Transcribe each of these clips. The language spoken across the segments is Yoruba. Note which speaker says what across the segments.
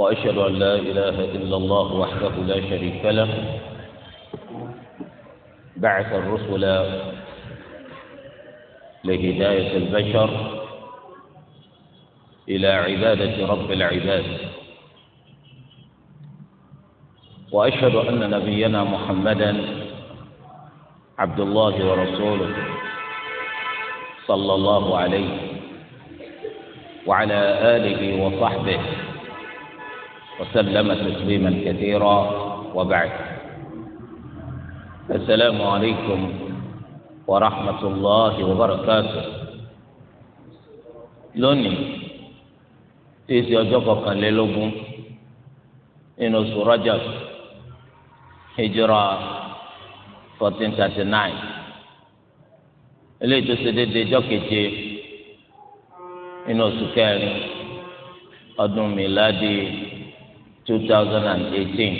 Speaker 1: وأشهد أن لا إله إلا الله وحده لا شريك له بعث الرسل لهداية البشر إلى عبادة رب العباد وأشهد أن نبينا محمدا عبد الله ورسوله صلى الله عليه وعلى آله وصحبه وسلم تسليما كثيرا وبعد السلام عليكم ورحمة الله وبركاته لوني تيسي أجوكو كان ليلوغون إنو سورجب هجرة 1439 eléyìí tó ṣe déédéé ọjọ́ keje inú oṣù 2018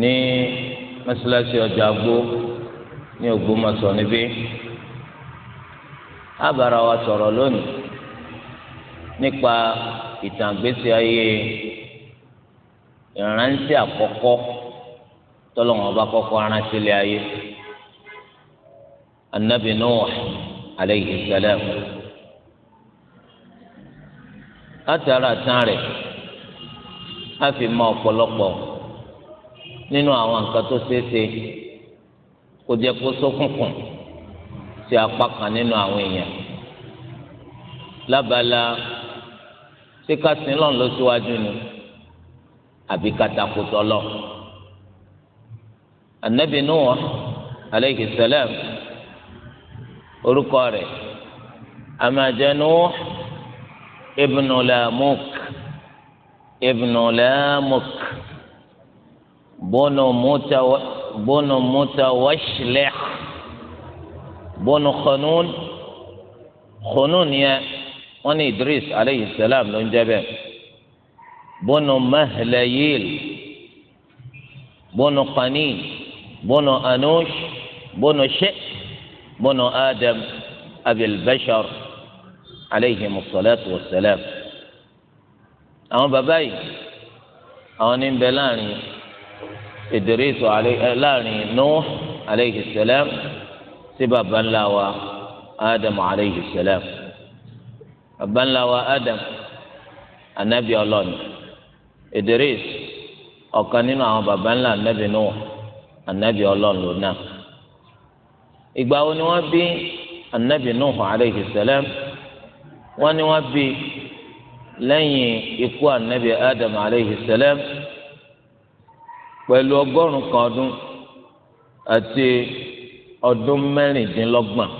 Speaker 1: ní mọ́sálásí ọjà gbó ní Ògbómọ̀ṣọ́ níbí àbára wa sọ̀rọ̀ lónìí nípa ìtàgbésí ayé ìránṣẹ́ àkọ́kọ́ tọ́lọ́wọ́n bá kọ́kọ́ ránṣẹ́ lé ayé anabi Nuh alayhi salam látara tán rẹ̀ á fi mọ ọ̀pọ̀lọpọ̀ nínú àwọn nǹkan tó ṣeé ṣe kó jẹ́ kó ṣókùnkùn sí apá kan nínú àwọn èèyàn lábala ṣé ká sin lọ́n lọ síwájú ni àbí katakò tọ́lọ̀ anabi nuwa aleyhi salam orúkọ rẹ̀ amajẹ nuwa. ابن لاموك ابن لامك بن متو بن متوشلح بنو خنون خنون يا وني إدريس عليه السلام لون جبل بنو مهليل بنو قنين بنو أنوش بنو شئ بنو آدم أبي البشر aleyhi musalatu wasalam àwọn bàbá yìí àwọn ní bẹ láàrin idrisu eh, láàrin nuh aleyhi salam sí bàbá ńlá wa adam aleyhi salam bàbá ńlá wa adam anabi ọlọ́ni idris ọ̀kan nínú àwọn bàbá ńlá anabi nuh anabi ọlọ́ni lónà ìgbà wo ni wọ́n bí anabi nuh aleyhi salam wọ́n ní wọ́n bí lẹ́yìn ikú anabi adam aleyhi salam pẹ̀lú ọgọ́rùn kan ọdún àti ọdún mẹ́rìndínlọ́gbọ̀n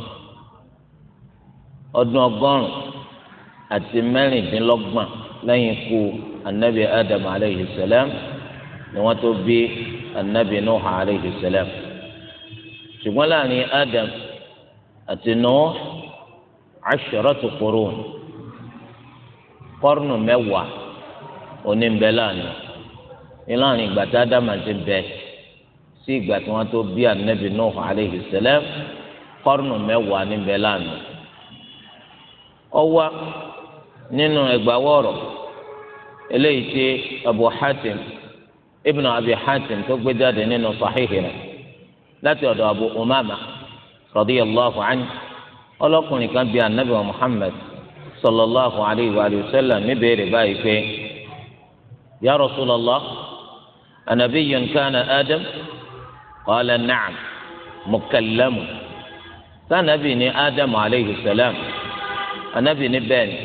Speaker 1: ọdún ọgọ́rùn àti mẹ́rìndínlọ́gbọ̀n lẹ́yìn ikú anabi adam aleyhi salam ni wọ́n tó bí anabi nuh aleyhi salam ṣùgbọ́n láàrin adam àti nuh. asharatu qurun kọ́rùnù mẹ́wàá òní ń bẹ lánàá ìlànà ìgbà tá a dá màá ti bẹ sí ìgbà tí wọ́n tó bí anabi Nuh alayhi salam kọ́rùnù eléyìí Abu Hatim ibn Abi Hatim tó gbé jáde nínú sahihi rẹ̀ láti ọ̀dọ̀ Abu Umama radiyallahu anhu. ọlọ́kùnrin kan bíi anabi wa muhammed sallallahu alayhi wa sallam níbèrè báyìí pé ya rasulallah anabiyyun kana adam qala na'am mukallamu sanabi ni adam alayhi salam anabi ni bẹ́ẹ̀ni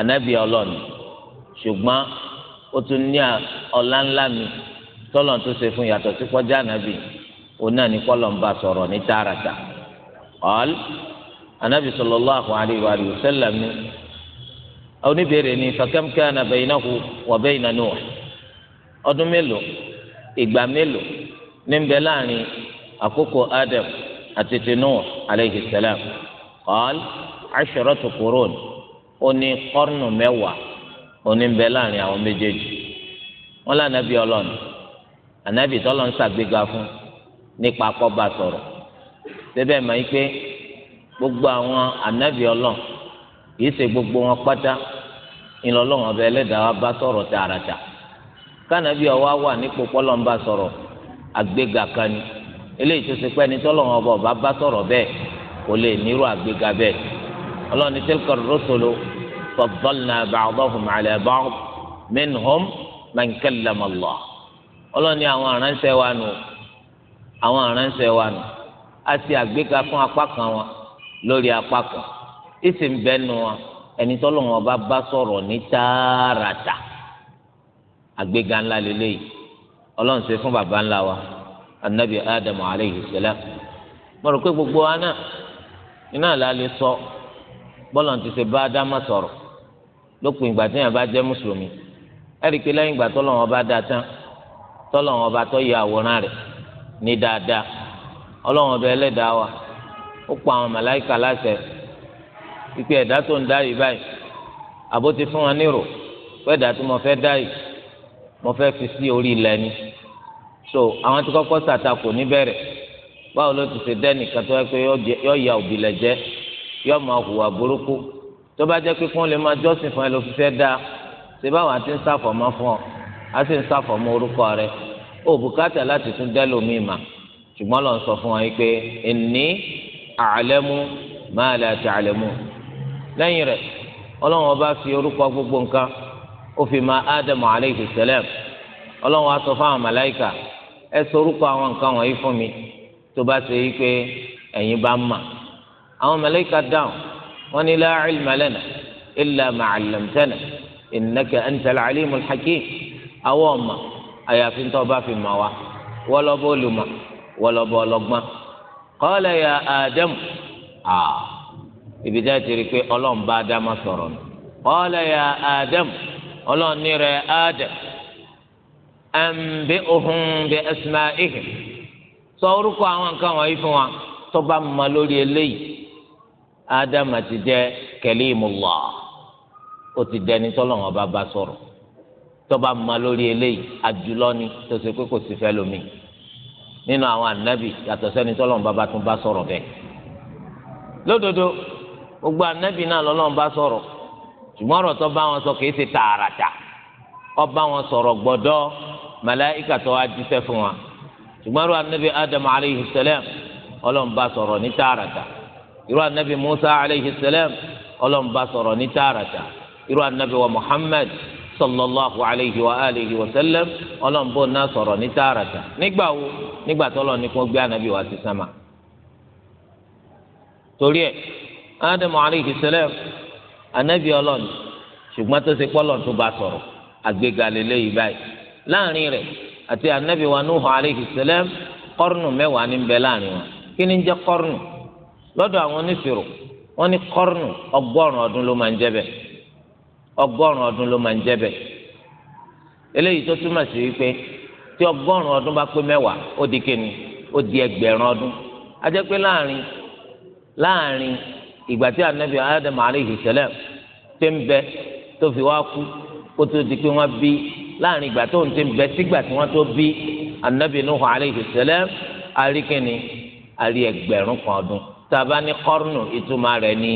Speaker 1: anabi ọlọ́ni ṣùgbọ́n ó tún ní ọlá ńlá mi tọ́lọ̀ tó ṣe fún yàtọ̀ sí kọjá anabi òun náà ní kọ́lọ̀ ń bá sọ̀rọ̀ ní tààràtà ọ̀l anabi sallallahu alayhi wa sallam ni oníbèrè ni fakam kana baynahu wa bayna Nuh ọdún mélòó ìgbà mélòó ní bẹ láàrin àkókò Adam àti ti Nuh alayhi salam qal asharatu qurun ó ní kọ́rùnù mẹ́wàá ó ní bẹ láàrin àwọn méjèèjì wọn lé anabi ọlọ́ni anabi tọ́lọ́ ń ṣàgbéga fún nípa akọ́bà sọ̀rọ̀ síbẹ̀ mọ̀ yí pé gbogbo àwọn ànábì ọlọ́run kì í ṣe gbogbo wọn pátá ìlọlọ́run ọbẹ̀ ẹlẹ́dàá wa bá sọ̀rọ̀ tààràtà kánàbí ọwọ́ wà nípò pọ́lọ́mbà sọ̀rọ̀ àgbéga kan ni eléyìí tó ṣe pé ẹni tọ́lọ́run ọba ọba bá sọ̀rọ̀ bẹ́ẹ̀ kò lè nírú àgbéga bẹ́ẹ̀ ọlọ́run tilka rusulu faddalna ba'dahum ala ba'd minhum man kallama Allah ní àwọn aránṣẹ́ wa nù àwọn aránṣẹ́ wa nù á àgbéga fún apá kan wọn lórí apá kan wa ẹni tọ́lọ̀ wọn bá bá sọ̀rọ̀ ní tààràtà àgbéga ńlá lélẹ́yìí ọlọ́run ṣe fún baba ńlá wa anabi adam aleyhi salam mo rò pé gbogbo wa náà iná àlá lè sọ bọ́lá ti ṣe bá ádámà sọ̀rọ̀ lópin ìgbà tí yẹn bá jẹ́ mùsùlùmí ẹ̀rí pé lẹ́yìn ìgbà tọ́lọ̀ wọn bá dáa tán tọ́lọ̀ wọn bá tọ́ yẹ àwòrán rẹ̀ ní dáadáa ọlọ́run ọba ẹlẹ́dàá wa ó pa àwọn màláìka láṣẹ ìpè ẹ̀dá tó ń dá yìí báyìí àbó ti fún wa nírò pẹ́ẹ́dá tí mo fẹ́ dá yìí mo fẹ́ fi sí orí ilẹ̀ ni so àwọn tí kọ́kọ́ ṣàtakò níbẹ̀rẹ̀ báwo ló ti ṣe dẹ́nìkan tó yẹ pé yọ ya òbílẹ̀ jẹ́ yọ máa hùwà burúkú tó bá jẹ́ pé fún lè máa jọ́sìn fún ẹ ló fi fẹ́ dá ṣe báwọn àti ń ṣàfọ̀mọ́ fún ọ á sì ń ṣàfọ̀mọ́ orúkọ rẹ ó bùkátà láti tún dẹ́lòmíì mà ṣùgbọ́n lọ́n sọ fún wọn yìí pé ẹni àlẹ́mú máa lè àti àlẹ́mú. lẹ́yìn rẹ̀ ọlọ́run ọba fi orúkọ gbogbo nǹkan ó fi máa ádámù alayhi salam ọlọ́run á sọ fáwọn màláìkà ẹ sọ orúkọ àwọn nǹkan wọ̀nyí fún mi tó bá ṣe yí pé ẹ̀yin bá mà. àwọn màláìkà dáhùn wọ́n ní la ilma lana illa ma 'allamtana innaka antal àwọn ọmọ àyàfi tó bá fi mà wá wọ́lọ́bọ̀ olùmọ̀ wọ́lọ́bọ̀ ọlọ́gbọ́n. qala ya adam a ibi dá tiri pé ọlọ́run bá nù ya adam ọlọ́run ní rẹ̀ adam anbi'uhum bi asma'ihim sọ orúkọ àwọn nǹkan wọ̀nyí fún wa tó bá lórí eléyìí adam ti jẹ́ ó ti dẹni tọ́lọ́run ọba bá sọ̀rọ̀ tó bá mọ lórí eléyìí àjùlọ ni tó ṣe pé kò sí fẹ́ lómi. nínú àwọn ànábì yàtọ̀ sẹ́ni tọ́lọ́run bàbá tún bá sọ̀rọ̀ bẹ́ẹ̀ lódodo gbogbo ànábì náà lọ́lọ́run bá sọ̀rọ̀ ṣùgbọ́n ọ̀rọ̀ tó bá wọn sọ kìí ṣe tààràtà ó bá wọn sọ̀rọ̀ gbọ́dọ̀ màláìkà tó wá jíṣẹ́ fún wa ṣùgbọ́n irú ànábì Adam alayhi salam Ọlọ́run bá sọ̀rọ̀ ní tààràtà irú ànábì Musa alayhi salam Ọlọ́run bá sọ̀rọ̀ ní tààràtà irú ànábì wa Muhammad sallallahu alayhi wa alihi wa sallam ọlọ́nbó náà sọ̀rọ̀ ní tààràtà nígbà wo nígbà tó lọ́ọ́ ní kó gbé ànábì wá sí sámà. torí ẹ ádámù alayhi salam ànábì ọlọ́ọ̀ni ṣùgbọ́n tó ṣe pọ́lọ̀ tó bá sọ̀rọ̀ àgbéga lélẹ́ yìí báyìí láàrin rẹ̀ àti ànábì wa nuhu alayhi salam kọ́rùnù mẹ́wàá ní bẹ láàrin wọn kí ni ń jẹ́ kọ́rùnù lọ́dọ̀ àwọn oníṣirò wọ́n ní kọ́rùnù ọgọ́rùn ọdún ló máa ń jẹ́ bẹ́ẹ̀ ọgọ́rùn ọdún ló máa ń jẹ́ bẹ́ẹ̀ eléyìí tó túmọ̀ sí wípé tí ọgọ́rùn ọdún bá pé mẹ́wàá ó di kíni ó di ẹgbẹ̀rún ọdún a jẹ́ pé láàrin láàrin ìgbà tí anabi adam aleyhi salam ti ń bẹ tó fi wá kú kó tó di pé wọ́n bí láàrin ìgbà tó ń ti ń bẹ sígbà tí wọ́n tó bí anabi nuhu aleyhi salam arikini ari ẹgbẹ̀rún kan ọdún tá ní kọ́rùnù ìtumọ̀ rẹ̀ ní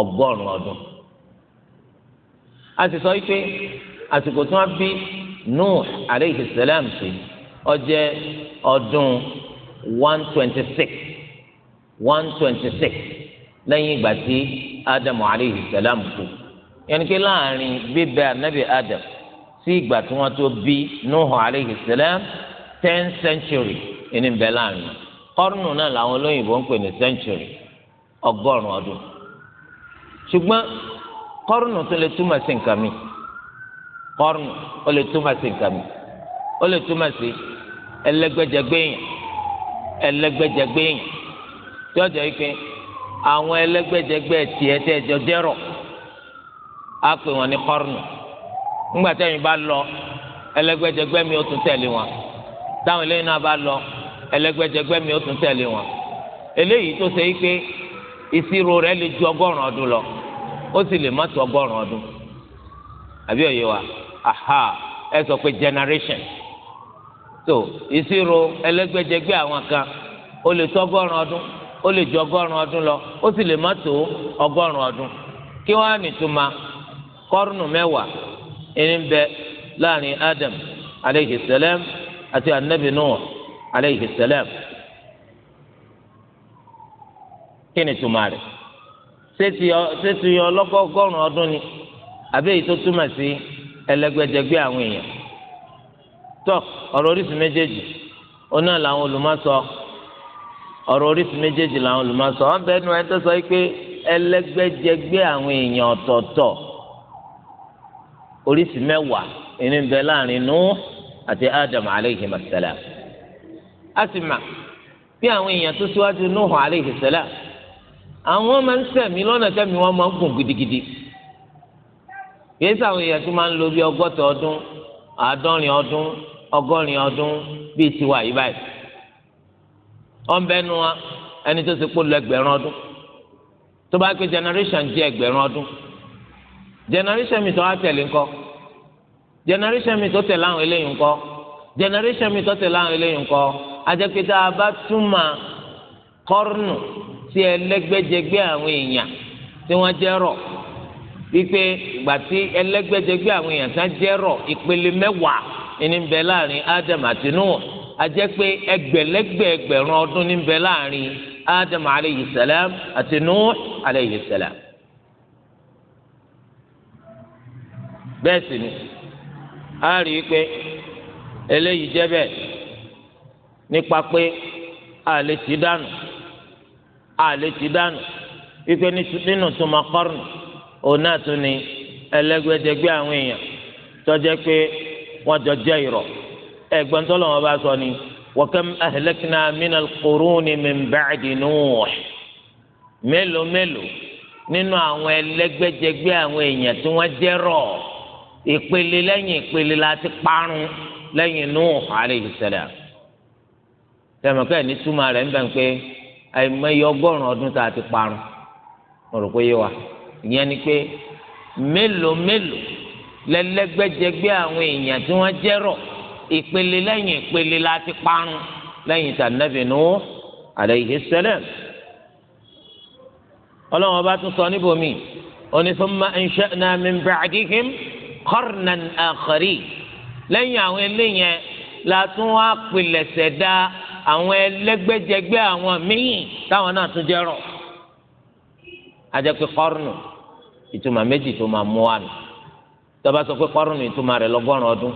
Speaker 1: ọgọ́rùn ọdún a sì sọ wípé àsìkò tí wọ́n bí Nuh aleyhi salam sí ó jẹ́ ọdún one twenty six one twenty six lẹ́yìn ìgbà tí Ádámù aleyhi salam kú yẹnni pé láàrin bíbẹ anabi Adam sí ìgbà tí wọ́n tó bí Nuh aleyhi salam ten century ẹni bẹ láàrin kọ́rùnù náà làwọn olóyìnbó ń pè ní century ọgọ́rùn-ún ọdún ṣùgbọ́n kọ́rùnù tó lè túmọ̀ sí nǹkan mi kọ́rùnù ó lè túmọ̀ sí nǹkan mi ó lè túmọ̀ sí ẹlẹ́gbẹ́jẹgbẹ́yìn ẹlẹ́gbẹ́jẹgbẹ́yìn tí ọjà yìí pé àwọn ẹlẹ́gbẹ́jẹgbẹ́ tiẹ̀ tẹ́ ẹjọ́ dẹ́rọ̀ á pè wọ́n ní kọ́rùnù ńgbà tẹ́yìn bá lọ ẹlẹ́gbẹ́jẹgbẹ́ mi ó tún tẹ̀lé wọn táwọn eléyìí náà bá lọ ẹlẹ́gbẹ́jẹgbẹ́ mi ó tún tẹ̀lé wọn eléyìí tó ṣe yìí pé ìṣirò rẹ̀ lè ju ọgọ́rùn ọdún lọ. ó sì lè má tó ọgọ́rùn ọdún àbí aha ẹ sọ pé generation so ìṣirò ẹlẹ́gbẹ́jẹgbẹ́ àwọn kan ó lè tó ọgọ́rùn ọdún ó lè ju ọgọ́rùn ọdún lọ ó sì lè má tó ọgọ́rùn ọdún kí wọ́n á kọ́rùnù mẹ́wàá ẹni bẹ Adam aleyhi àti anabi kí ni túmọ̀ ṣéṣù yan ọlọ́gọ́gọ́rùn ọdún ni àbí èyí tó túmọ̀ sí ẹlẹgbẹjẹgbẹ àwọn èèyàn tọ ọ̀rọ̀ oríṣi méjèèjì oná làwọn olùmọ̀sọ ọ̀rọ̀ oríṣi méjèèjì làwọn olùmọ̀sọ wọn bẹ́ẹ̀ nu ẹni sọ pé ẹlẹgbẹjẹgbẹ àwọn èèyàn ọ̀tọ̀ọ̀tọ̀ oríṣi mẹ́wàá ẹni bẹ láàrin nù àti Adam aleyhi masalam a sì mà bí àwọn èèyàn tó síwájú nù àwọn máa ń sẹ̀mí lọ́nà sẹ́mi wọn máa ń gùn gidigidi yéésà àwọn èèyàn tó máa ń lo bí ọgọ́ta ọdún àádọ́rin ọdún ọgọ́rin ọdún bíi tiwa yìí báyìí ọ̀nbẹ́nu wa ẹni tó ti kó lọ ẹgbẹ̀rún ọdún tó bá pé generation jẹ́ ẹgbẹ̀rún ọdún generation mi tó wá tẹ̀lé ńkọ́ generation mi tó tẹ̀lé àwọn eléyìí ńkọ́ generation mi tó tẹ̀lé àwọn eléyìí ńkọ́ ajẹ́pẹ́tà bá kọ́rùnù sí ẹlẹ́gbẹ́jẹgbẹ́ àwọn èèyàn tí wọ́n jẹ́ rọ̀ wípé ìgbà tí ẹlẹ́gbẹ́jẹgbẹ́ àwọn èèyàn tán jẹ́ rọ̀ ìpele mẹ́wàá ní ń bẹ láàrin Ádámù àti Nuhu a jẹ́ pé ẹgbẹ̀lẹ́gbẹ̀ ẹgbẹ̀rún ọdún ní ń bẹ láàrin Ádámù alayhi salam àti Nuhu alayhi salam. bẹ́ẹ̀ sì ni a rí i pé eléyìí jẹ́ bẹ́ẹ̀ nípa pé a lè ti dànù àlè ti dànù wípé nínú sọmọ kọrùn òun náà tún ni ẹlẹ́gbẹ́jẹgbẹ́ àwọn èèyàn tọjẹ pé wọ́n jọ jẹ ìrọ ẹ̀gbọ́n tó lọ́wọ́ bá sọ ni wa kam ahlakna minal quruni min ba'di Nuh mélòó mélòó nínú àwọn ẹlẹ́gbẹ́jẹgbẹ́ àwọn èèyàn tí wọ́n jẹ rọ ìpele lẹ́yìn ìpele la ti parun lẹ́yìn Nuh alayhi tẹmọkẹ ní túmọ̀ rẹ̀ ń bẹ ń pé àìmọye ọgọ́rùn ọdún tá a ti parun mo rò pé yé wa ìyẹn ni pé mélòó mélòó lẹlẹgbẹjẹgbẹ àwọn èèyàn tí wọ́n jẹrọ ìpele lẹ́yìn ìpele la ti parun lẹ́yìn tànàbì Nuh alayhi salam Ọlọ́run ọba tún sọ níbòmí ó ní thumma ansha'na min ba'dihim qarnan akharin lẹ́yìn àwọn eléyẹn la tún wá pilẹ̀sẹ̀ dá àwọn ẹlẹ́gbẹ́jẹgbẹ́ àwọn míì táwọn náà tún jẹ́ rọ̀ ajẹ́pẹ́ kọ́rùnù ìtumọ̀ méjì tó máa mú wa nù tọ́ba sọ pé kọ́rùnù ìtumọ̀ rẹ̀ lọ́gọ́rùn ọdún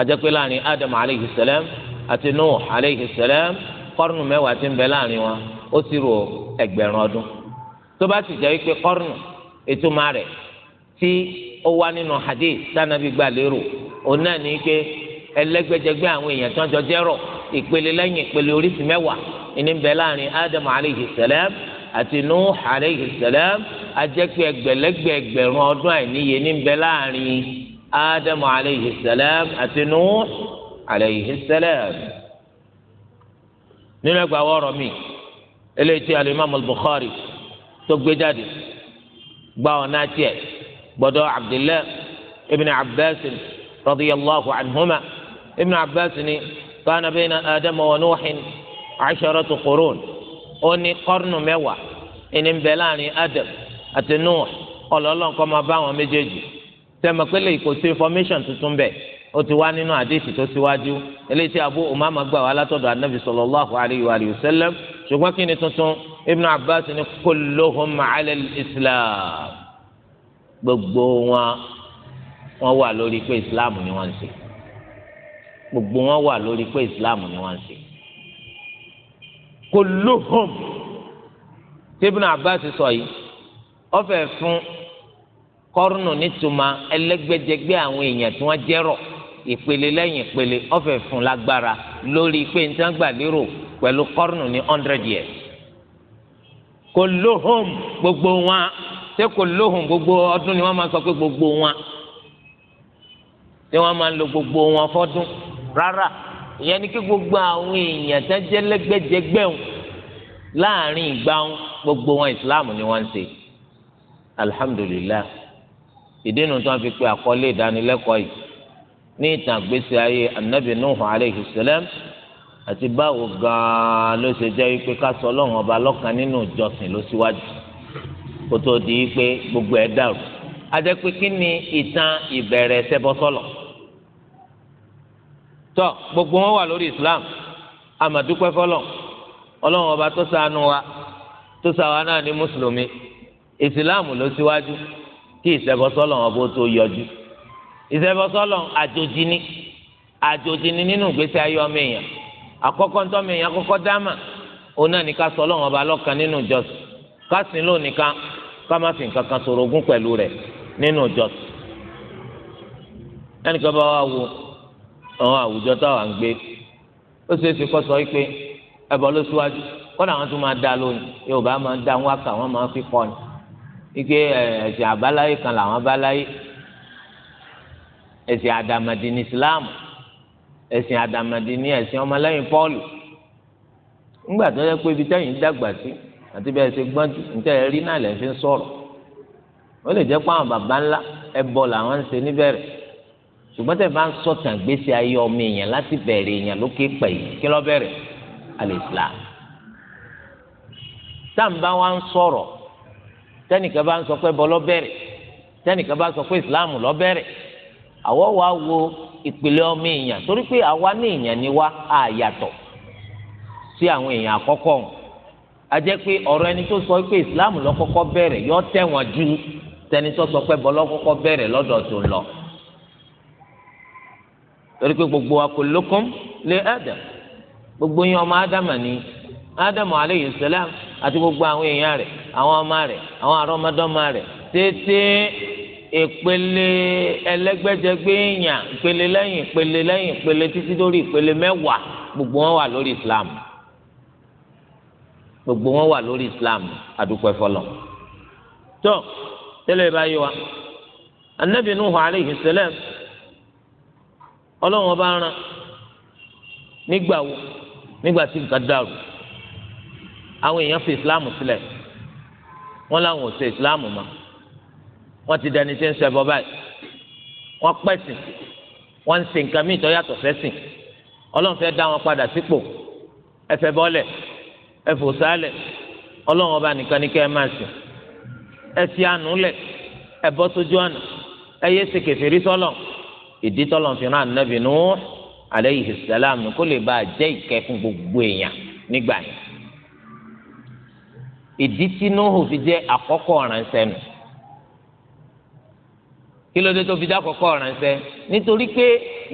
Speaker 1: ajẹ́pẹ́ láàrin Adam aleyhi sẹlẹm àti Nuh aleyhi sẹlẹm kọ́rùnù mẹ́wàá ti ń bẹ láàrin wọn ó sì rò ẹgbẹ̀rún ọdún tọ́ba sì jẹ́ pé kọ́rùnù ìtumọ̀ rẹ̀ tí ó wá nínú hadith tánàbí gbà lérò òun náà ní pé ẹlẹ́gbẹ́jẹgbẹ́ àwọn èèyàn tó ń jọ jẹ́rọ̀ ìpele lẹ́yìn ìpele oríṣi mẹ́wàá ìní ń bẹ láàrin ádámù aleyhi sẹlẹm àti nuhu aleyhi sẹlẹm ajẹ́pẹ́ ẹgbẹ̀lẹ́gbẹ̀ ẹgbẹ̀rún ọdún àìníye ní ń bẹ láàrin ádámù aleyhi sẹlẹm àti nuhu aleyhi sẹlẹm. nínú ẹgbàá wọ́ọ̀rọ̀ mi eléyìí tí alimami bukhari tó gbé jáde gba ọ̀nà tiẹ̀ gbọ́dọ̀ abdullahi ibn abbas radiyallahu anhuma ibn abbas kana bayna ádámù wa Nuhin asharatu qurun ó ní kọ́rùnù mẹ́wàá ẹni ń bẹ láàrin ádámù àti Nuh ọlọ́lọ́ nǹkan máa bá àwọn méjèèjì tẹ́mọ̀ pé lè kò sí information tuntun bẹ̀ ó ti wá nínú àdéhìí tó síwájú eléyìí tí Abu Umama gbà wá látọ̀dọ̀ anabi sallallahu alayhi wa sallam ṣùgbọ́n kí ni tuntun Ibn Abbas ni kulluhum ala al-islam gbogbo wọn wọn wà lórí pé islam ni wọn ń ṣe gbogbo wọn wà lórí pé islam ni wọn ń ṣe kulluhum Ibn Abbas sọ yìí ọfẹ fún kọrùnù nítumọ̀ ẹlẹ́gbẹ́jẹgbẹ́ àwọn èèyàn tí wọn jẹrọ ìpele lẹ́yìn ìpele ọfẹ fún lágbára lórí pé nǹkan gbàlérò pẹ̀lú kọrùnù ní hundred years kulluhum gbogbo wọn ṣé kulluhum gbogbo ọdún ni wọn máa sọ pé gbogbo wọn tí wọn máa ń lo gbogbo wọn fọdún rárá ìyẹn ni kí gbogbo àwọn èèyàn tán jẹ́ lẹ́gbẹ́jẹgbẹ́ wọn láàrin ìgbà wọn gbogbo wọn ìsìláàmù ni wọ́n ń ṣe alihamudulilayi ìdínú tí wọ́n fi pe àkọlé ìdánilẹ́kọ̀ọ́ yìí ní ìtàn gbèsè ayé anabi nuhu aleyhi salam àti báwo gan-an ló ṣe jẹ́ wípé ká sọ ọlọ́run ọba lọ́kan nínú ìjọsìn ló síwájú kó tó di wípé gbogbo ẹ̀ dàrú a jẹ́ pé kí ni ìtàn ìbẹ̀rẹ̀ ṣẹbọ sọ̀lọ̀ tọ gbogbo wọn wà lórí islam amadukwe fọlọ Ọlọ́run ọba tó ṣàánú wa tó ṣàwa náà ní mùsùlùmí ìsìláàmù ló síwájú kí ìṣẹbọsọlọ ọba tó yọjú ìṣẹbọsọlọ àjòjìní àjòjìní nínú ìgbésí ayé ọmọ èèyàn àkọ́kọ́ ntọmọ èèyàn àkọ́kọ́ dáàmà òun náà ní ká sọ Ọlọ́run ọba lọ́kan nínú ìjọsìn ká sìn lóun nìkan ká má fi nǹkan kan ṣorogún nínú ìjọsìn ẹnìkan bá wà wò àwọn àwùjọ táwa ń gbé ó ṣeé ṣe kọ́ sọ pé ẹbọ ló síwájú kọ́nà àwọn tó máa dá lónìí yorùbá máa ń dá wọn kà wọ́n máa fi kọ́ ni ike ẹ̀sìn àbáláyé kan làwọn báláyé ẹ̀sìn àdàmàdì ní islam ẹ̀sìn àdàmàdì ní ẹ̀sìn ọmọlẹ́yìn pọ́ọ̀lù ńgbà tó yẹ pé ibi tẹ́yìn dàgbà sí àti bẹ́ẹ̀ ṣe gbọ́n jù níta ẹ̀ rí náà lẹ́ fi ń sọ̀rọ̀ ó lè jẹ́ pé àwọn baba ńlá ẹbọ làwọn ń ṣe níbẹ̀rẹ̀ ṣùgbọ́n tẹ̀ bá ń sọ̀tàn gbèsè ayé ọmọ èèyàn láti bẹ̀rẹ̀ èèyàn lókè pẹ̀ yìí kí ló bẹ̀rẹ̀ alìsílám wa ń sọ̀rọ̀ tẹ́nìkan bá ń sọ pé bẹ̀rẹ̀ tẹ́nìkan bá sọ pé islam ló bẹ̀rẹ̀ wa wo ìpìlẹ̀ ọmọ èèyàn torí pé àwa ní èèyàn ni wa á yàtọ̀ sí àwọn èèyàn àkọ́kọ́ a jẹ́ pé ẹni tó sọ pé islam bẹ̀rẹ̀ tẹ̀wọ̀n ju tẹni tó sọ pé lọ torí pé gbogbo wa kullukum li Adam gbogbo yín ọmọ ádámà ni ádámù aleyhi sàlám àti gbogbo àwọn èèyàn rẹ̀ àwọn ọmọ rẹ̀ àwọn àrọ́mọdọ́mọ rẹ̀ tètè ìpele ẹlẹ́gbẹ́jẹgbé èèyàn ìpele lẹ́yìn ìpele lẹ́yìn ìpele títí lórí ìpele mẹ́wàá gbogbo wọn wà lórí Islam gbogbo wọn wà lórí Islam àdúpẹ́ fọlọ́ tó tẹ́lẹ̀ báyìí wa anabi nuhu aleyhi sàlám ọlọ́run ọba ran nígbà wo nígbà tí nǹkan dàrú àwọn èèyàn fi ìsìláàmù sílẹ̀ wọ́n láwọn ò ṣe ìsìláàmù mọ́ wọ́n ti dẹni tí ń ṣẹbọ báyìí wọ́n pẹ̀sìn wọ́n ń ṣe nǹkan míì tó yàtọ̀ sẹ́sìn ọlọ́run fẹ́ dá wọn padà sípò ẹ fẹ́ bọ́lẹ̀ ẹ fò sálẹ̀ ọlọ́run ọba nìkan ní kẹ́ ẹ máa sìn ẹ ti àánú lẹ̀ ẹ bọ́ sójú ọ̀nà ẹ yé ṣe kèfèrí sọ́lọ́run ìdí tọ́lọ̀ fi rán ànábì nù alayhi salam kó lè bá a jẹ́ ìkẹ́ fún gbogbo èèyàn nígbà yẹn ìdí tí nóhù fi jẹ́ àkọ́kọ́ ọ̀ránṣẹ́ nù kí ló dé tó fi jẹ́ àkọ́kọ́ ọ̀ránṣẹ́ nítorí pé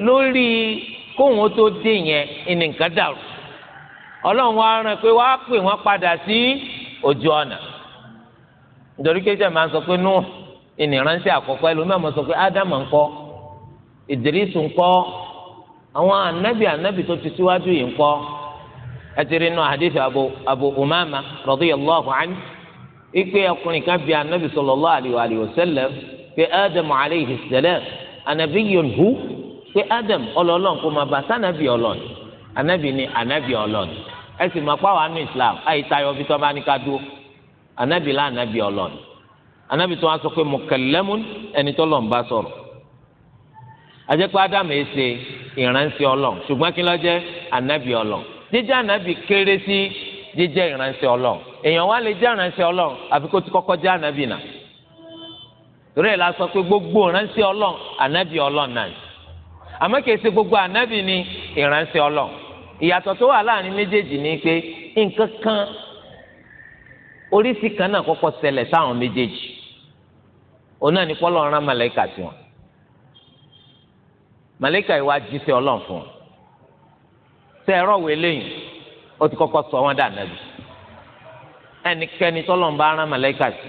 Speaker 1: lórí kóhun tó dé yẹn ìní dàrú ọlọ́run wa rán pé wàá pè wọ́n padà sí ojú ọ̀nà nítorí kéjọ́ máa sọ pé nóhù ìní ránṣẹ́ àkọ́kọ́ ẹlòmíràn máa sọ pé ádámù ńkọ́ Ìdírísù ńkọ́ àwọn ànábì ànábì tó ti síwájú yìí ńkọ́ ẹtìrì nù hadith Abu Abu Umama radiyallahu anhu ikpe ọkùnrin kan bi ànábì sallallahu alayhi wa sallam pé Ádámù alayhi salam ànábìyun hu pé Ádámù ọlọ́ọ̀lọ́n kò máa bá sànàbì ọlọ́ọ̀ni ànábì ni ànábì ọlọ́ọ̀ni ẹ sì máa pàwọn àánú Islam àyè tayọ bí tọ́ bá ní ká dúró ànábì lá ànábì ọlọ́ọ̀ni tó wá sọ pé mukallamun ẹni tó lọ́n bá sọ̀rọ̀ ajẹ́pẹ́ ádámù yìí ṣe ìránṣẹ́ ọlọ́run ṣùgbọ́n kí ló jẹ́ ànábì ọlọ́run jíjẹ́ ànábì kéré sí jíjẹ́ ìránṣẹ́ ọlọ́run èèyàn wá lè jẹ́ ìránṣẹ́ ọlọ́run àfi kó ti kọ́kọ́ jẹ́ ànábì náà torí ẹ̀ la sọ pé gbogbo ìránṣẹ́ ọlọ́run ànábì ọlọ́run náà àmọ́ kìí ṣe gbogbo ànábì ni ìránṣẹ́ ọlọ́run ìyàtọ̀ tó wà láàrin méjèèjì ni pé nǹkan kan oríṣi kan náà kọ́kọ́ ṣẹlẹ̀ sáwọn méjèèjì òun náà ní kọ́lọ́ ọ̀ràn màlẹ́kà sí Malika ìwà jíṣẹ́ ọlọ́run fún un tẹ ẹ̀rọ wẹ̀ lẹ́yìn ó ti kọ́kọ́ sọ wọn dànàbí ẹnikẹ́ni tọ́lọ́n bá rán màlẹ́kà sí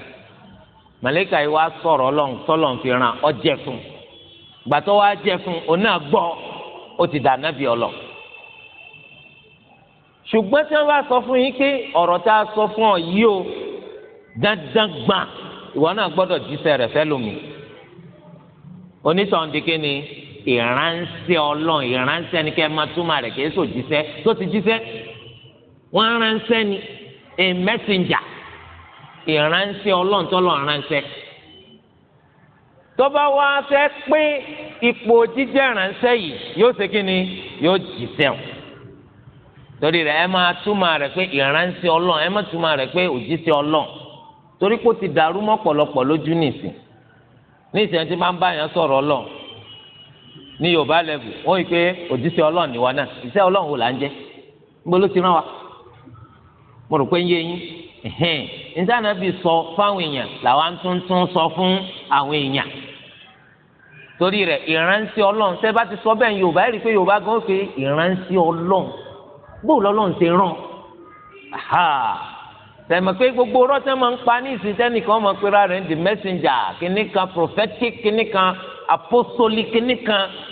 Speaker 1: màlẹ́kà ìwà sọ̀rọ̀ ọlọ́run tọ́lọ́n fi ràn ọ́ fún un wa jẹ fún un òun náà gbọ́ ó ti dànàbí ọlọ́run ṣùgbọ́n tí wọ́n bá sọ fún yín pé ọ̀rọ̀ tá a sọ fún ọ yìí o dandan gbà ìwọ náà gbọ́dọ̀ jíṣẹ́ rẹ̀ fẹ́ lómi onítàn dikini ìránṣẹ́ ọlọ́run ìránṣẹ́ ni kẹ́ ẹ máa túmọ̀ rẹ̀ kìí sò jíṣẹ́ tó ti jíṣẹ́ wọ́n ránṣẹ́ ni a messenger ìránṣẹ́ ọlọ́run tọ́lọ̀ ránṣẹ́ tó bá wá fẹ́ pé ipò jíjẹ́ ránṣẹ́ yìí yóò ṣe kí ni yóò jíṣẹ́ o torí ẹ máa túmọ̀ rẹ̀ pé ìránṣẹ́ ọlọ́run ẹ máa túmọ̀ rẹ̀ pé ti dàrú mọ́ pọ̀lọpọ̀ lójú nìsín tí bá yẹn sọ̀rọ̀ ọlọ́run ní yorùbá lẹ́bù wọ́n yìí pé òjíṣẹ́ ọlọ́run ni wọn náà iṣẹ́ ọlọ́run wò là ń ló ti rán wa mo rò pé ń yé yín nítaná bí sọ fáwọn èèyàn làwa ń tuntun sọ fún àwọn èèyàn torí rẹ̀ ìránṣẹ́ ọlọ́run tẹ́ bá ti sọ bẹ́ẹ̀ yorùbá rí i pé yorùbá gan pé ìránṣẹ́ ọlọ́run bó lọ́lọ́run ṣe rán tẹ̀mọ̀ pé gbogbo rọ́tẹ́ máa ń pa ní ìsìntẹ́nìkan máa ń pera rẹ̀ the messenger kìnnìkan prophetic kìnnìkan apostolic kìíní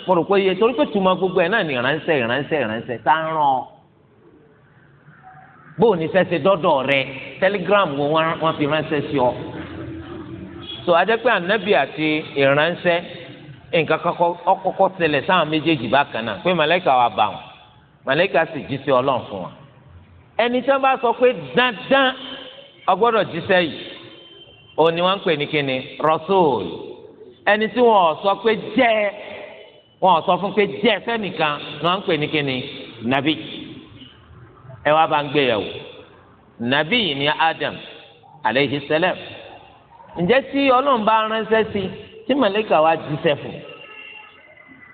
Speaker 1: mo rò pé iye torí pé tùmọ̀ gbogbo ẹ̀ náà ní ìránṣẹ́ ìránṣẹ́ ìránṣẹ́ tá ń rán ọ. rẹ telegram wo fi ránṣẹ́ sí ọ. tó a jẹ́ pé ànábì àti ìránṣẹ́ nǹkan kọ́kọ́ ṣẹlẹ̀ sáwọn méjèèjì bákan náà pé màlẹ́kà wà bá wọn màlẹ́kà sì jí sí fún wọn. ẹni tí wọ́n bá sọ pé dandan ni ń pè ní ẹni tí wọn sọ pé jẹ́ wọn sọ fún pé jẹ́ ń pè ní kíni nàbí ẹ wá bá ń gbé yẹ̀wò nàbí yìí ni Adam aleyhi sẹlẹm ǹjẹ́ tí ọlọ́run bá ránṣẹ́ sí tí màlẹ́kà wá jíṣẹ́ fún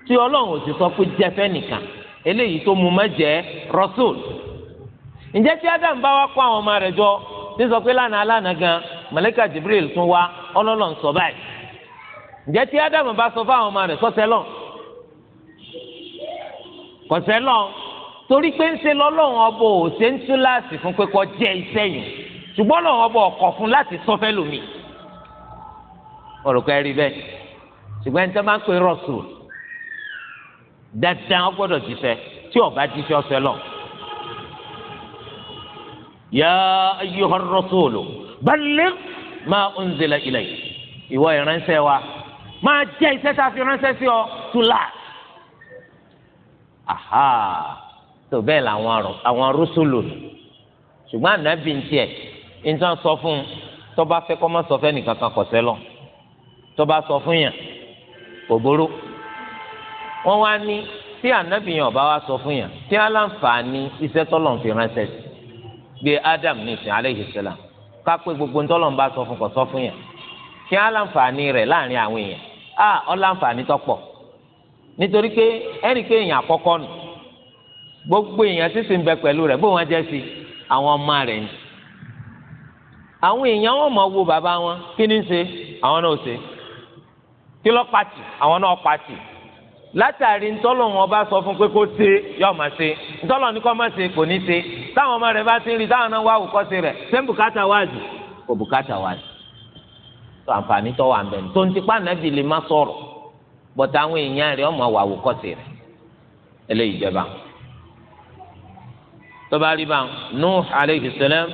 Speaker 1: tí ọlọ́run ò sì sọ pé jẹ́ sẹ́nìkan eléyìí tó mú mẹ́jẹ rọ́sùl ǹjẹ́ tí Adam bá wá kó àwọn ọmọ rẹ̀ jọ ǹjẹ́ tí ádámù bá sọ fáwọn ọmọ rẹ̀ sọ́sẹ́ lọ kọ̀sẹ́ lọ torí pé ń ṣe lọ́lọ́run ọbọ ò ṣe ń tú láàsì fún pé kọ́ jẹ́ iṣẹ́ yìí ṣùgbọ́n lọ́run ọbọ ọkọ̀ fún láti sọ fẹ́ lómi ọ̀rùkọ ẹ̀rí bẹ́ẹ̀ ṣùgbọ́n ẹni tó máa ń pè rọ̀ṣù dandan ó gbọ́dọ̀ jíṣẹ́ tí ó bá jíṣẹ́ lọ. yá ayyuhar rasulu balligh ma unzila ilayk ìwọ ìránṣẹ́ wa máa jẹ́ iṣẹ́ tá a fi ránṣẹ́ sí ọ tó là. aha tó bẹ́ẹ̀ làwọn àwọn rúṣùlù ṣùgbọ́n ànábì ń tiẹ̀ ń tán sọ fún un tó bá fẹ́ kọ́ má sọ fẹ́ nìkan kan kọ̀ṣẹ́ lọ tó bá sọ fún yàn kò burú wọ́n wá ní tí ànábì yàn ọba wa sọ fún yàn tí aláǹfààní iṣẹ́ tọ́lọ̀ fi ránṣẹ́ sí gbé Adam ní ìsìn alayhi salam ká pé gbogbo ntọ́lọ̀ ń bá sọ fún kọ̀ sọ fún yàn kí aláǹfààní rẹ̀ láàrin àwọn èèyàn a ọlànfààní tọ́pọ̀ nítorí pé ẹnì pé èèyàn nù gbogbo èèyàn sísè ń bẹ pẹ̀lú rẹ̀ bó wọn jẹ́ sí àwọn ọmọ rẹ̀ ni àwọn èèyàn wọn wo bàbá wọn kí ni ṣe àwọn náà ṣe kí lọ́ pàtì àwọn náà pàtì látàrí ntọ́lọ̀ wọn bá sọ fún pé kó ṣe ṣe ntọ́lọ̀ ní ṣe kò ní ṣe táwọn ọmọ bá ti rí táwọn náà tó àǹfààní tó wà nbẹ tó ń tipa nàbì lè má sọ̀rọ̀ bọtà àwọn èèyàn rẹ̀ ọmọ wà wòkọsì rẹ̀ eléyìí jẹba tọba rí bá Nuh alayhi salam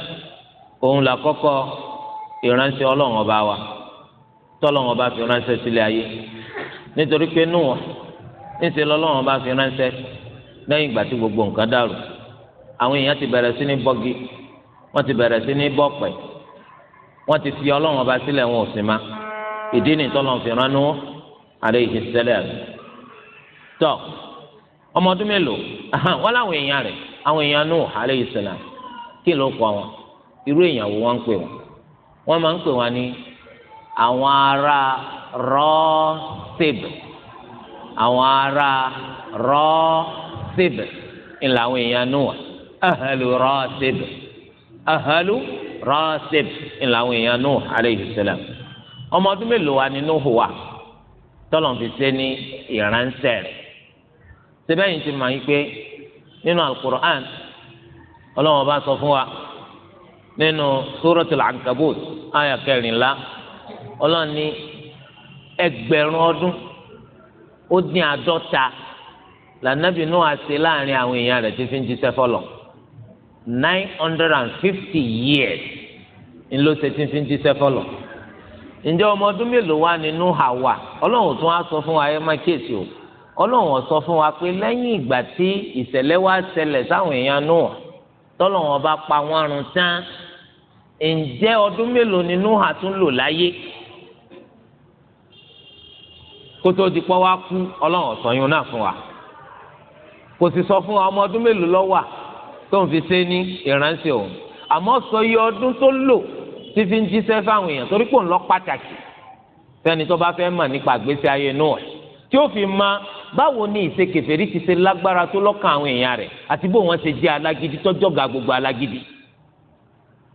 Speaker 1: òun là kọ́kọ́ ìránṣẹ́ Ọlọ́run ọba wa tọlọ́run ọba fi ránṣẹ́ sílẹ̀ ayé nítorí pé Nuh ńṣe lọ́lọ́run ọba fi ránṣẹ́ lẹ́yìn ìgbà tí gbogbo nǹkan dàrú àwọn èèyàn ti bẹ̀rẹ̀ sí ní bọgi wọ́n ti bẹ̀rẹ̀ sí ní bọpẹ. wọ́n ti fi ọlọ́run ọba sílẹ̀ wọn ò ìdí ni tọ́lọ̀ fi ránú tọ́ ọmọ ọdún mélòó wọ́n láwọn èèyàn rẹ̀ àwọn èèyàn nù alayhi salam kí ló kọ́ wọn irú èèyàn wo wọ́n ń pè wọ́n wọ́n máa ń pè wọ́n ní àwọn ará àwọn ará ńlá àwọn èèyàn rasib ńlá àwọn èèyàn Nuh alayhi salam ọmọ ọdún mélòó wa ni Nuh wà tọ́lọ̀ fi ṣe ní ìránṣẹ́ rẹ̀ sẹ́bẹ̀yìn ti mọ̀ yín pé nínú alukur'an ọlọ́wọ́n bá sọ fún wa nínú suratul ankabut ayà kẹrìnlá ọlọ́wọ́n ní ẹgbẹ̀rún ọdún ó dín àádọ́ta lànàbì Nuh àṣẹ láàrin àwọn èèyàn rẹ̀ tí fi ń jíṣẹ́ fọlọ́ nine hundred and fifty years ńlọ ṣètì fi ń jíṣẹ́ fọlọ́ ǹjẹ́ ọmọ ọdún mélòó wà nínú àwa ọlọ́run tún á sọ fún wa ẹ má kíyèsí o ọlọ́run ó sọ fún wa pé lẹ́yìn ìgbà tí ìṣẹ̀lẹ̀ wa ṣẹlẹ̀ sáwọn èèyàn náà tọ́lọ́run bá pa wọ́n run tán ǹjẹ́ ọdún mélòó nínú hà tún lò láyé kótó di pọ́ wá kú ọlọ́run ó sọ yún náà fún wa kò sì sọ fún wa ọmọ ọdún mélòó ló wà tóun fi ṣe ní ìránṣẹ́ òun àmọ́ sọ iye ọdún tó lò tí fi ń jíṣẹ́ fáwọn èèyàn torí pò ń lọ pàtàkì fẹ́ni tó bá fẹ́ mọ̀ nípa àgbésí ayé Nóà tí ó fi ma báwo ni ìṣe kèfèrí ti ṣe lágbára tó lọ́kàn àwọn èèyàn rẹ̀ àti bó wọn ṣe jẹ́ alágídí tọ́jọ́ ga gbogbo alágídí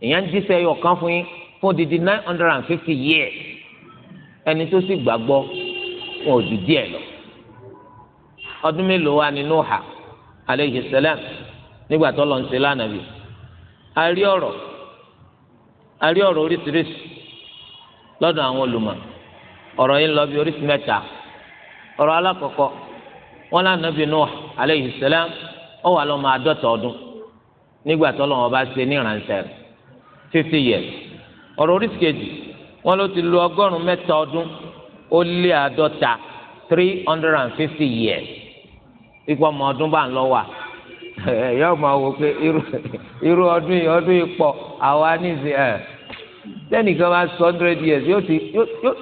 Speaker 1: èèyàn jíṣẹ́ ẹyọ fún yín fún odidi nine hundred and fifty years ẹni tó sì gbàgbọ́ wọn ò ju díẹ̀ lọ ọdún mélòó wa ni Nóà alayhi salam nígbà tó lọ ń ṣe a rí ọrọ a rí ọ̀rọ̀ oríṣiríṣi lọ́dọ̀ àwọn olùmọ̀ ọrọ yìí ń lọ bí oríṣi mẹ́ta ọ̀rọ̀ alákọ̀ọ́kọ́ wọn lánàbì Nuh alayhi salam ó wà lọ́mọ àádọ́ta ọdún nígbà tó lọ́wọ́ bá ṣe ní ìrànṣẹ́ years oríṣi kejì wọn lo ẹ yọ máa wò pé irú ọdún yìí ọdún yìí àwa ẹ tẹnìkan sọ hundred years yóò ti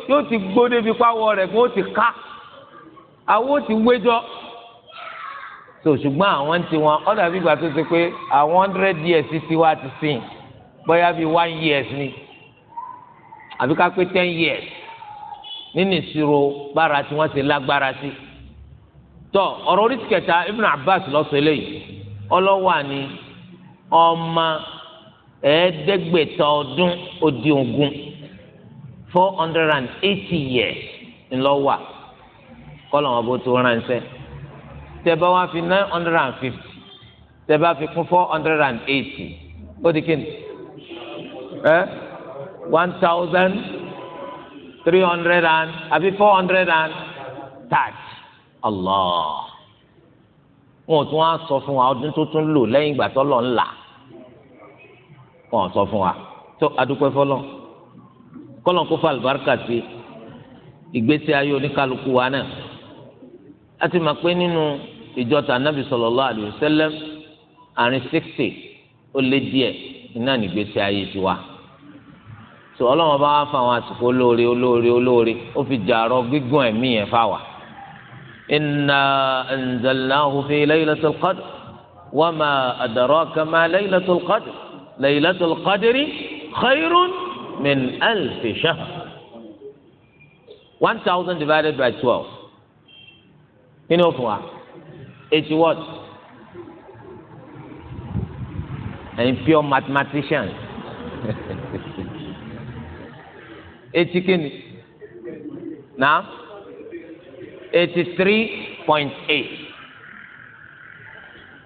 Speaker 1: yóò ti gbó débi pàwọ rẹ kó ti ká àwọn ti wéjọ àwọn bí ìgbà tó hundred years ti wá ti sìn bóyá bíi one years ni àbí ká ten years nínú ìṣirò bára tí tọ kẹta Abbas sọ eléyìí. ọlọ́wà ni ọmọ ẹ̀ẹ́dẹ́gbẹ̀ta ọdún ó di four hundred and eighty years ńlọ́wà kọ́lọ̀ wọn bó tó ránṣẹ́ tẹ́bá wá fi nine hundred and fifty tẹ́bá fi kún four hundred and eighty ó di kíni ẹ́ one thousand three hundred and àbí four hundred and thirty allah wọn ò tún wá sọ fún wa ọdún tó tún lò lẹ́yìn ìgbà tó lọ ńlá wọn ò sọ fún wa tó adúpẹ́ fọlọ́ kọ́lọ̀ kó fa àlùbáríkà sí ìgbésí ayé oníkálukú wa náà a ti mọ̀ pé nínú ìjọta anábì sallallahu alaihi wasallam àárín sixty ó lé díẹ̀ iná nígbésí ayé tiwa tó ọlọ́wọ́n bá fa àwọn àsìkò olóore olóore olóore ó fi jàrọ gígùn ẹ̀mí yẹn fáwa. إنا أنزلناه في ليلة القدر وما أدراك ما ليلة القدر ليلة القدر خير من ألف شهر 1000 divided by 12 kí ni ó fún wa what ẹ̀yin pure mathematician it's kí ni na. eighty three point eight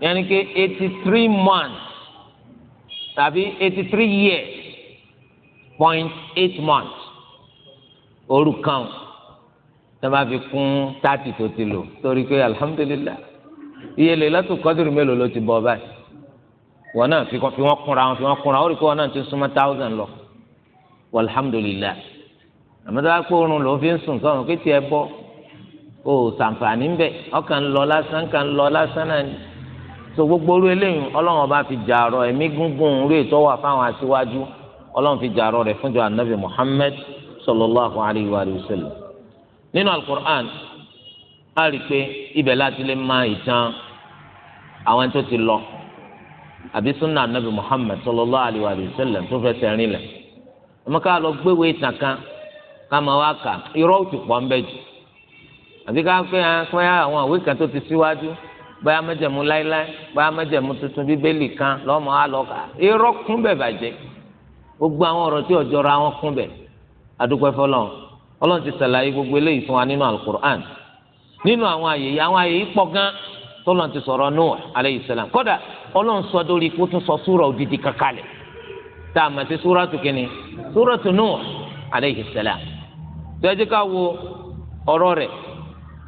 Speaker 1: yẹn ni pé eighty three months tàbí eighty three years point eight months orúkàn tó bá fi kún thirty tó ti lò torí pé alhamdulilah iye lè lọ́tún kọ́dúrú mélòó ló ti bọ̀ báyìí wọn náà fi wọn kúnra wọn fi wọn kúnra ó rí i pé wọn náà ti súnmọ́ thousand lọ alhamdulilah àmọ́ tó bá pé oorun ló fi ń sùn sọ́run pé tiẹ̀ bọ́. o sàǹfààní ń bẹ ọkàn ń lọ lásán kàn ń lọ lásán náà ni so gbogbo orí eléyìí ọlọ́run ọba fi jàrọ ẹ̀mí gúngún orí ètò wà fáwọn aṣíwájú ọlọ́run fi jàrọ rẹ̀ fúnjọ anabi muhammed sallallahu alayhi wa sallam nínú alukur'an a rí i pé ibẹ̀ láti lè máa àwọn tó ti lọ àbí sunna anabi muhammed sallallahu alayhi wa sallam tó àbí ká pé pé àwọn àwé kan tó ti síwájú báyà mẹ́jẹ̀mú láíláí báyà mẹ́jẹ̀mú tuntun bíbélì kan lọ́mọ àlọ́kà irọ́ kún bẹ̀ bàjẹ́ gbogbo àwọn ọ̀rọ̀ tí ọ̀jọ́ ra wọn kún bẹ̀ adúpẹ́ fọlọ́n ọlọ́run ti sàlàyé gbogbo eléyìí fún wa nínú alukur'an nínú àwọn àyè yìí àwọn àyè yìí pọ̀ gan tọ́lọ́n ti sọ̀rọ̀ Nuh aleyhi salam kódà ọlọ́run sọ dórí ikú tún sọ súrà òdìdí kankalẹ̀ tá a mọ̀ sí súrà tó kíni súrà tó Nuh aleyhi salam tó ẹ jẹ́ ká wo ọ̀rọ̀ rẹ̀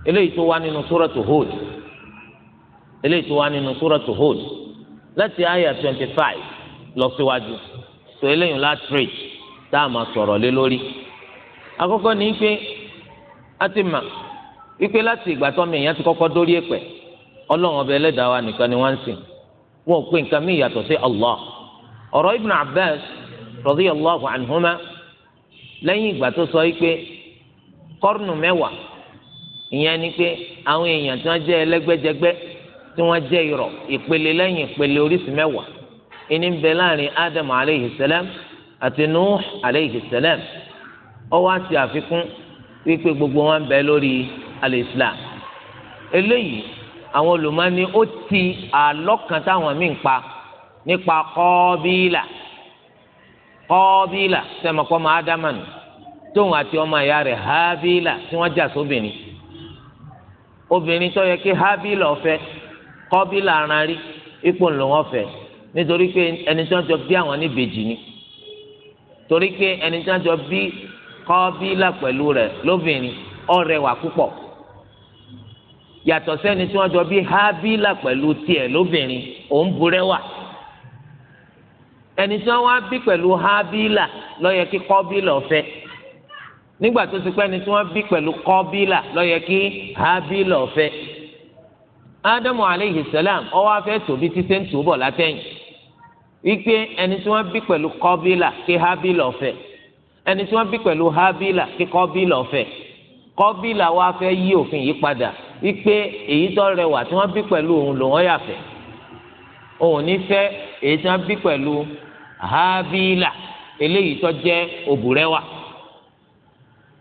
Speaker 1: eléyìí tó wá nínú suratu hold eléyìí tó wá nínú suratu hold láti àyà twenty five lọ síwájú tó eléyìí látírì tá a máa sọ̀rọ̀ lé lórí. ni pé a ti mà wípé láti ìgbà tó mi ti kọ́kọ́ dórí èpẹ̀ ọlọ́run ọba ẹlẹ́dàá wa nìkan ni wọ́n ń sìn wọn ò nǹkan mí ìyàtọ̀ sí Allah ọ̀rọ̀ Ibn Abbas radiyallahu anhuma lẹ́yìn ìgbà tó sọ wípé kọ́rùnù ìyẹn ni pé àwọn èèyàn tí wọ́n jẹ́ ẹlẹ́gbẹ́jẹgbẹ́ tí wọ́n jẹ́ irọ́ ìpele lẹ́yìn ìpele oríṣi mẹ́wàá ìní ń bẹ láàrin Adam aleyhi sẹlẹm àti Nuh aleyhi sẹlẹm ó wá sí àfikún wípé gbogbo wọn bẹ lórí al-Islam eléyìí àwọn olùmọ́ni ó ti àlọ́kàn táwọn míì ń pa nípa kọ́ọ́bílà kọ́ọ́bílà sẹ́mọ̀kọ́mọ ádámà nù tóun àti ọmọ ìyá rẹ̀ hábílà tí wọ́n jà sóbìnrin obìnrin tó yẹ kí hábìlì ọ̀fẹ́ kọ́bìlì aràn rí ipò ńlò wọn fẹ́ nítorí pé ẹni tó ń jọ bí àwọn níbejì ni torí pé ẹni tó ń jọ bí kọ́bìlà pẹ̀lú rẹ̀ lóbìnrin ọ̀rẹ́wà púpọ̀ yàtọ̀ sẹ́ni tí wọ́n jọ bí hábìlà pẹ̀lú tiẹ̀ lóbìnrin òun burẹ́wà ẹni tí wọ́n wá bí pẹ̀lú hábìlà ló yẹ kí kọ́bìlà ọ̀fẹ́ nígbà tó ti pẹ́ ni tí wọ́n bí pẹ̀lú kọ́bílà lọ́yẹ kí hábílà ọ̀fẹ́ ádámù aleyhi salam ọwọ́ afẹ́ tòbí ti ṣe ń túbọ̀ látẹ̀yìn wípé ẹni tí wọ́n bí pẹ̀lú kọ́bílà kí hábílà ọ̀fẹ́ ẹni tí wọ́n bí pẹ̀lú hábílà kí kọ́bílà ọ̀fẹ́ kọ́bílà wa fẹ́ yí òfin yìí padà wípé èyí tó rẹwà tí wọ́n bí pẹ̀lú òun lòun yàfẹ́ òun ní fẹ́ èyí tí wọ́n bí pẹ̀lú hábílà eléyìí tó jẹ́ òbúrẹ́wà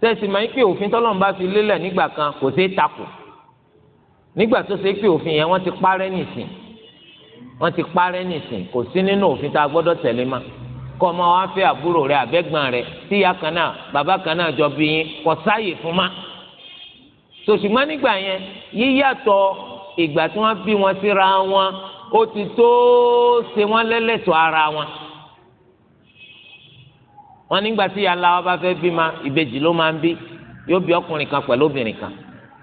Speaker 1: tẹ́sí máa ń pè òfin tọ́lọ́run bá fi lélẹ̀ nígbà kan kò sí takò nígbà tó ṣe pé òfin yẹn wọ́n ti parẹ́ nìsín wọ́n ti parẹ́ nìsín kò sí nínú òfin tá a gbọ́dọ̀ tẹ̀lé ma kọ́ ọmọ wa fẹ́ àbúrò rẹ àbẹ́gbọ́n rẹ tíya kan náà bàbá kan náà jọ bí yín kò sáàyè fún ma sòṣùgbọ́n nígbà yẹn yíyàtọ̀ ìgbà tí wọ́n bí wọn síra wọn ó ti tó ṣe wọ́n lẹ́lẹ́tọ̀ ara wọn wọn nígbà tí yàrá wa bá fẹ́ bí ma ìbejì ló máa ń bí yóò bí ọkùnrin kan pẹ̀lú obìnrin kan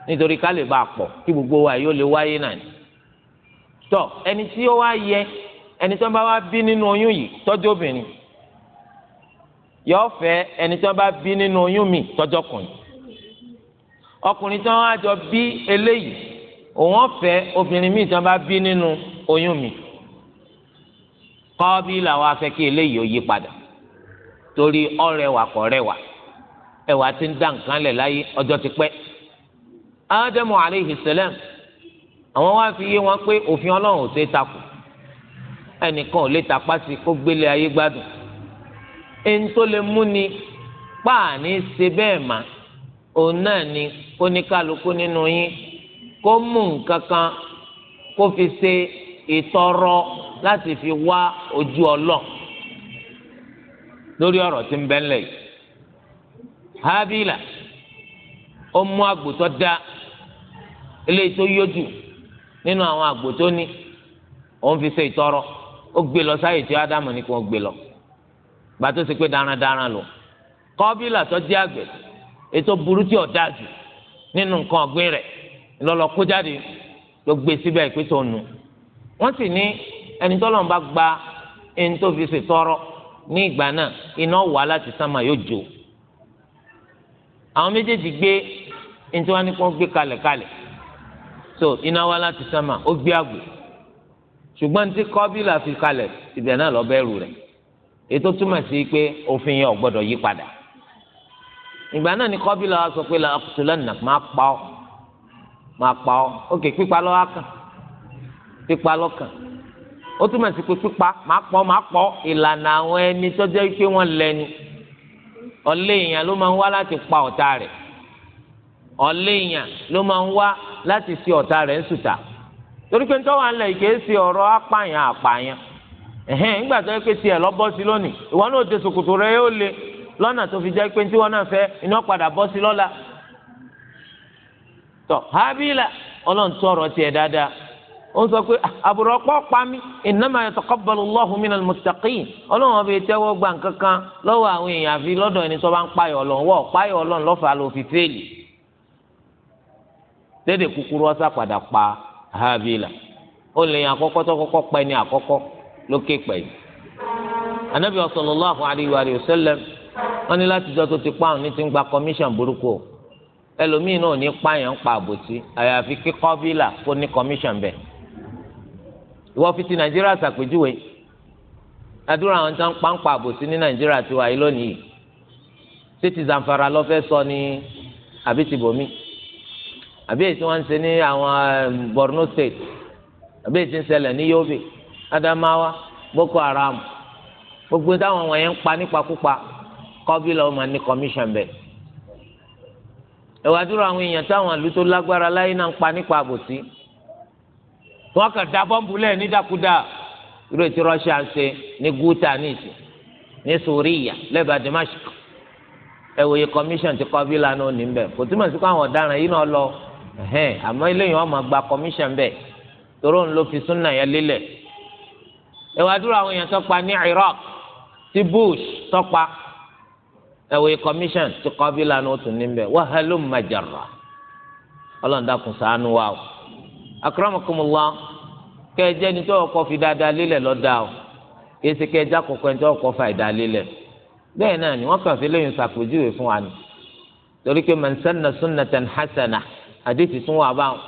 Speaker 1: nítorí ká lè bá a kí gbogbo wa yóò lè wáyé náà ni. tọ ẹni tí ó wá yẹ ẹni tí wọn bá wá bí nínú oyún yìí tọ́jú obìnrin yóò fẹ́ ẹni tí wọn bá bí nínú oyún mi tọ́jú ọkùnrin ọkùnrin tí wọn á jọ bí eléyìí òun ọ̀fẹ́ obìnrin míì tí wọn bá bí nínú oyún mi kọ́ bí làwọn afẹ́ kí eléyìí ó yí padà torí ọrẹwà kọrẹwà ẹwà tí ń dá nǹkan lẹ̀ láyé ọjọ́ ti pẹ́ ádámù aleyhi sẹlẹm àwọn wá fi yé wọn pé òfin ọlọ́run ò ṣe é takò ẹnìkan ò lè tapá sí kó gbélé ayé gbádùn ẹni tó lè mú ni páàní ṣe bẹ́ẹ̀ mà òun náà ni kóníkálukú nínú yín kó mú nǹkan kan kó fi ṣe ìtọrọ láti fi wá ojú ọlọ́run lórí ọ̀rọ̀ tí ń bẹ ńlẹ̀ yìí habila ó mú àgbòtọ́ da eléyìí tó yójú nínú àwọn àgbòtọ́ ní òun fi ṣe ìtọrọ ó gbé lọ sáyè tí ádámù ní kò gbé lọ gbàtó ṣe pé darandaran lò kọ́bílà tó jẹ́ àgbẹ̀ ètò burú tí ọ̀dà jù nínú nǹkan ọ̀gbìn rẹ̀ lọ́lọ́ kó jáde ló gbé síbẹ̀ ìpè tó nù wọ́n sì ní ẹni tọ́lọ́run bá gba ẹni tó fi ṣètọrọ ní ìgbà náà iná wà láti sánmà yóò jó àwọn méjèèjì gbé ntí wọn ni kò gbé kalẹ̀ kalẹ̀ so iná wà láti sánmà ó gbé àgbò ṣùgbọ́n ntí kọ́bílà fi kalẹ̀ ibẹ̀ náà lọ bẹ́ẹ̀ rù rẹ̀ ètò túmọ̀ sí pé òfin yẹn ò gbọ́dọ̀ yí padà ìgbà náà ni kọ́bílà wa sọ pé la ọkùtùlánà máa pa ọ́ máa pa ọ́ òkè pípa lọ́wọ́ kàn pípa lọ́kàn. ó túmọ̀ sí pé pípa máa pọ̀ máa pọ̀ ìlànà àwọn ẹni tọ́jọ́ pé wọ́n lẹ́ni ọ̀lẹ́ èèyàn ló máa ń wá láti pa ọ̀tá rẹ̀ ọ̀lẹ́ èèyàn ló máa ń wá láti ọ̀tá rẹ̀ ń sùtà torí pé ọ̀rọ̀ ẹ̀hẹ́n nígbà tó yẹ pé tiẹ̀ bọ́ sí lónìí ìwọ náà sòkòtò rẹ yóò le lọ́nà tó fi jẹ́ pé tí wọ́n náà fẹ́ iná ó ń sọ pé ah, àbùrọ̀ pọ̀ pa mí innama yataqabbalu Allahu minal muttaqin ọlọ́run ọba ìtẹ́wọ́ gba nǹkan kan lọ́wọ́ àwọn èèyàn àfi lọ́dọ̀ ẹni tó bá ń payọ̀ ọlọ́run wọ́ payọ̀ ọlọ́run lọ́fàá ló fi fẹ́ẹ̀lì dédé kúkúrú ọ̀sà padà pa Hábílà ó lè yàn àkọ́kọ́ tó kọ́kọ́ pẹ́ ní àkọ́kọ́ lókè pẹ́ yìí anabi sallallahu alayhi wa ìwọ fi ti nàìjíríà ṣàpèjúwe àdúrà àwọn tó ń pàǹpà àbòsí ní nàìjíríà ti wáyé lónìí ṣé ti Zamfara lọ fẹ́ sọ ni àbí ti bòmí àbí èyí tí wọ́n ń ṣe ní àwọn ehm, Borno state àbí èyí tí ń ṣẹlẹ̀ ní Yobe Adamawa Boko Haram gbogbo táwọn wọ̀nyẹn ń pa nípakúpa kọ́bí lọ́wọ́ máa ní commission bẹ́ẹ̀ ẹ̀wà àdúrà àwọn èèyàn táwọn àlùtò lágbára láyé náà ń pa nípa àbòsí wọ́n kàn da bọ́ǹbù lẹ̀ nídàkúdà irú ètò Russia ń ṣe ní Ghouta ní ìsìn ní Sòríyà lẹ́bàá Dimashq ẹ̀wòye commission ti kọ́ bílà náà ní bẹ̀ kò túmọ̀ sí pé àwọn ọ̀daràn yìí náà lọ àmọ́ eléyìí wọ́n máa gba commission bẹ̀ toró ń lo fi súnà yẹn lélẹ̀ ẹ̀wà àwọn èèyàn tọ́pa ní Iraq ti Bush tọ́pa ẹ̀wòye commission ti kọ́ bílà náà tún ní bẹ̀ wàhálù màjàrà ọlọ́ọ̀dàkùn akramakumullah kẹjẹ ni tó ọkọ fi dáadáa lélẹ̀ lọdà o kẹsì kẹjẹ àkọ́kọ́ ẹni tó ọkọ fa ìdá lélẹ̀ bẹ́ẹ̀ náà ni wọn kàn fi lẹ́yìn ṣàpèjúwe fún wa ni torí pé man sanna sunnatan hasana àdìsí tún wà báwọn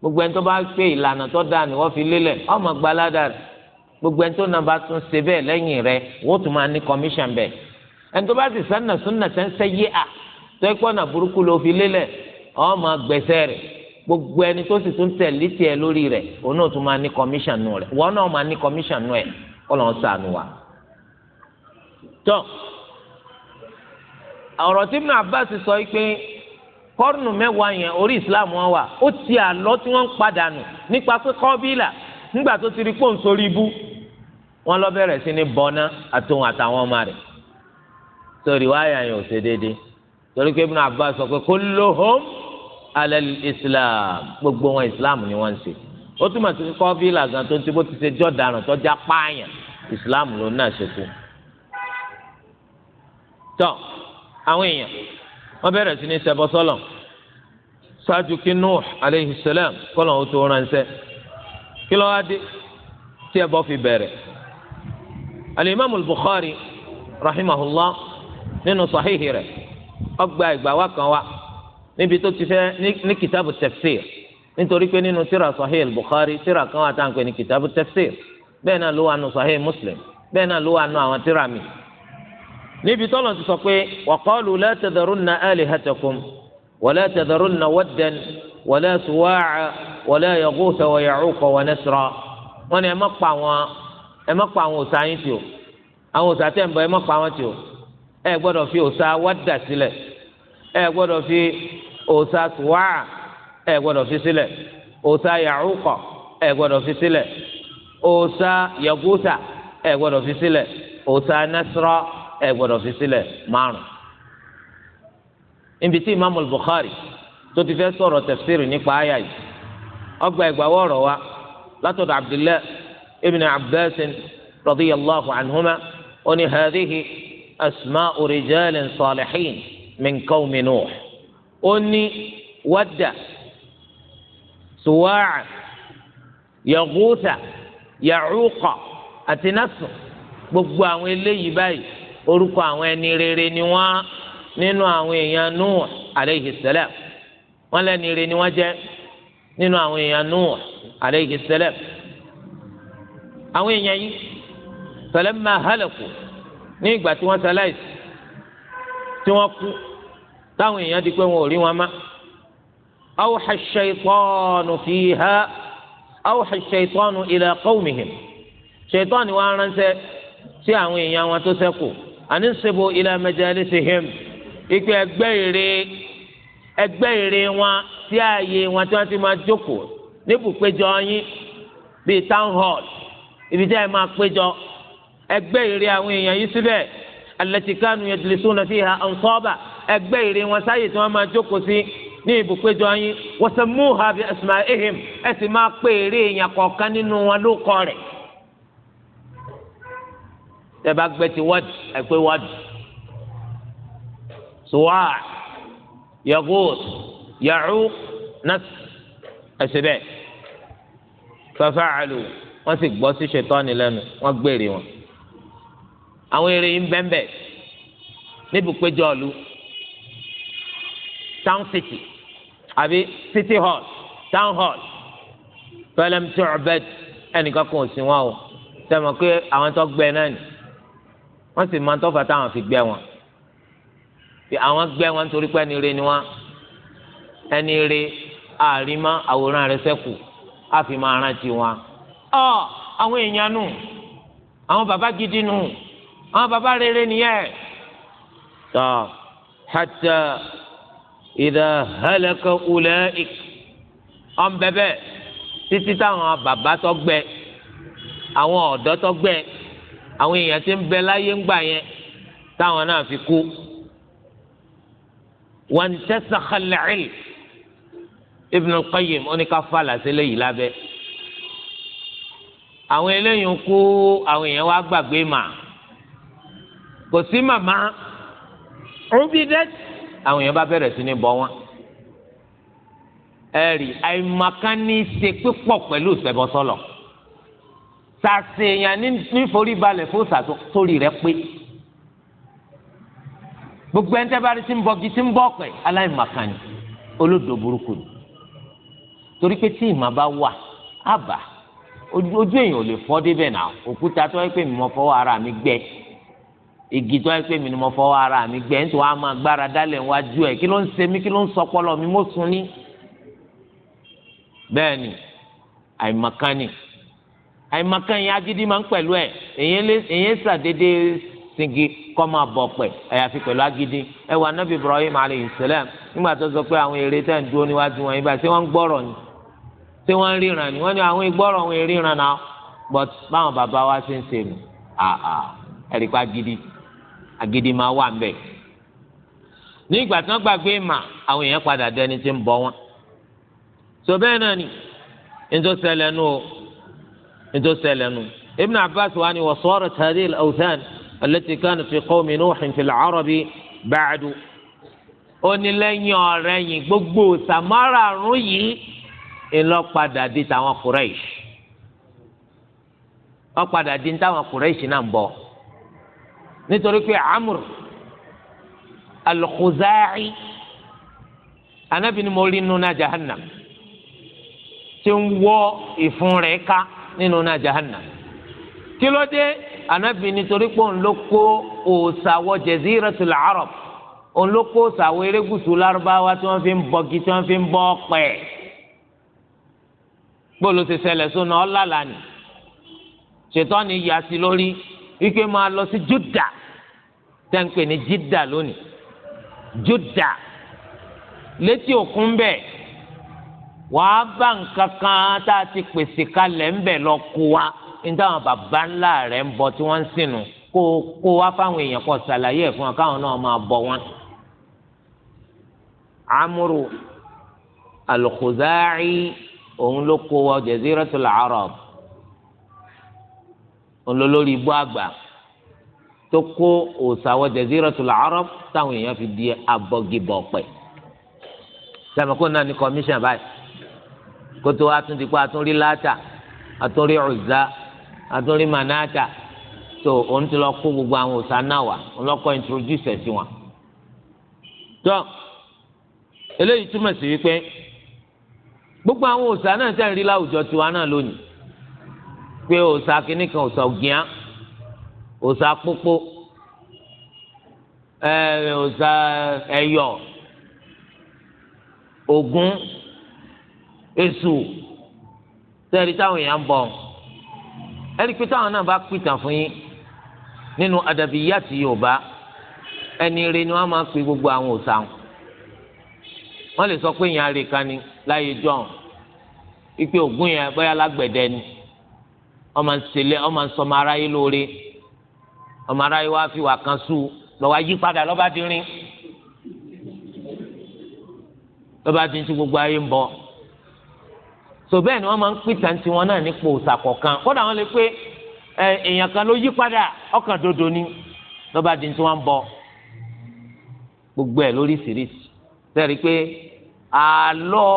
Speaker 1: gbogbo ẹni tó bá pé ìlànà tó dáa ni wọn fi lélẹ̀ ọmọ gbalada gbogbo ẹni tó náà bá tún ṣe bẹ́ẹ̀ lẹ́yìn rẹ̀ wọn tún máa ní commission bẹ́ẹ̀ ẹni tó bá sì sanna sunnatan sayyi'a tó ẹkọ náà burúkú ló gbogbo ẹni tó sì tún tẹ̀lé tiẹ̀ lórí rẹ̀ òun náà tún máa ní commission nù rẹ̀ wọn náà máa ní commission nù ẹ̀ kọ́lọ́n sànù wa. tọ́ ọ̀rọ̀ tí Ibn Abbas sọ pé kọ́ọ̀nù mẹ́wàá yẹn orí Islam wọn wà ó ti àlọ́ tí wọ́n ń padànù nípa pé kọ́bílà nígbà tó ti rí pò ń sórí ibú wọn lọ bẹ̀rẹ̀ sí ní bọ́ná àtòun àtàwọn ọmọ rẹ̀ sórí wáyà yẹn ò ṣe déédéé torí pé Ibn Abbas sọ pé kulluhum alẹ́ islam gbogbo wọn islam ni wọ́n ń ṣe ó túmọ̀ sí kọ́ fílà gan tó ń ti bó ti ṣe jọ́daràn tó já pààyàn islam ló náà ṣe fún. tọ́ àwọn èèyàn wọ́n bẹ̀rẹ̀ sí ní ṣẹbọ sọ́lọ̀ ṣáájú kí nuh aleyhi salam kọ́lọ̀ ó tó ránṣẹ́ kí ló wá dé tí ẹbọ fi bẹ̀rẹ̀. alimami bukhari rahimahullah nínú sahihi rẹ̀ ó ìgbà wa kan wa níbi tó ti fẹ́ ní kìtàbù tafsir nítorí pé nínú tírà sahih bukhari tírà kan wà táǹkì ní kìtàbù tafsir bẹ́ẹ̀ náà ló wà nù sahih muslim bẹ́ẹ̀ náà ló wà nù àwọn tírà mi. níbi tọ́lọ̀ ti sọ pé wa qalu la tadharunna alihatakum wa la tadharunna waddan wa la suwa'a wa la yaghutha wa ya'uqa wa nasra. ẹ má pa àwọn ẹ má pa àwọn òòṣà yín tì o àwọn òòṣà òòṣà suwaa ẹ gbọ́dọ̀ fi sílẹ̀ òòṣà yàrúkọ ẹ gbọ́dọ̀ fi sílẹ̀ òòṣà yagusa ẹ gbọ́dọ̀ fi sílẹ̀ òòṣà nasra ẹ gbọ́dọ̀ fi sílẹ̀ márùn. níbi tí imaamu bukhari tó ti fẹ́ sọ̀rọ̀ tafsiri nípa àyà yìí ọgbà ìgbàwọ̀ ọ̀rọ̀ wa látọ̀dọ̀ abdullahi ibn abbas radiyallahu anhuma oní hadihi asma'u rijalin salihin min qawmi nuh. ó wada wádà sùwáà yàgùtà yàrúkọ àti násù gbogbo àwọn eléyìí báyìí orúkọ àwọn ẹni rere ni wọ́n nínú àwọn èèyàn Nuh alayhi salam wọ́n lẹ́ni rere ni wọ́n jẹ nínú àwọn èèyàn Nuh alayhi salam àwọn èèyàn yìí falamma halaku ní ìgbà tí wọ́n ṣaláìsí tí wọ́n kú. táwọn èèyàn di pé wọn ò rí wọn má awha ash-shaytanu fiha awha ila wa ránṣẹ́ si àwọn èèyàn wọn tó ṣẹ́kù àníṣebo ila majalisihim ìpè ẹgbẹ́ ìrè ẹgbẹ́ ìrè wọn si ààyè wọn tí wọ́n ti máa jókòó níbùpéjọ yín bíi town hall ibi tí máa péjọ àwọn èèyàn yìí fiha ẹgbẹ́ ìrè wọn sáyè tí wọ́n máa jókòó sí ní ibùpéjọ yín wasammuha bi asma'ihim ẹ sì máa pé eré èèyàn kọ̀ọ̀kan nínú wọn ló kọ rẹ̀. tẹ́bà gbẹ ti wọ́dù ẹgbẹ́ wọ́dù suwa yaghus ya'uq nas ẹsẹ bẹ́ẹ̀ fafa'alu wọ́n sì gbọ́ sí ṣètọ́ni lẹ́nu wọ́n gbèrè wọn àwọn eré yìí ń bẹ́ńbẹ́ níbùpéjọ ọ̀lú town city àbí city hall town hall fẹlẹm tí ọbẹt ẹnìkan kò sí wọn o sẹmọ pé àwọn tó gbẹ náà ni wọn sì máa tọfà táwọn fi gbẹ wọn àwọn gbẹ wọn nítorí pé ẹni rè ni wọn ẹni rè àrímá àwòrán rẹ ṣẹ́kù á fi máa rántí wọn. ọ àwọn èèyàn nù àwọn bàbá gidi nù àwọn bàbá rere nìyẹn. tọ́ hàtẹ́ idha halaka ulaik ọ̀nbẹ́bẹ́ títí táwọn bàbá tó gbẹ àwọn ọ̀dọ́ tó gbẹ àwọn èèyàn tí ń bẹ láyé ń gbà yẹn táwọn náà fi kú. wọn tẹsán xalẹ́ẹ̀l Ibn al-Qayyim oníkàfà làṣẹlẹ̀ yìí lábẹ́. àwọn eléyìí kú àwọn èèyàn wá gbàgbé mà kò sí màmá rúbí dẹ́tì àwọn èèyàn bá bẹ̀rẹ̀ sí ní bọ wọn ẹ̀rí àìmọ̀kánì ṣe pípọ̀ pẹ̀lú ìṣẹ̀bọ̀sọ̀lọ̀ sàṣèyàn níforí balẹ̀ fún sàtórí rẹ pé gbogbo ẹni tẹ́ bá rí tí ń bọ́gi tí ń bọ́ ọ̀pẹ̀ aláìmọ̀kánì olódò burúkú ni torí pé tí ìmọ̀ bá wà àbá ojú èèyàn ò lè fọ́ débẹ̀ náà òkúta tó wáyé pé mi mọ̀ ara mi gbẹ́ igi tó ẹ pé mi ni mo fọwọ́ ara mi gbẹ́ nítorí wàá máa gbára dálẹ̀ wájú ẹ̀ kí ló ń ṣe mí kí ló ń sọpọlọ mi mo sùn ní. bẹ́ẹ̀ ni àìmọ̀kan ni máa ń pẹ̀lú ẹ̀ èyí ṣàdédé singi kọ́ máa bọ̀ pẹ̀ àyàfi pẹ̀lú agídí ẹ wà nábì Ibrahim alayhi salam nígbà tó sọ pé àwọn ère tẹ̀ ń dúró níwájú wọn ibà ṣé wọ́n ń gbọ́rọ̀ ni ṣé wọ́n ríran ni wọ́n ní àwọn ìgbọ́rọ̀ wọn ìríran náà but báwọn bàbá wa ṣe ń ṣe nù àà ẹ̀rí gidi agídí máa wà ńbẹ ní ìgbà tí wọ́n gbàgbé mà àwọn èèyàn padà dẹni tí ń bọ wọn tó bẹ́ẹ̀ náà ni nítorí ṣẹlẹ̀ nù o nítorí ṣẹlẹ̀ nù Ibn Abbas wa ni wasarat hadhihi al-awthan allati kanat fi qawmi Nuhin fi al-Arabi ba'du onílẹ̀yìn ọ̀rẹ́ yìí gbogbo samara rún yìí ńlọ́padà di tàwọn Quraysh ọ̀padà di tàwọn Quraysh náà ń bọ̀ nítorí pé amúr alukuzaaci anabi ni mo rí inú náà jahannam tí ń wọ ìfun rẹ̀ ká nínú náà jahannam kí ló dé anabi nítorí pé òun ló kó òòsàwọ jaziratul arab òun ló kó òòsàwọ erégùsù lárúbáwá tí wọ́n fi ń bọgi tí wọ́n fi ń bọ ọpẹ gbọ́dọ̀ ti ṣẹlẹ̀ sóná ọ̀làlà ni ṣètọ́ ni lórí wípé máa lọ sí Juda tẹ́ǹpẹ̀ ní Jidda lónìí Judda létí òkun bẹ́ẹ̀ wàá bá nǹkan kan tá a ti pèsè kalẹ̀ ń bẹ̀ lọ kó wa ní táwọn bàbá ńlá rẹ̀ ń bọ tí wọ́n ń sìnù kó kó wa fáwọn èèyàn kan ṣàlàyé ẹ̀ fún wa káwọn náà máa bọ wọn. amúrò alùkùzáì òun ló kó wa Jaziratul Arab òun ló lórí ibú àgbà tó kó òsàwọ̀ Jaziratul Arab táwọn èèyàn fi di abọ́gibọ̀ pẹ̀ sàmìkó náà ní kọmíṣàn báyìí kótó atúndìpá atúnrí láàtà atúnrí Uzza atúnrí Manata tó òun ti lọ kó gbogbo àwọn òsà náà wà òun lọ kọ́ introduce ẹ̀ sí wọn. tó eléyìí túmọ̀ sí wípé gbogbo àwọn òsà náà tẹ̀ ń rí láwùjọ tiwa náà lónìí pé òsà kìnnìkan òsà ògìyàn òòṣà pópó òòṣà ẹ̀yọ̀ Ògún Èṣù sẹ́ẹ̀rí táwọn èèyàn ń bọ̀ ẹni pé táwọn náà bá pìtàn fún yín nínú adàbíyá ti Yorùbá ẹni rẹ ni wọ́n máa ń pe gbogbo àwọn òòṣà wọn wọ́n lè sọ pé èèyàn rè kan ni láyé John ipe Ògún yẹn bóyá lágbẹ̀dẹ ni ọmọ nsẹlẹ ọmọ nsọmọ aráyé lóore ọmọ aráyé wa fi wà kan sú lọ́wọ́ yí padà lọ́ba ti rìn lọ́ba ti ń tí gbogbo ayé ń bọ̀ so bẹ́ẹ̀ ni wọ́n máa ń pè tàǹtí wọn náà nípò òsàkọ̀ kan kódà wọ́n lè pé èèyàn kan ló yí padà ọkàn dodo ni lọ́ba ti ń tí wọ́n ń bọ̀ gbogbo ẹ̀ lórí sírìsì sẹ́ẹ̀rí pé àlọ́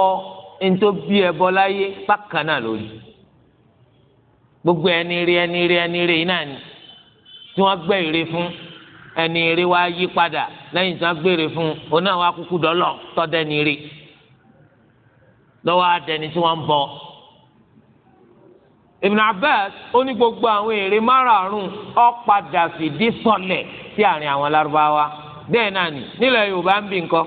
Speaker 1: ntòbí ẹ̀bọ láyé bákan lórí gbogbo ẹni rí ẹni rí ẹni rí náà ni tí wọ́n gbẹ́ ère fún ẹni ère wa yí padà lẹ́yìn tí wọ́n gbére fún òun náà wá kúkú dọ́lọ̀ tọ́dẹ́ni rí lọ́wọ́ adẹni tí wọ́n ń bọ. Ibn Abbas ó ní gbogbo àwọn ère márààrún ó padà fìdí sọlẹ̀ sí àárín àwọn lárúbáwá bẹ́ẹ̀ náà nì nílẹ̀ Yorùbá ń bì ńkọ́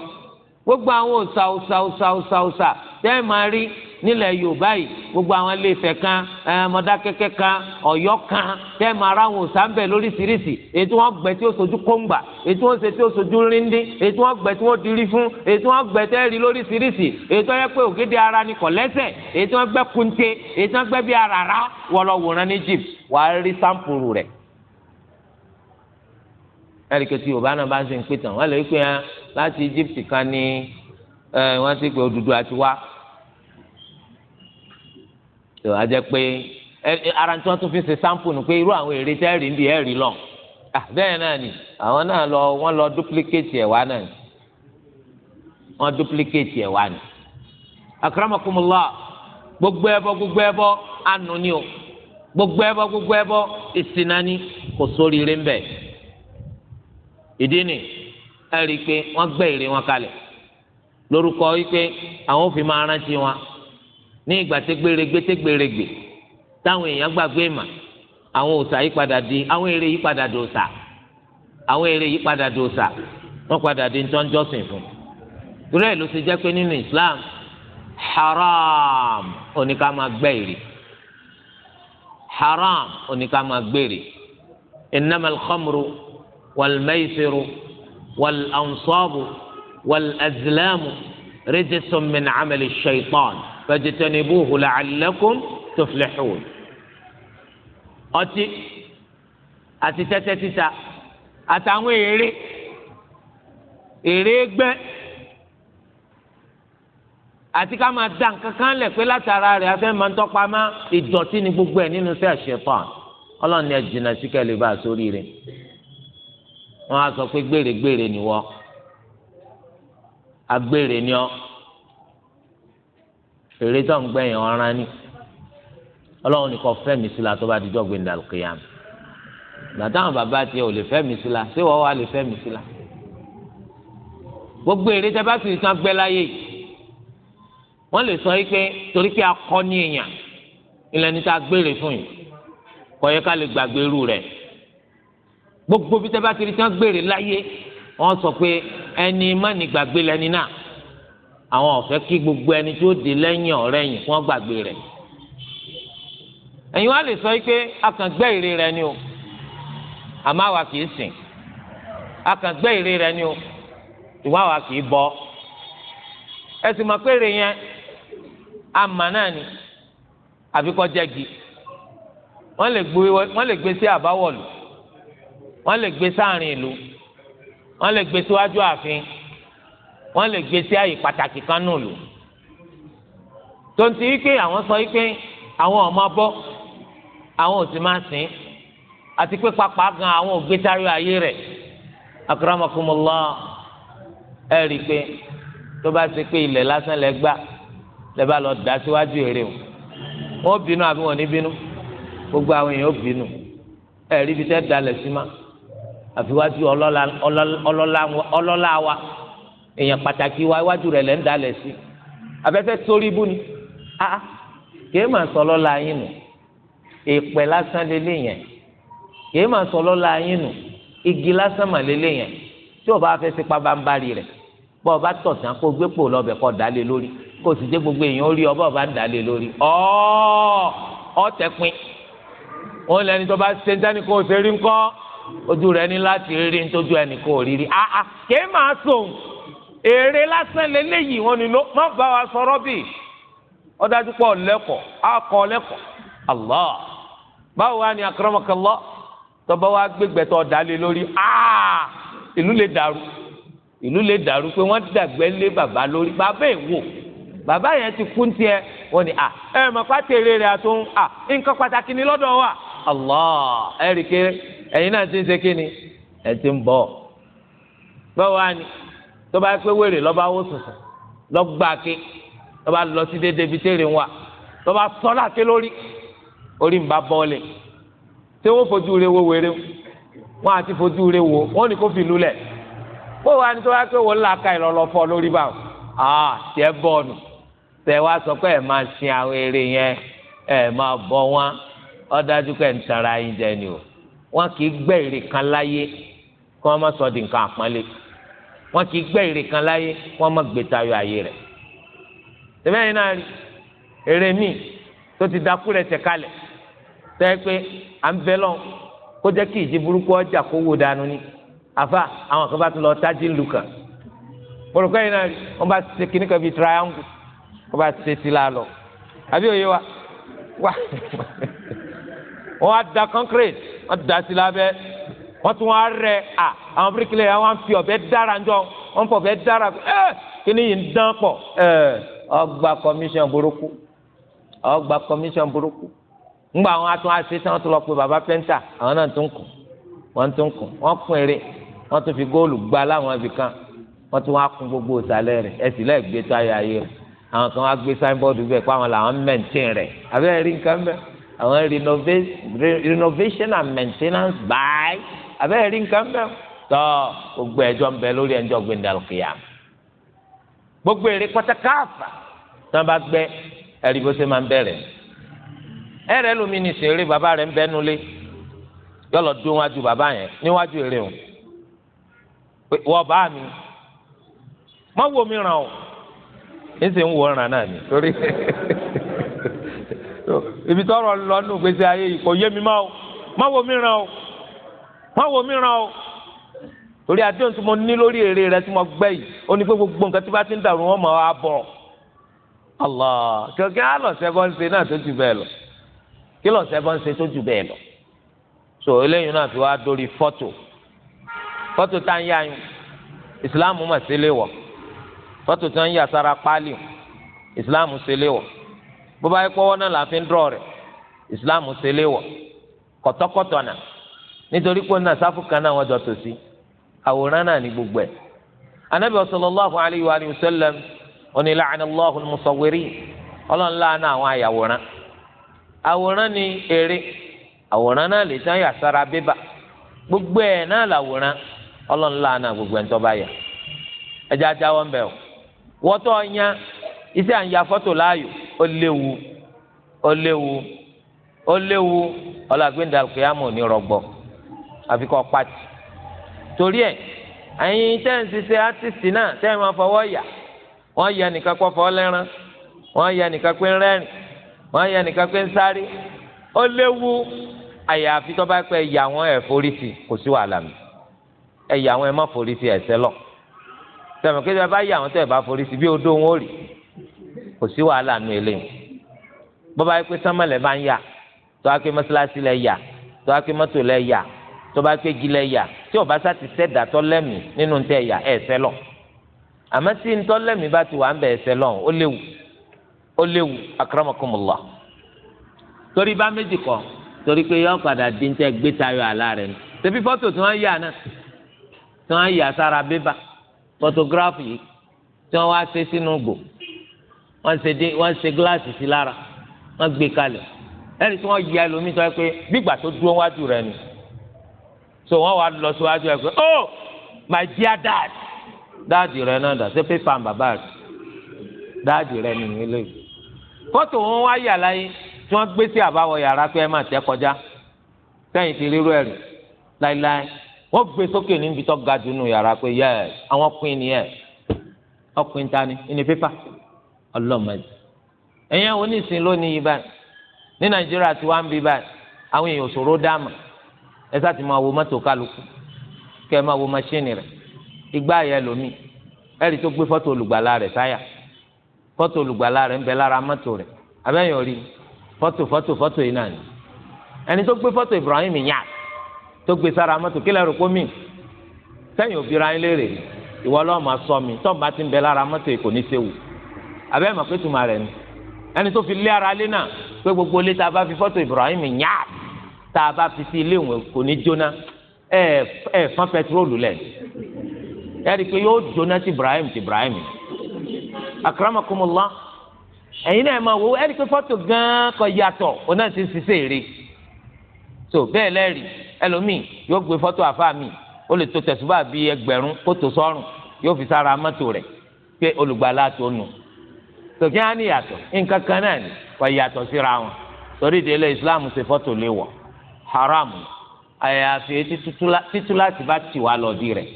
Speaker 1: gbogbo àwọn òsà òsà òsà òsà òsà tẹ́ máa rí nílẹ̀ yorùbá yìí gbogbo àwọn ilé Ifẹ̀ kan eh, mọ̀dákẹ́kẹ́ kan ọ̀yọ́ kan tẹ́ máa ráwọn òsánbẹ̀ lóríṣiríṣi èyí tí wọ́n gbẹ tí ó sojú kóńgbà èyí tí wọ́n ṣe tí ó sojú ríndín èyí tí wọ́n gbẹ tí wọ́n dirí fún èyí tí wọ́n gbẹ tẹ́ rí lóríṣiríṣi èyí tó yẹ pé ògidì ara ni kò lẹ́sẹ̀ èyí tí wọ́n gbẹ kunte èyí tí wọ́n gbẹ bí arara wọ́n lè eh, eh, pè tó a jẹ pé ara tí wọ́n tún fi ṣe sampo nù pé irú àwọn èrè tẹ́ rí ndí ẹ̀ rí lọ ah, bẹ́ẹ̀ náà ni àwọn náà lọ wọ́n lọ duplicate ẹ̀ wá náà ni wọ́n duplicate ẹ̀ wá ni akramakumullah gbogbo ẹbọ gbogbo ẹbọ anu ni o gbogbo ẹbọ gbogbo ẹbọ ìsinani kò sórí ire ìdí ni ẹ rí i pé wọ́n gbẹ́ ère wọn kalẹ̀ lórúkọ wípé àwọn ò máa rántí wọn ní ìgbà tẹgbèrègbè tẹgbèrègbè táwọn èèyàn gbàgbé mà àwọn òòṣà yìí padà di àwọn ère yìí padà di òòṣà àwọn ère yìí padà di òòṣà wọn padà di ntọ́ njọ́sìn fún torí ẹ̀ ló ṣe jẹ́ pé nínú Islam haram oníkà máa gbẹ́ ère haram oníkà máa gbèrè innamal khamru wal maisiru wal ansabu wal azlamu fajtanibuhu la'allakum tuflihun ọtí àti tẹ́tẹ́ títa àtàwọn èrè èrè gbẹ́ àti ká máa dá nǹkan kan lẹ̀ pé látara rẹ̀ afẹ́ máa ń tọ́pa má ìdọ̀tí ni gbogbo ẹ̀ nínú sí àṣepọ̀n ọlọ́run ni ẹ jìnnà sí kẹ́lẹ́ bá a sórí rẹ̀ wọ́n á sọ pé gbèrègbèrè ni wọ́n agbèrè ni ọ́ èrè tó ń gbẹ̀yìn ọ̀ràn ni ọlọ́run nìkan fẹ́mi sí la tó bá dijọ́ gbé ndàlùkìyàm gbàtàwọn bàbá tiẹ̀ ò lè fẹ́mi sí la ṣé wọ́n wá lè fẹ́mi sí la gbogbo èrè tẹ bá sì san gbẹ láyé wọ́n lè sọ yìí pé torí pé akọ ní èèyàn ilẹ̀ ní ta gbére fún yìí kò yẹ ká lè gbàgbé irú rẹ̀ gbogbo bí tẹ bá ti rí san gbére láyé wọ́n sọ pé ẹni má ní gbàgbé lẹni náà àwọn ọ̀fẹ́ kí gbogbo ẹni tó di lẹ́yìn ọ̀rẹ́ yìí wọ́n gbàgbé rẹ̀ ẹ̀yin wá lè sọ pé a kàn rẹ ni o àmọ́ àwa kì í sìn a kàn gbẹ́ ère rẹ ni o ìwọ àwa kì í bọ ẹ sì mọ̀ pé ère yẹn àmà náà ni àfikọ́ jẹ́gi wọ́n lè gbé wọ́n lè gbé sí àbáwọ̀lù wọ́n lè gbé sáàrin ìlú wọ́n lè gbé síwájú ààfin wọ́n lè gbé sí àyè pàtàkì kan nù lò tonti wípé àwọn sọ wípé àwọn ọmọ bọ́ àwọn ò sì máa sìn àti pé pápá gan àwọn ò gbé sáré ayé rẹ̀ akramakumullah ẹ rí i pé tó bá ṣe pé ilẹ̀ lásán lẹ gbà lẹ bá lọ dá síwájú èrè o wọn bínú àbí wọn ní bínú gbogbo àwọn èèyàn bínú ẹ rí ibi tẹ́ dalẹ̀ sí ma àfiwájú ọlọ́lá wa èèyàn pàtàkì wa iwájú rẹ̀ lẹ́ ń dalẹ̀ sí abẹ́fẹ́ sórí ibú ni a ah, ah, kìí máa sọ lọ́la yín nù èèpẹ̀ lásán lélẹ̀ yẹn kìí máa sọ lọ́la yín nù igi lásán mà lélẹ̀ yẹn tí o bá fẹ́ sí pabambari rẹ̀ bọ́ ọ bá tọ̀ tán kó gbé pò lọ́bẹ̀ kọ́ dalẹ̀ lórí kó o sì dé gbogbo èèyàn rí ọ bọ́ ọ bá ń dalẹ̀ lórí ọ́ ọ́ tẹ̀ wọn lẹni tó bá ṣe ń kó o ṣe rí ńkọ́ ojú rẹ̀ ní láti rí rí tójú ẹnì kó o rí rí àà ah, kìí máa sòun. èrè lásán lélẹ́yìí wọn ni má bá wa sọ̀rọ̀ bì ọ̀dájú pọ̀ lẹ́kọ̀ọ́ akọ̀ lẹ́kọ̀ọ́ báwo wá ní akramakallah tọ́ba wa lórí aa ìlú lè dàrú ìlú lè dàrú pé wọ́n dàgbẹ́ lé bàbá lórí bàbá ẹ̀ wò bàbá yẹn ti kú wọ́n a. ẹ mọ̀ ni wa náà ti tó bá pé wèrè lọ́ba wó sùsùn lọ́gbàáké tó bá lọ sí déédéé bíi téèrè wa tó bá sọ́lá ké lórí orí ń bá bọ́ọ̀lì tí wọ́n fojú rẹ wo wèrè wọn àti fojú rẹ wo wọn ni kò fi lulẹ̀ bó wa ni tó bá pé wọn là ka ìlọlọ́fọ́ lórí bá wọn àá tiẹ̀ bọ́ọ̀nù tẹ wá sọ pé ẹ máa sin àwọn eré yẹn ẹ máa bọ wọn ó pé ń tara yín jẹ ni o wọn kì í gbẹ́ èrè láyé kí wọ́n má sọ di nǹkan àpọ́nlé wọn kì í gbẹ́ èrè kan láyé wọn má gbé tayọ àyè rẹ̀ tẹ́lẹ̀yìn náà rí èrè míì tó ti dákú rẹ̀ tẹ̀ kalẹ̀ tẹ́ pé à ń bẹ́ lọ kó jẹ́ kí ìjì burúkú ọjà kó wò dànù ni àfa àwọn kan bá tún lọ tájí lù kàn pọ̀lọ́kọ́ yìí náà rí wọ́n bá ṣe kíní kan bíi triangle wọ́n bá ṣe sí la àbí òye wa wá á da concrete wọ́n da sí lábẹ́ wọ́n tún wá rẹ̀ à àwọn bíríkìlẹ̀ yà wọ́n fi ọ̀bẹ dára jọ wọ́n fọ̀ ọ̀bẹ dára ẹ̀ kíní yìí ń dán pọ̀ ẹ̀ ọgbà commission burúkú ọgbà commission burúkú ńgbà àwọn atún àṣẹ tí wọ́n tún lọ pé baba pẹ́ńtà àwọn náà tún kùn wọ́n tún kùn wọ́n kún eré wọ́n tún fi góòlù gba láwọn ibìkan wọ́n tún wá kún gbogbo ìsàlẹ̀ rẹ̀ ẹ̀ sì lẹ́ẹ̀ gbé táyà ayé rẹ̀ àwọn kan wá gbé signboard bẹ́ẹ̀ pé àwọn làwọn maintain rẹ̀ àbẹ́rẹ́ rí nǹkan bẹ́ẹ̀ àwọn renovation and maintenance by abẹ́rẹ́ rí nǹkan bẹ́ẹ̀ tọ́ gbogbo ẹjọ́ ń bẹ lórí ẹjọ́ gbẹndàlùkìyà gbogbo èrè pátákáàfà tí wọ́n bá gbẹ ẹ̀rí bó ṣe máa ń bẹ̀rẹ̀ ẹ̀rẹ́ lómi ní sèré bàbá rẹ̀ ń bẹ́nu lé yọ̀lọ̀ dún wájú bàbá yẹn níwájú èrè o wọ́n bá mi mọ́ wo mi ràn o ní sè ń wo ràn náà ni torí ibi tọrọ lọ nù gbèsè ayé yìí kò yé mi mọ́ o mọ́ wo mi ràn o wọ́n wò mí ràn o torí àdéhùn tí mo ní lórí èrè rẹ tí mo gbẹ́ yìí ó ní pé gbogbo nǹkan tí bá ti ń dàrú wọn mọ̀ á bọ̀ Allah kẹ̀kẹ́ á lọ sẹ́gbọ́n ṣe náà tó ju bẹ́ẹ̀ lọ kí lọ sẹ́gbọ́n ṣe tó ju bẹ́ẹ̀ lọ so eléyìí náà fi wá dórí fọ́tò fọ́tò tá ń yá yín ìsìláàmù mà sí léwọ̀ fọ́tò tá ń yà sára páálí ìsìláàmù sí léwọ̀ bó bá yẹ pọ́wọ́ náà là fi ń dúró rẹ̀ ìsìláàmù sí léwọ̀ kọ̀tọ́kọ̀tọ̀ náà nítorí pé ọ̀nà sáfù kan náà wọ́n jọ tò sí àwòrán náà ní gbogbo ẹ̀ anabi sallallahu alayhi wa sallam oní la'ana Allahu al ọlọ́run láàánú àwọn àyàwòrán àwòrán ni eré àwòrán náà lè tán yàsára bébà gbogbo ẹ̀ náà làwòrán ọlọ́run gbogbo ẹ̀ ń tọ́ba yà ẹja jáwọ́ ń bẹ̀ o wọ́tọ̀ ọ̀yàn iṣẹ́ à ń ya fọ́tò láàyò ó léwu ó léwu àfi kọ́ pati torí ẹ̀ ẹ̀yin tẹ́ ń ṣiṣẹ́ átìsì náà tẹ́ ẹ máa fọwọ́ yà wọ́n yà nìkan kọ́ fọ́ lẹ́ran wọ́n yà nìkan pé ń rẹ́rìn wọ́n yà nìkan pé ń sáré ó léwu àyàfi tó bá pẹ́ yà wọ́n ẹ̀ forí sí kò sí wàhálà mi ẹ̀ yà wọ́n má forí sí ẹ̀sẹ̀ lọ tẹ̀mọ̀ kí ẹ bá yà wọ́n tẹ̀ ẹ̀ bá forí sí bí odó wọn ò rí kò sí wàhálà nu eléyìí bọ́ba yẹ pé sánmọ̀lẹ̀ bá ń yà tó wá pé mọ́ṣáláṣí lẹ̀ yà tó wá pé mọ́tò lẹ̀ yà tó bá ya, gilẹ̀ yà tí ọba sá ti sẹ́dà tọ́lẹ́mì nínú tẹ̀ yà ẹ̀ sẹ́ lọ àmọ́ tí ntọ́lẹ́mì bá ti wà ń bẹ̀ ẹ̀ sẹ́ lọ ó léwu ó léwu akramakumullah torí bá méjì kọ torí pé yọ padà di ntẹ gbé tayọ àlá rẹ ni tẹbi fọ́tò tí wọ́n yà náà tí wọ́n yà sára bébà fọ́tògráfì tí wọ́n wá ṣe sínú gbò wọ́n ṣe dé wọ́n ṣe gíláàsì sí lára wọ́n gbé kalẹ̀ ẹni tí wọ́n yà lómi sọ pé gbígbà tó dúró wájú rẹ ni so wọ́n lọ síwájú ẹ̀ pé oh my dear dad dáàdì rẹ náà dà sí pépà bàbá rẹ dáàdì rẹ nínú ilé yìí wọn wá yà láyé tí wọ́n gbé sí àbáwọ̀ yàrá pé ẹ má tẹ́ kọjá sẹ́yìn ti rírú ẹ̀rì láéláé wọ́n gbé sókè níbi tó ga jù nù yàrá pé yẹ àwọn pin ni ẹ ọkùnrin ta ni ìní pépà ọlọ́mọdé ẹ̀yìn onísìn lónìí yìí báyìí ní nàìjíríà tí ń bí báyìí àwọn èèyàn ẹ sá ti máa wo mọ́tò kálukú kẹ́ ẹ máa wo mọ́ṣíìnì rẹ̀ igbá yẹn lómi ẹ̀rí tó gbé fọ́tò olùgbàlà rẹ̀ sáyà fọ́tò olùgbàlà rẹ̀ ń bẹ lára mọ́tò rẹ̀ abẹ́yẹn orí fọ́tò fọ́tò fọ́tò yìí náà ni ẹni tó gbé fọ́tò Ibrahim Niasse tó gbé sára mọ́tò kílẹ̀ rò kó mì sẹ́yìn òbí ra ilé rè ìwọ lọ́ọ́ máa sọ mi tọ́ọ̀ bá ti ń bẹ lára mọ́tò yìí kò ní séwu abẹ́yẹn mọ̀ pé tùmọ̀ rẹ̀ ni ẹni tó fi lé ara lé náà pé gbogbo ilé bá fi fọ́tò Ibrahim Niasse tá a bá fi sí ilé ìwé kò ní jóná ẹ ẹ fọ́n pẹtrólù lẹ̀ ẹ rí i pé yóò jóná ti Ibrahim ti Ibrahim akramakumullah ẹ̀yin náà máa wo ẹ rí i pé fọ́tò gan-an kò yàtọ̀ òun náà ti ń èrè tó bẹ́ẹ̀ lẹ́rìí ẹlòmíì yóò gbé fọ́tò àfa mi ó lè tó tẹ̀sùbà bíi ẹgbẹ̀rún kó tó sọ́rùn yóò fi sára mọ́tò rẹ̀ pé olùgbàlà tó nù tòkí á yàtọ̀ nǹkan kan náà ni kò yàtọ̀ síra wọn torí ìdílé Islam ṣe fọ́tò léwọ̀ haram àyàfi títú láti bá tì wá lọ́dí rẹ̀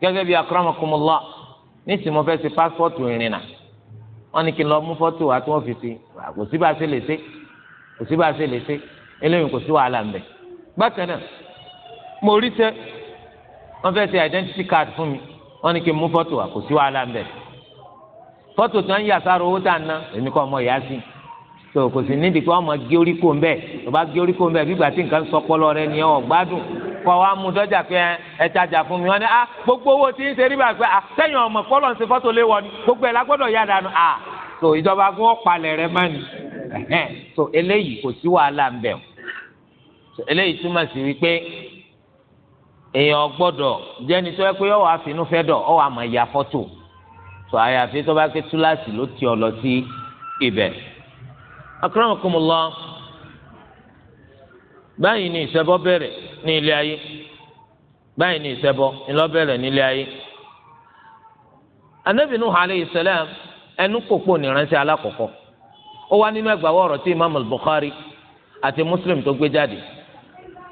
Speaker 1: gẹ́gẹ́ bí akramakumullah nísìnyí mo fẹ́ ṣe pásítọ̀tù ìrìnà wọ́n ní kí n lọ mú fọ́tò wá tí wọ́n fi ṣe kò sí bá a ṣe lè ṣe kò sí bá a ṣe lè ṣe eléyìí kò sí wàhálà ń bẹ. bákan náà mo rí sẹ́ wọ́n fẹ́ ṣe identity card fún mi wọ́n ní kí n mú fọ́tò wá kò sí wàhálà ń bẹ. fọ́tò tí wọ́n ń yà sára owó tá a ná èmi kọ́ ọmọ ìyá sí i tó kò sì nídìí pé ọmọ gé orí kò ń bẹ tó bá gé orí kò ń bẹ bígbà tí nǹkan sọpọlọ rẹ ni ọ gbádùn kọ wa mú dọjà pé ẹ tajà fún mi wọn ni ah gbogbo owó tí ń ṣe rí bàgbé ah sẹ́yìn ọmọ kọlọ ń ṣe fọ́tò lé wọn ni gbogbo ẹ la gbọ́dọ̀ yá dànù ah tó ìjọba gún ọpalẹ rẹ mọ ni tó eléyìí kò sí wàhálà ń bẹ o tó eléyìí túmọ̀ sí wípé èèyàn gbọ́dọ̀ jẹ́ni tó yẹ pé ọwọ́ àfinú fẹ́ dọ̀ ọwọ́ àmọ̀ ìyá fọ́tò tó àyàfi tó bá ké túláàsì ló ti ọ lọ sí ibẹ̀ akramakumullah báyìí ni ìṣẹbọ bẹ̀rẹ̀ ní ilé ayé báyìí ni ìṣẹbọ ńlọ bẹ̀rẹ̀ ní ilé ayé anabi nuhu alayhi salam ẹnu kókó nìránṣẹ́ alákọ̀ọ́kọ́ ó wá nínú ẹgbàá ọ̀rọ̀ tí imaamu bukhari àti muslim tó gbé jáde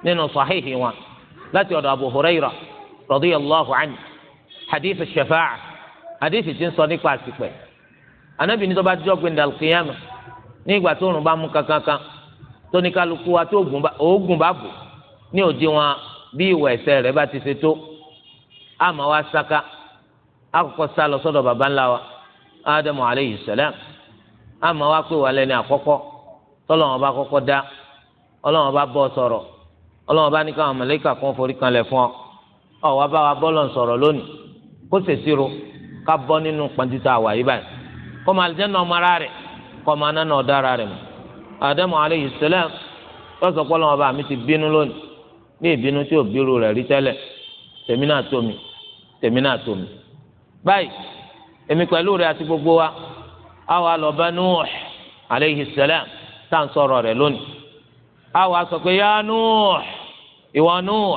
Speaker 1: nínú sahihi wọn láti ọ̀dọ̀ abu huraira radiyallahu anhu hadith shafa'a hadith tí ń sọ nípa àsìpẹ̀ anabi ní tó bá jọ́ gbẹ̀ndàl qiyamah ní ìgbà tó òrùn bá mú kankankan tó ní kálukú wa tó òògùn bá bù ní òdiwọ̀n bí ìwà ẹ̀ṣẹ̀ rẹ̀ bá ti ṣe tó àmọ́ wa saka akọkọ sá lọ sọ́dọ̀ baba ńlá wa ádámù aleyhi sẹlẹm àmọ́ wa pé wà lẹ́ni àkọ́kọ́ tọ́lọ́wọ́n bá kọ́kọ́ dá ọlọ́wọ́n bá bọ́ sọ̀rọ̀ ọlọ́wọ́n bá ní káwọn mọ̀lẹ́kà kan forí kanlẹ̀ fún ọ ọ wá bá wa bọ́lọ̀ sọ̀rọ̀ lónìí kó sèṣirò ká bọ́ nínú pàǹtí tá a wà báyìí kó máa nà ọmọ ara rẹ̀ kọ́mọ aná náà rẹ̀ alayhi salam lọ́sọ̀ pọ́lọ́ ọba mi ti bínú lónìí ní ìbínú tí ò rẹ̀ rí tẹ́lẹ̀ tèmi náà tó mi tèmi náà tó mi. báyìí èmi pẹ̀lú rẹ̀ àti gbogbo wa a lọ bá alayhi salam tá à ń sọ̀rọ̀ rẹ̀ lónìí sọ pé yá ìwọ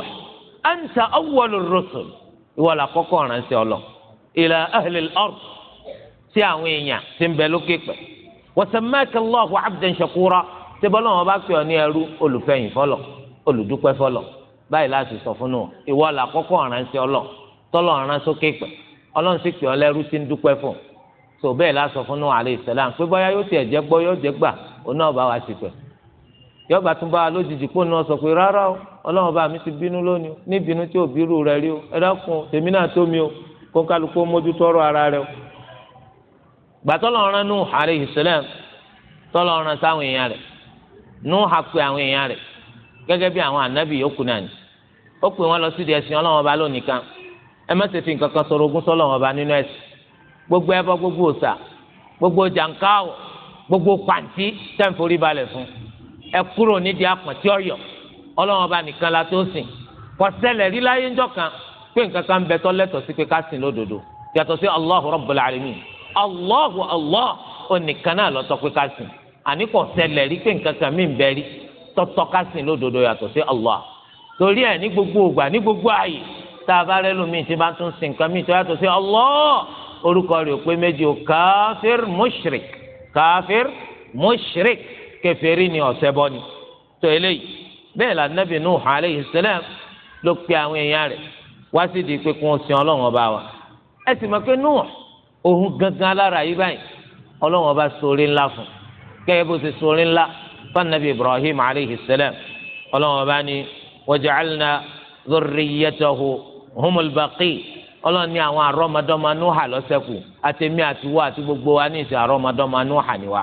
Speaker 1: ìwọ ọlọ ila ahlil sí àwọn èèyàn tí ń wasamaka Allahu abdan shakura tẹ́bọ́lọ́ wọn bá pè ọ́ ní ẹrú olùfẹ̀yìn fọlọ̀ olùdúpẹ́ fọlọ̀ báyìí láti sọ fún un ìwọ là kọ́kọ́ ọ̀ránṣẹ́ ọlọ́ tọ́lọ̀ ọ̀ránṣẹ́ kéèpẹ̀ ọlọ́run sì pè ọ́ lẹ́rú tí ń dúpẹ́ fún un tó bẹ́ẹ̀ la sọ fún un alayhi salam pé bóyá yóò tiẹ̀ jẹ́ gbọ́ yóò jẹ́ gbà òun náà bá wa sì pẹ̀ yóò bá tún bá wa lójijì pé náà sọ pé rárá o ọlọ́run bá mi ti bínú lónìí gbàtọ́lọ́run nù alayhi salam tọ́lọ́run sáwọn èèyàn rẹ̀ nù hapẹ́ àwọn èèyàn rẹ̀ gẹ́gẹ́ bí àwọn ànábì yòókù náà ni ó pè wọ́n lọ sídìí ẹ̀sìn ọlọ́wọ́n ọba lónìí kan ẹ má ṣe fi nǹkan kan sọ̀rọ̀ ogún sọ́lọ́wọ́n ọba nínú ẹ̀sìn gbogbo ẹbọ gbogbo òòṣà gbogbo jàǹkáwò gbogbo pàǹtí tẹ́ǹforí balẹ̀ fún ẹ kúrò nídìí àpọ̀tí ọ̀yọ́ ọlọ́wọ́n ọba nìkan Allahu Allah onìkan náà ló tọ́ pé ká sìn àní kò ṣẹlẹ̀ rí pé nǹkan kan mí ń bẹ rí tọ́tọ́ ká sìn lódodo yàtọ̀ sí Allah torí ẹ̀ ní gbogbo ògbà ní gbogbo ààyè tá a bá rẹ́lu mi tí bá tún sìn nǹkan mi tó yàtọ̀ sí Allah orúkọ rẹ̀ pé méjì o káfíìr mushrik káfíìr mushrik kèfèrí ni ọ̀ṣẹbọ ni tó eléyìí bẹ́ẹ̀ la Nabi Nuh alayhi salam ló pe àwọn èèyàn rẹ̀ wá sí di pé kí wọ́n sin ọba wa ẹ sì mọ̀ pé Nuh ohun gangan lára yìí báyìí ọlọ́run ọba sori ńlá fún gẹ́gẹ́ bó ti sori ńlá fanabi ibrahim aleyhi salam ọlọ́run ọba ni waja'alna dhurriyyatahu humul baqi ọlọ́run ní àwọn àrọ́mọdọ́mọ nuha lọ́sẹ̀kù àtẹ̀mí àtiwọ́ àti gbogbo wa ní ìsìn àrọ́mọdọ́mọ nuha ni wa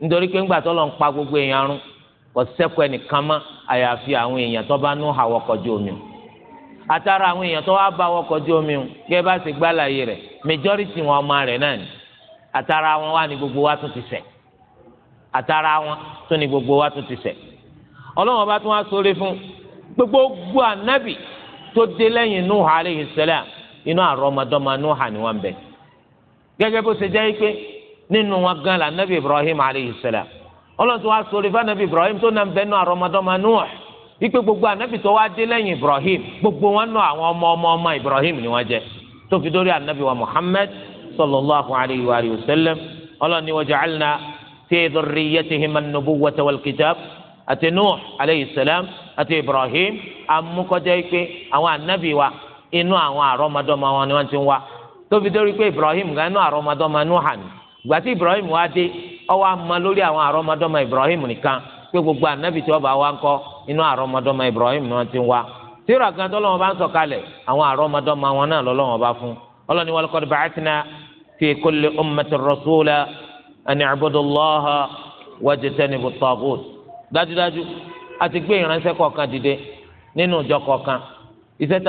Speaker 1: nítorí pé ńgbà tọ́lọ̀ ń pa gbogbo èèyàn rún kò sẹ́kù ẹnìkan mọ́ àyàfi àwọn èèyàn tó bá àtàrà àwọn èèyàn tó wá bá wọkọ̀ ojú omi o gẹ́gẹ́ bá ṣe gbàlàyé rẹ̀ majority wọn ọmọ rẹ̀ náà ni àtàrà wọn wà ní gbogbo wa tún ti ṣẹ̀ àtàrà wọn tún ní gbogbo wa tún ti ṣẹ̀ ọlọ́wọ́n bá tún wá sóore fún gbogbo ànábì tó dé lẹ́yìn Nuh alayhi salam inú àrọ́mọdọ́mọ Nuh ni wọ́n bẹ̀ gẹ́gẹ́ bó ṣe jẹ́ pé nínú wọn gan la ànábì Ibrahim alayhi salam ọlọ́wọ́n tún wá sóore fún ànábì Ibrahim tó nà ń bẹ́ẹ̀ nù àrọ́mọdọ́mọ Nuh ipe gbogbo anabi tó wá dé lẹ́yìn ibrahim gbogbo wọn nù àwọn ọmọ ọmọ ọmọ ibrahim ni wọ́n jẹ́ tó fi dórí anabi wa muhammad sallallahu alayhi wa sallam ọlọ́ni wa ja'alna fi dhurriyyatihim an-nubuwwata kitab àti nuh alayhi salam àti ibrahim amúkọjá ipe àwọn anabi wa inú àwọn àrọ́mọdọ́mọ wọn ni wọ́n ti wá tó fi dórí pé ibrahim gan inú àrọ́mọdọ́mọ nuhan gbàtí ibrahim wá dé ó wá lórí àwọn àrọ́mọdọ́mọ ibrahim nìkan pé gbogbo anabi tí wọ́n bá wá ń kọ́ inú Ibrahim náà ti wá tíra gan tó lọ́wọ́ bá ń sọ̀kalẹ̀ àwọn àrọ́mọdọ́mọ wọn náà lọ́wọ́ bá fún ọlọ́ni wa laqad ba'athna fi kulli ummatin rasula an i'budu Allaha wajtanibu dájúdájú àti gbé ìránṣẹ́ kọ̀ọ̀kan dìde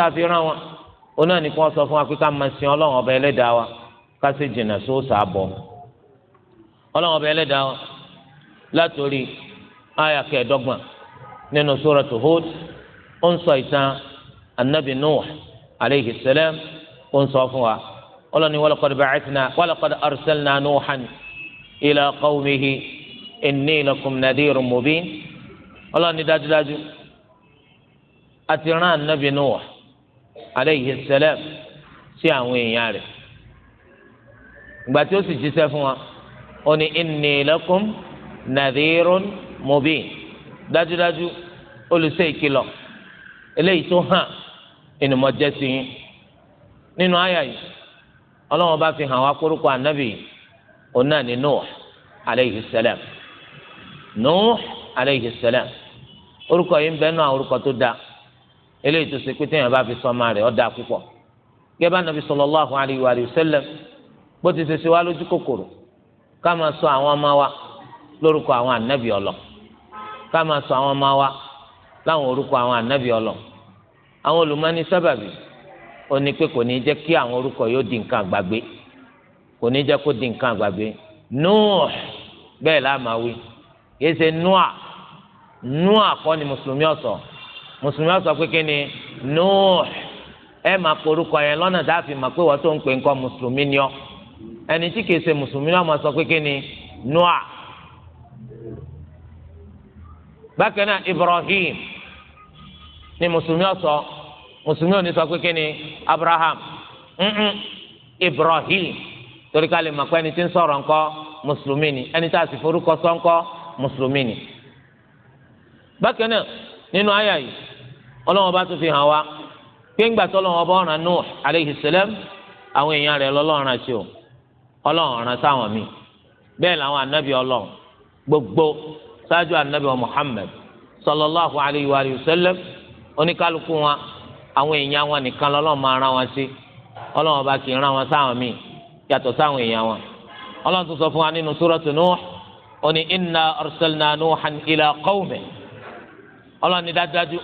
Speaker 1: a fi rán wọn sọ aya kẹẹ̀dọ́gbọ̀n nínú suratu Hud ó ń sọ ìtàn anabi nuh aleyhi salam ó ń sọ fún wa ọlọ́ni walaqad ba'athna walaqad arsalna nuhan ila qawmihi inni lakum nadirun mubin ọlọ́ni dájúdájú àti rán anabi nuh aleyhi salam sí àwọn èèyàn rẹ̀ ìgbà ó sì jíṣẹ́ fún wa ó ní inni lakum mubin. mubin dájúdájú olùṣe ìkìlọ̀ eléyìí tó hàn ènìmọ̀ ninu sí yín nínú àyà yìí ọlọ́wọ́n bá fi hàn wá kórúkọ ànábì ọ̀nà ní Nuh aleyhi salam Nuh aleyhi salam orúkọ yìí ń bẹ́ẹ̀ náà orúkọ tó dáa eléyìí tó ṣe pé téèyàn bá fi sọmọ rẹ̀ ó dáa púpọ̀ gẹ́gẹ́ bá wa bó ti ṣe ká máa sọ àwọn ọmọ wa láwọn orúkọ àwọn anabi ọlọ àwọn olùmọ́ni sábàbí ó pé kò ní jẹ́ kí àwọn orúkọ yóò di nǹkan àgbàgbé kò ní jẹ́ kó di nǹkan àgbàgbé bẹ́ẹ̀ la máa wí kọ́ ni mùsùlùmí ọ̀sọ̀ mùsùlùmí ọ̀sọ̀ pé ni ẹ máa pe orúkọ yẹn lọ́nà tá a fi pé wọ́n tó ń pè ń kọ́ mùsùlùmí ni ọ ẹni sọ bákan náà Ibrahim ni mùsùlùmí ọsọ mùsùlùmí òní sọ pé kí Abraham Ibrahim torí ká lè mọ̀ pé ẹni tí ń sọ̀rọ̀ ńkọ́ mùsùlùmí ni ẹni a sì forúkọ sọ ńkọ́ mùsùlùmí ni. bákan náà nínú àyà yìí ọlọ́wọ́n bá tún fi hàn wá pé ńgbà tó lọ́wọ́ bá ọ̀ràn Nuh àwọn èèyàn rẹ̀ o gbogbo ṣáájú anabi muhammed sallallahu alayhi wa sallam oníkálukú wọn àwọn èèyàn wọn nìkan lọ́lọ́run máa rán wọn sí ọlọ́run ọba kì í rán wọn sáwọn míì yàtọ̀ sáwọn èèyàn wọn ọlọ́run tún sọ fún wa nínú suratu nuh ó ní inna arsalna nuhan ila qawmi ọlọ́run ní dájúdájú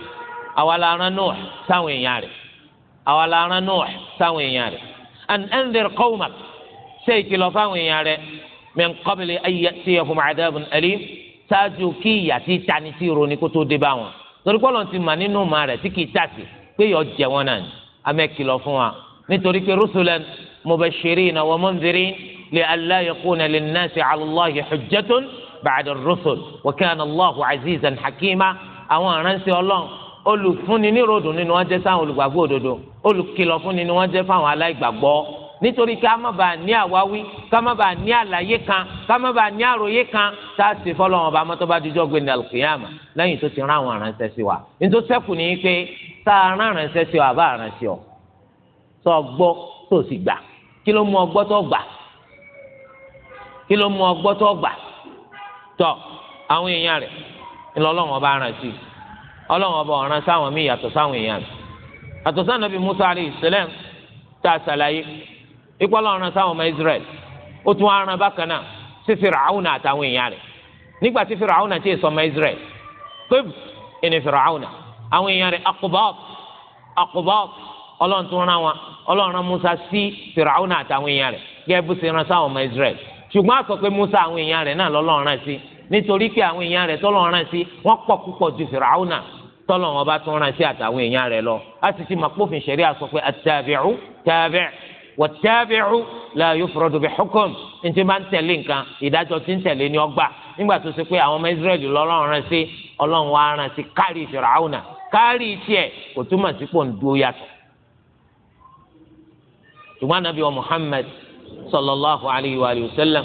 Speaker 1: àwa la rán nuh sáwọn èèyàn rẹ̀ àwa la rán nuh sáwọn èèyàn rẹ̀ an anzir qawmak ṣé fáwọn èèyàn rẹ̀ min qabli an ya'tiyahum adhabun alim ṣáájú kí ìyà tí tani tí roni kó tó dé bá wọn torí pé Ọlọ́run ti mà nínú ìmọ̀ rẹ̀ tí kì í tàsí pé yọ jẹ wọn náà ni amẹ́kìlọ̀ fún wa nítorí pé rusulan mubashirina wa mundhirin li alla yakuna linnasi ala Allahi hujjatun ba'da ar-rusul wa kana Allahu azizan hakima àwọn aránṣẹ́ Ọlọ́run olùfúnni ní ròdùn nínú wọn jẹ́ sáwọn olùgbàgbọ́ òdodo olùkìlọ̀ fúnni ní wọn jẹ́ fáwọn aláìgbàgbọ́ nítorí ká má bàa ní àwáwí ká má bàa ní àlàyé kan ká má bàa ní àròyé kan tá a sì fọlọ́ wọn bá mọ́tò bá dijọ́ gbé ní alùpùpù lẹ́yìn tó ti rán àwọn aránṣẹ́ sí wa nítorí sẹ́kù ní pé tá a rán aránṣẹ́ sí wa bá aránṣẹ́ ọ tó gbọ́ tó sì gbà kí ló mú ọgbọ́ tó gbà kí ló mú ọgbọ́ tó gbà tó àwọn èèyàn rẹ̀ ńlọ bá aránṣẹ́ ọlọ́wọ́n bá ọ̀ràn sáwọn míì yàtọ̀ sáwọn èèyàn rẹ̀ ikú ọlọ́run sáwọn ọmọ israẹl ó tún aràn bákan náà sí firaahun àtàwọn èèyàn rẹ̀ nígbà tí firaahun àti èso ọmọ israẹl tóbi ẹni firaahun àwọn èèyàn rẹ̀ akubab ọlọ́run tún rán wọn ọlọ́run musa sí firaahun àtàwọn èèyàn rẹ̀ gẹ́gẹ́ bó ṣe rán sáwọn a pé musa àwọn èèyàn rẹ̀ náà lọ́lọ́run sí nítorí pé àwọn èèyàn rẹ̀ tọ́lọ́run sí wọ́n pọ̀ púpọ̀ ju firaahun lọ sì ti mọ̀ pófin ṣẹ̀rí àsọ wọ̀tíábìrú la yóò fọ̀rọ̀dù bí hukum ntí máa ń tẹ̀lé nǹkan ìdájọ́ tí ń tẹ̀lé ní ọgbà nígbà tó ṣe pé àwọn ọmọ israẹli lọ́lọ́run rán sí ọlọ́run wa rán sí kárì Fíráúnà kárì tiẹ̀ kò túmọ̀ sí pò ń dúró yàtọ̀. ṣùgbọ́n anabi wa muhammad sallallahu alayhi wa sallam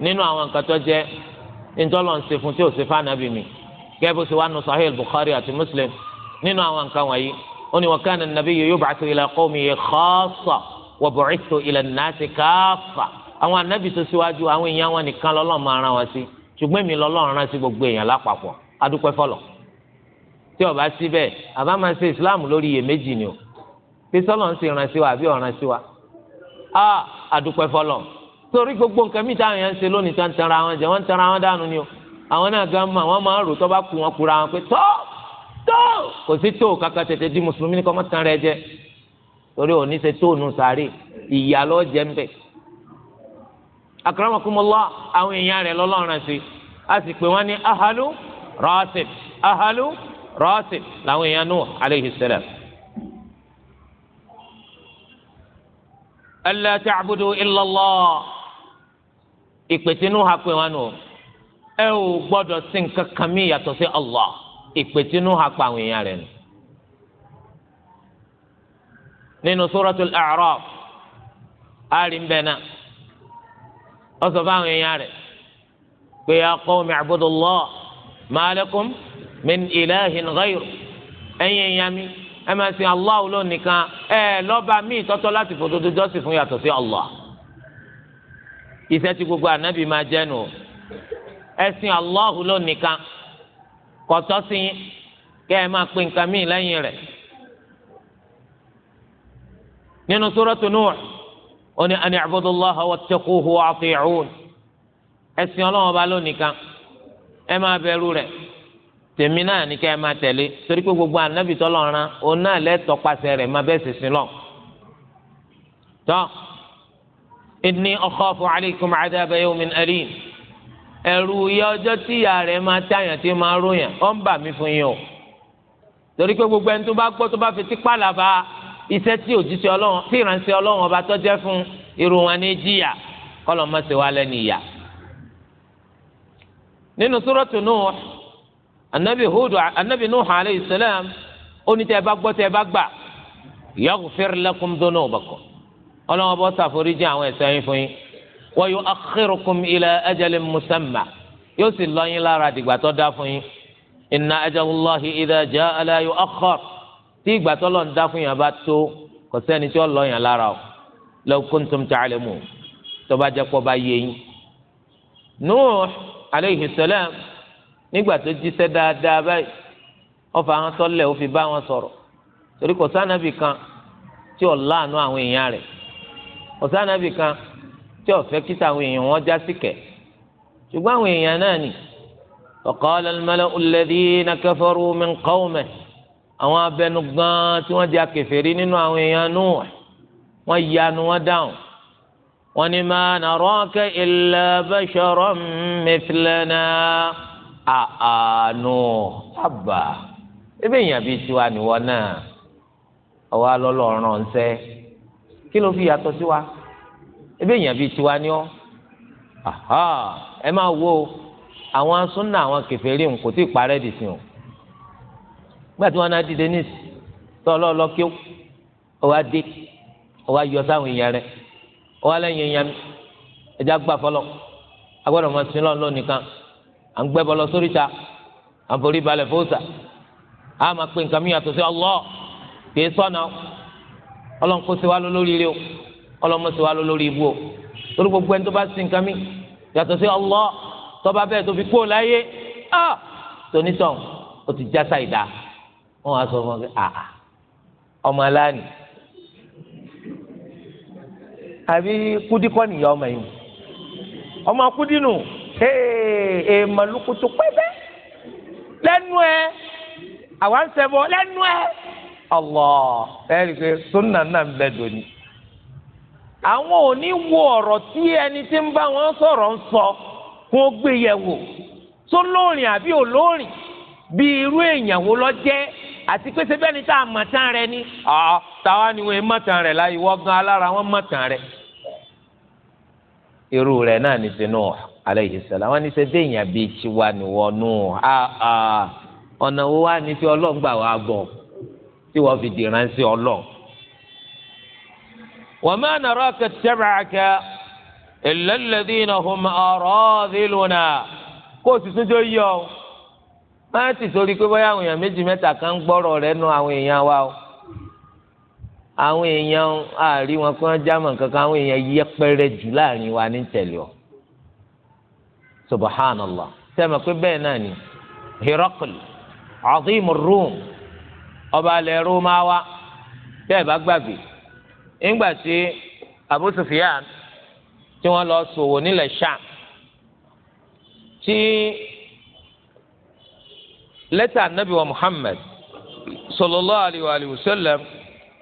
Speaker 1: nínú àwọn nǹkan tó jẹ́ ntọ́lọ̀ ń ṣe fún tí ò ṣe fún anabi mi gẹ́gẹ́ bó ṣe wà nù sahih bukhari wa bu'ithu ila an-nasi kaffa àwọn anábì tó síwájú àwọn èèyàn wọn nìkan lọ́lọ́run máa rán wọn sí ṣùgbọ́n èmi lọ́lọ́run rán sí gbogbo èèyàn lápapọ̀ adúpẹ́ fọlọ́ tí ó bá àbá máa ṣe islam lórí iyèméjì ni o pé sọ́lọ́ ń ṣe ràn sí wa àbí ọ̀ràn sí wa a adúpẹ́ fọlọ́ torí gbogbo nǹkan mi táwọn èèyàn ń ṣe lónìí tó ń tanra wọn jẹ wọn ń tanra wọn dànù ni o àwọn náà gan mọ àwọn máa ń rò tó bá kú wọn kura wọn pé tó tó kò sí tó kàkà tètè di mùsùlùmí ni kò mọ́ tan rẹ jẹ torí òní ṣe tóònù sáré ìyá lọ jẹ ń bẹ akramakumullah àwọn èèyàn rẹ lọ́lọ́run sí a sì pè wọn ní ahalu rasib ahalu rasib làwọn èèyàn nù aleyhi salam. alla ta'budu illa Allah ìpètínú ha pè wọn nù ẹ ò gbọ́dọ̀ sìn kankan mi yàtọ̀ sí Allah ìpètínú ha pa àwọn èèyàn rẹ nù. ninu suratu al-acraf ali mbena oso fa ŋun yaare kpe ya qawmi abudulah maalekum min ilahin ghayr ɛnye nyami ɛma si allah wulo nikan ɛɛ lɔba mi tɔtɔ lati fododo dɔsi fun yatɔ si allah isɛti gbogbo anabi ma jɛnu ɛsi allah wulo nikan kɔtɔ si kɛ ɛma kpe nkami lɛyin nínú sóràtò Nuh ó ní ani abudullaha wattaquhu wa ati'un ẹ̀sìn ọlọ́wọ́n bá lónìí kan ẹ máa bẹ̀rù rẹ̀ tèmi náà ní ká ẹ máa tẹ̀lé torí pé gbogbo ànábì tọ́lọ́run òun náà lẹ́tọ̀ọ́ pàṣẹ rẹ̀ máa bẹ́ẹ̀ sísìn lọ. tọ́ inni akhafu alaykum adhaba yawmin alim ẹ̀rù ìyà ọjọ́ tí ìyà rẹ̀ máa táyàn tí máa ròyàn ó ń bà mí fún yín o torí pé gbogbo ẹni tó bá gbọ́ tó bá fi tipa làbá iṣẹ́ tí òjíṣẹ́ ọlọ́run tí ìránṣẹ́ ọlọ́run ọba tó jẹ́ fún irú wọn ní jìyà kọ́lọ̀ má ṣe wá lẹ́nu ìyà. nínú súrọ́tù Nuh anabi Hud anabi Nuh alayhi salam ó ní tẹ́ bá gbọ́ tẹ́ bá gbà yaghfir lakum dhunubakum ọlọ́run ọba ṣàforíjì àwọn ẹ̀ṣẹ̀ yín fún yín wa yu'akhkhirukum ila ajalin musamma yóò sì lọ lára dìgbà tó dá fún yín inna ajalallahi idha jaa la yu'akhkhar tí ìgbà tó lọ́n dá fún yàn bá tó kò sẹ́ni tí ó lọ́ yàn lára o law kuntum ta'lamun tó bá jẹ́ pọ́ bá yé yín. Nuh alayhi salam nígbà tó jíṣẹ́ dáadáa báyìí ọ̀fà àwọn tọ́lẹ̀ ó fi bá wọn sọ̀rọ̀ torí kò sánàbì kan tí ò láàánú àwọn èèyàn rẹ̀ kò sánàbì kan tí ò fẹ́ kíta àwọn èèyàn wọn já sí kẹ̀ ṣùgbọ́n àwọn èèyàn náà ni wa qala al-mala'u alladhina kafaru min qawmihi àwọn abẹnugan tí wọ́n di akèfèrí nínú àwọn èèyàn nù wọ́n yanu wọ́n dáhùn wọ́n ní ma naraka illa basharan mithlana àánú àbà ebi èèyàn bíi tiwa nìwọ náà ọwọ alọlọ ọràn ọsẹ kí ló fi yàtọ̀ sí wa ebi èèyàn bíi tiwa ni ọ ẹ máa wo àwọn sunna àwọn kèfèrí nkò tí ì parẹ́ dì sí o gbàtí wọn náà dìde ní ìsì tọ́lọ́ lọ kí ó wá dé ó wá yọ sáwọn èèyàn rẹ ó wá lẹ́yìn èèyàn mi ẹja gbà fọlọ́ agbọ́dọ̀ mọ sílọ̀ lọ nìkan à ń gbẹ́ bọ́ lọ sórí ta à ń forí balẹ̀ fóòsà á máa pe nǹkan mi yàtọ̀ sí ọlọ́ kì í sọ̀nà ọlọ́run kó sí wa lórí rẹ o ọlọ́run sí wa lórí ibu o torí gbogbo ẹni tó bá sin nǹkan mi yàtọ̀ sí ọlọ́ tọ́ba bẹ́ẹ̀ tó fi kó láyé ah tonítọ̀ o ti já sáì dáa. wọn wá sọ fún ọ ah, ah, ọmọ aláàánì àbí kúdíkọ́ nìyá ọmọ yìí ọmọ kúdínù ee màlúkutu pẹ́pẹ́ lẹ́nu ẹ àwọn sẹ́bọ̀ lẹ́nu ẹ Allah ẹ pé sunna náà ń bẹ dòní àwọn òní wo ọ̀rọ̀ tí ẹni tí ń bá wọn sọ̀rọ̀ ń sọ gbé wò tó lóòrìn àbí bí irú èèyàn wo lọ àti pé sẹ́bẹ̀ ni tá a mọ̀ tán rẹ ni táwa ni wọ́n mọ̀ tán rẹ láyé wọ́n gan alára wọ́n mọ̀ tán rẹ. irú rẹ náà ní sinú alayhi salam ní sẹ déèyàn bíi tiwa ni wọn nù ọ̀nà wo wá ní tí ọlọ́ngbà wa gbọ̀ tí wọ́n fi dìránṣẹ́ ọlọ́ọ̀ وما نراك اتبعك إلا الذين هم أراذلنا kó o sì tún jẹ́ yọ má ti torí pé bóyá àwọn èèyàn méjì mẹ́ta kan ń gbọ́rọ̀ rẹ̀ nu àwọn èèyàn wa o àwọn èèyàn àárí wọn kí wọ́n jámọ̀ kankan àwọn èèyàn yẹpẹrẹ jù láàrin wa ní tẹ̀lé ọ subhanallah sẹ́mi pé bẹ́ẹ̀ náà ni hirakul azim rum ọba alẹ́ rumawa bẹ́ẹ̀ bá gbàgbé ńgbà tí abu tí wọ́n lọ sòwò nílẹ̀ sham tí lẹ́tà anabi wa muhammed sallallahu alayhi wa sallam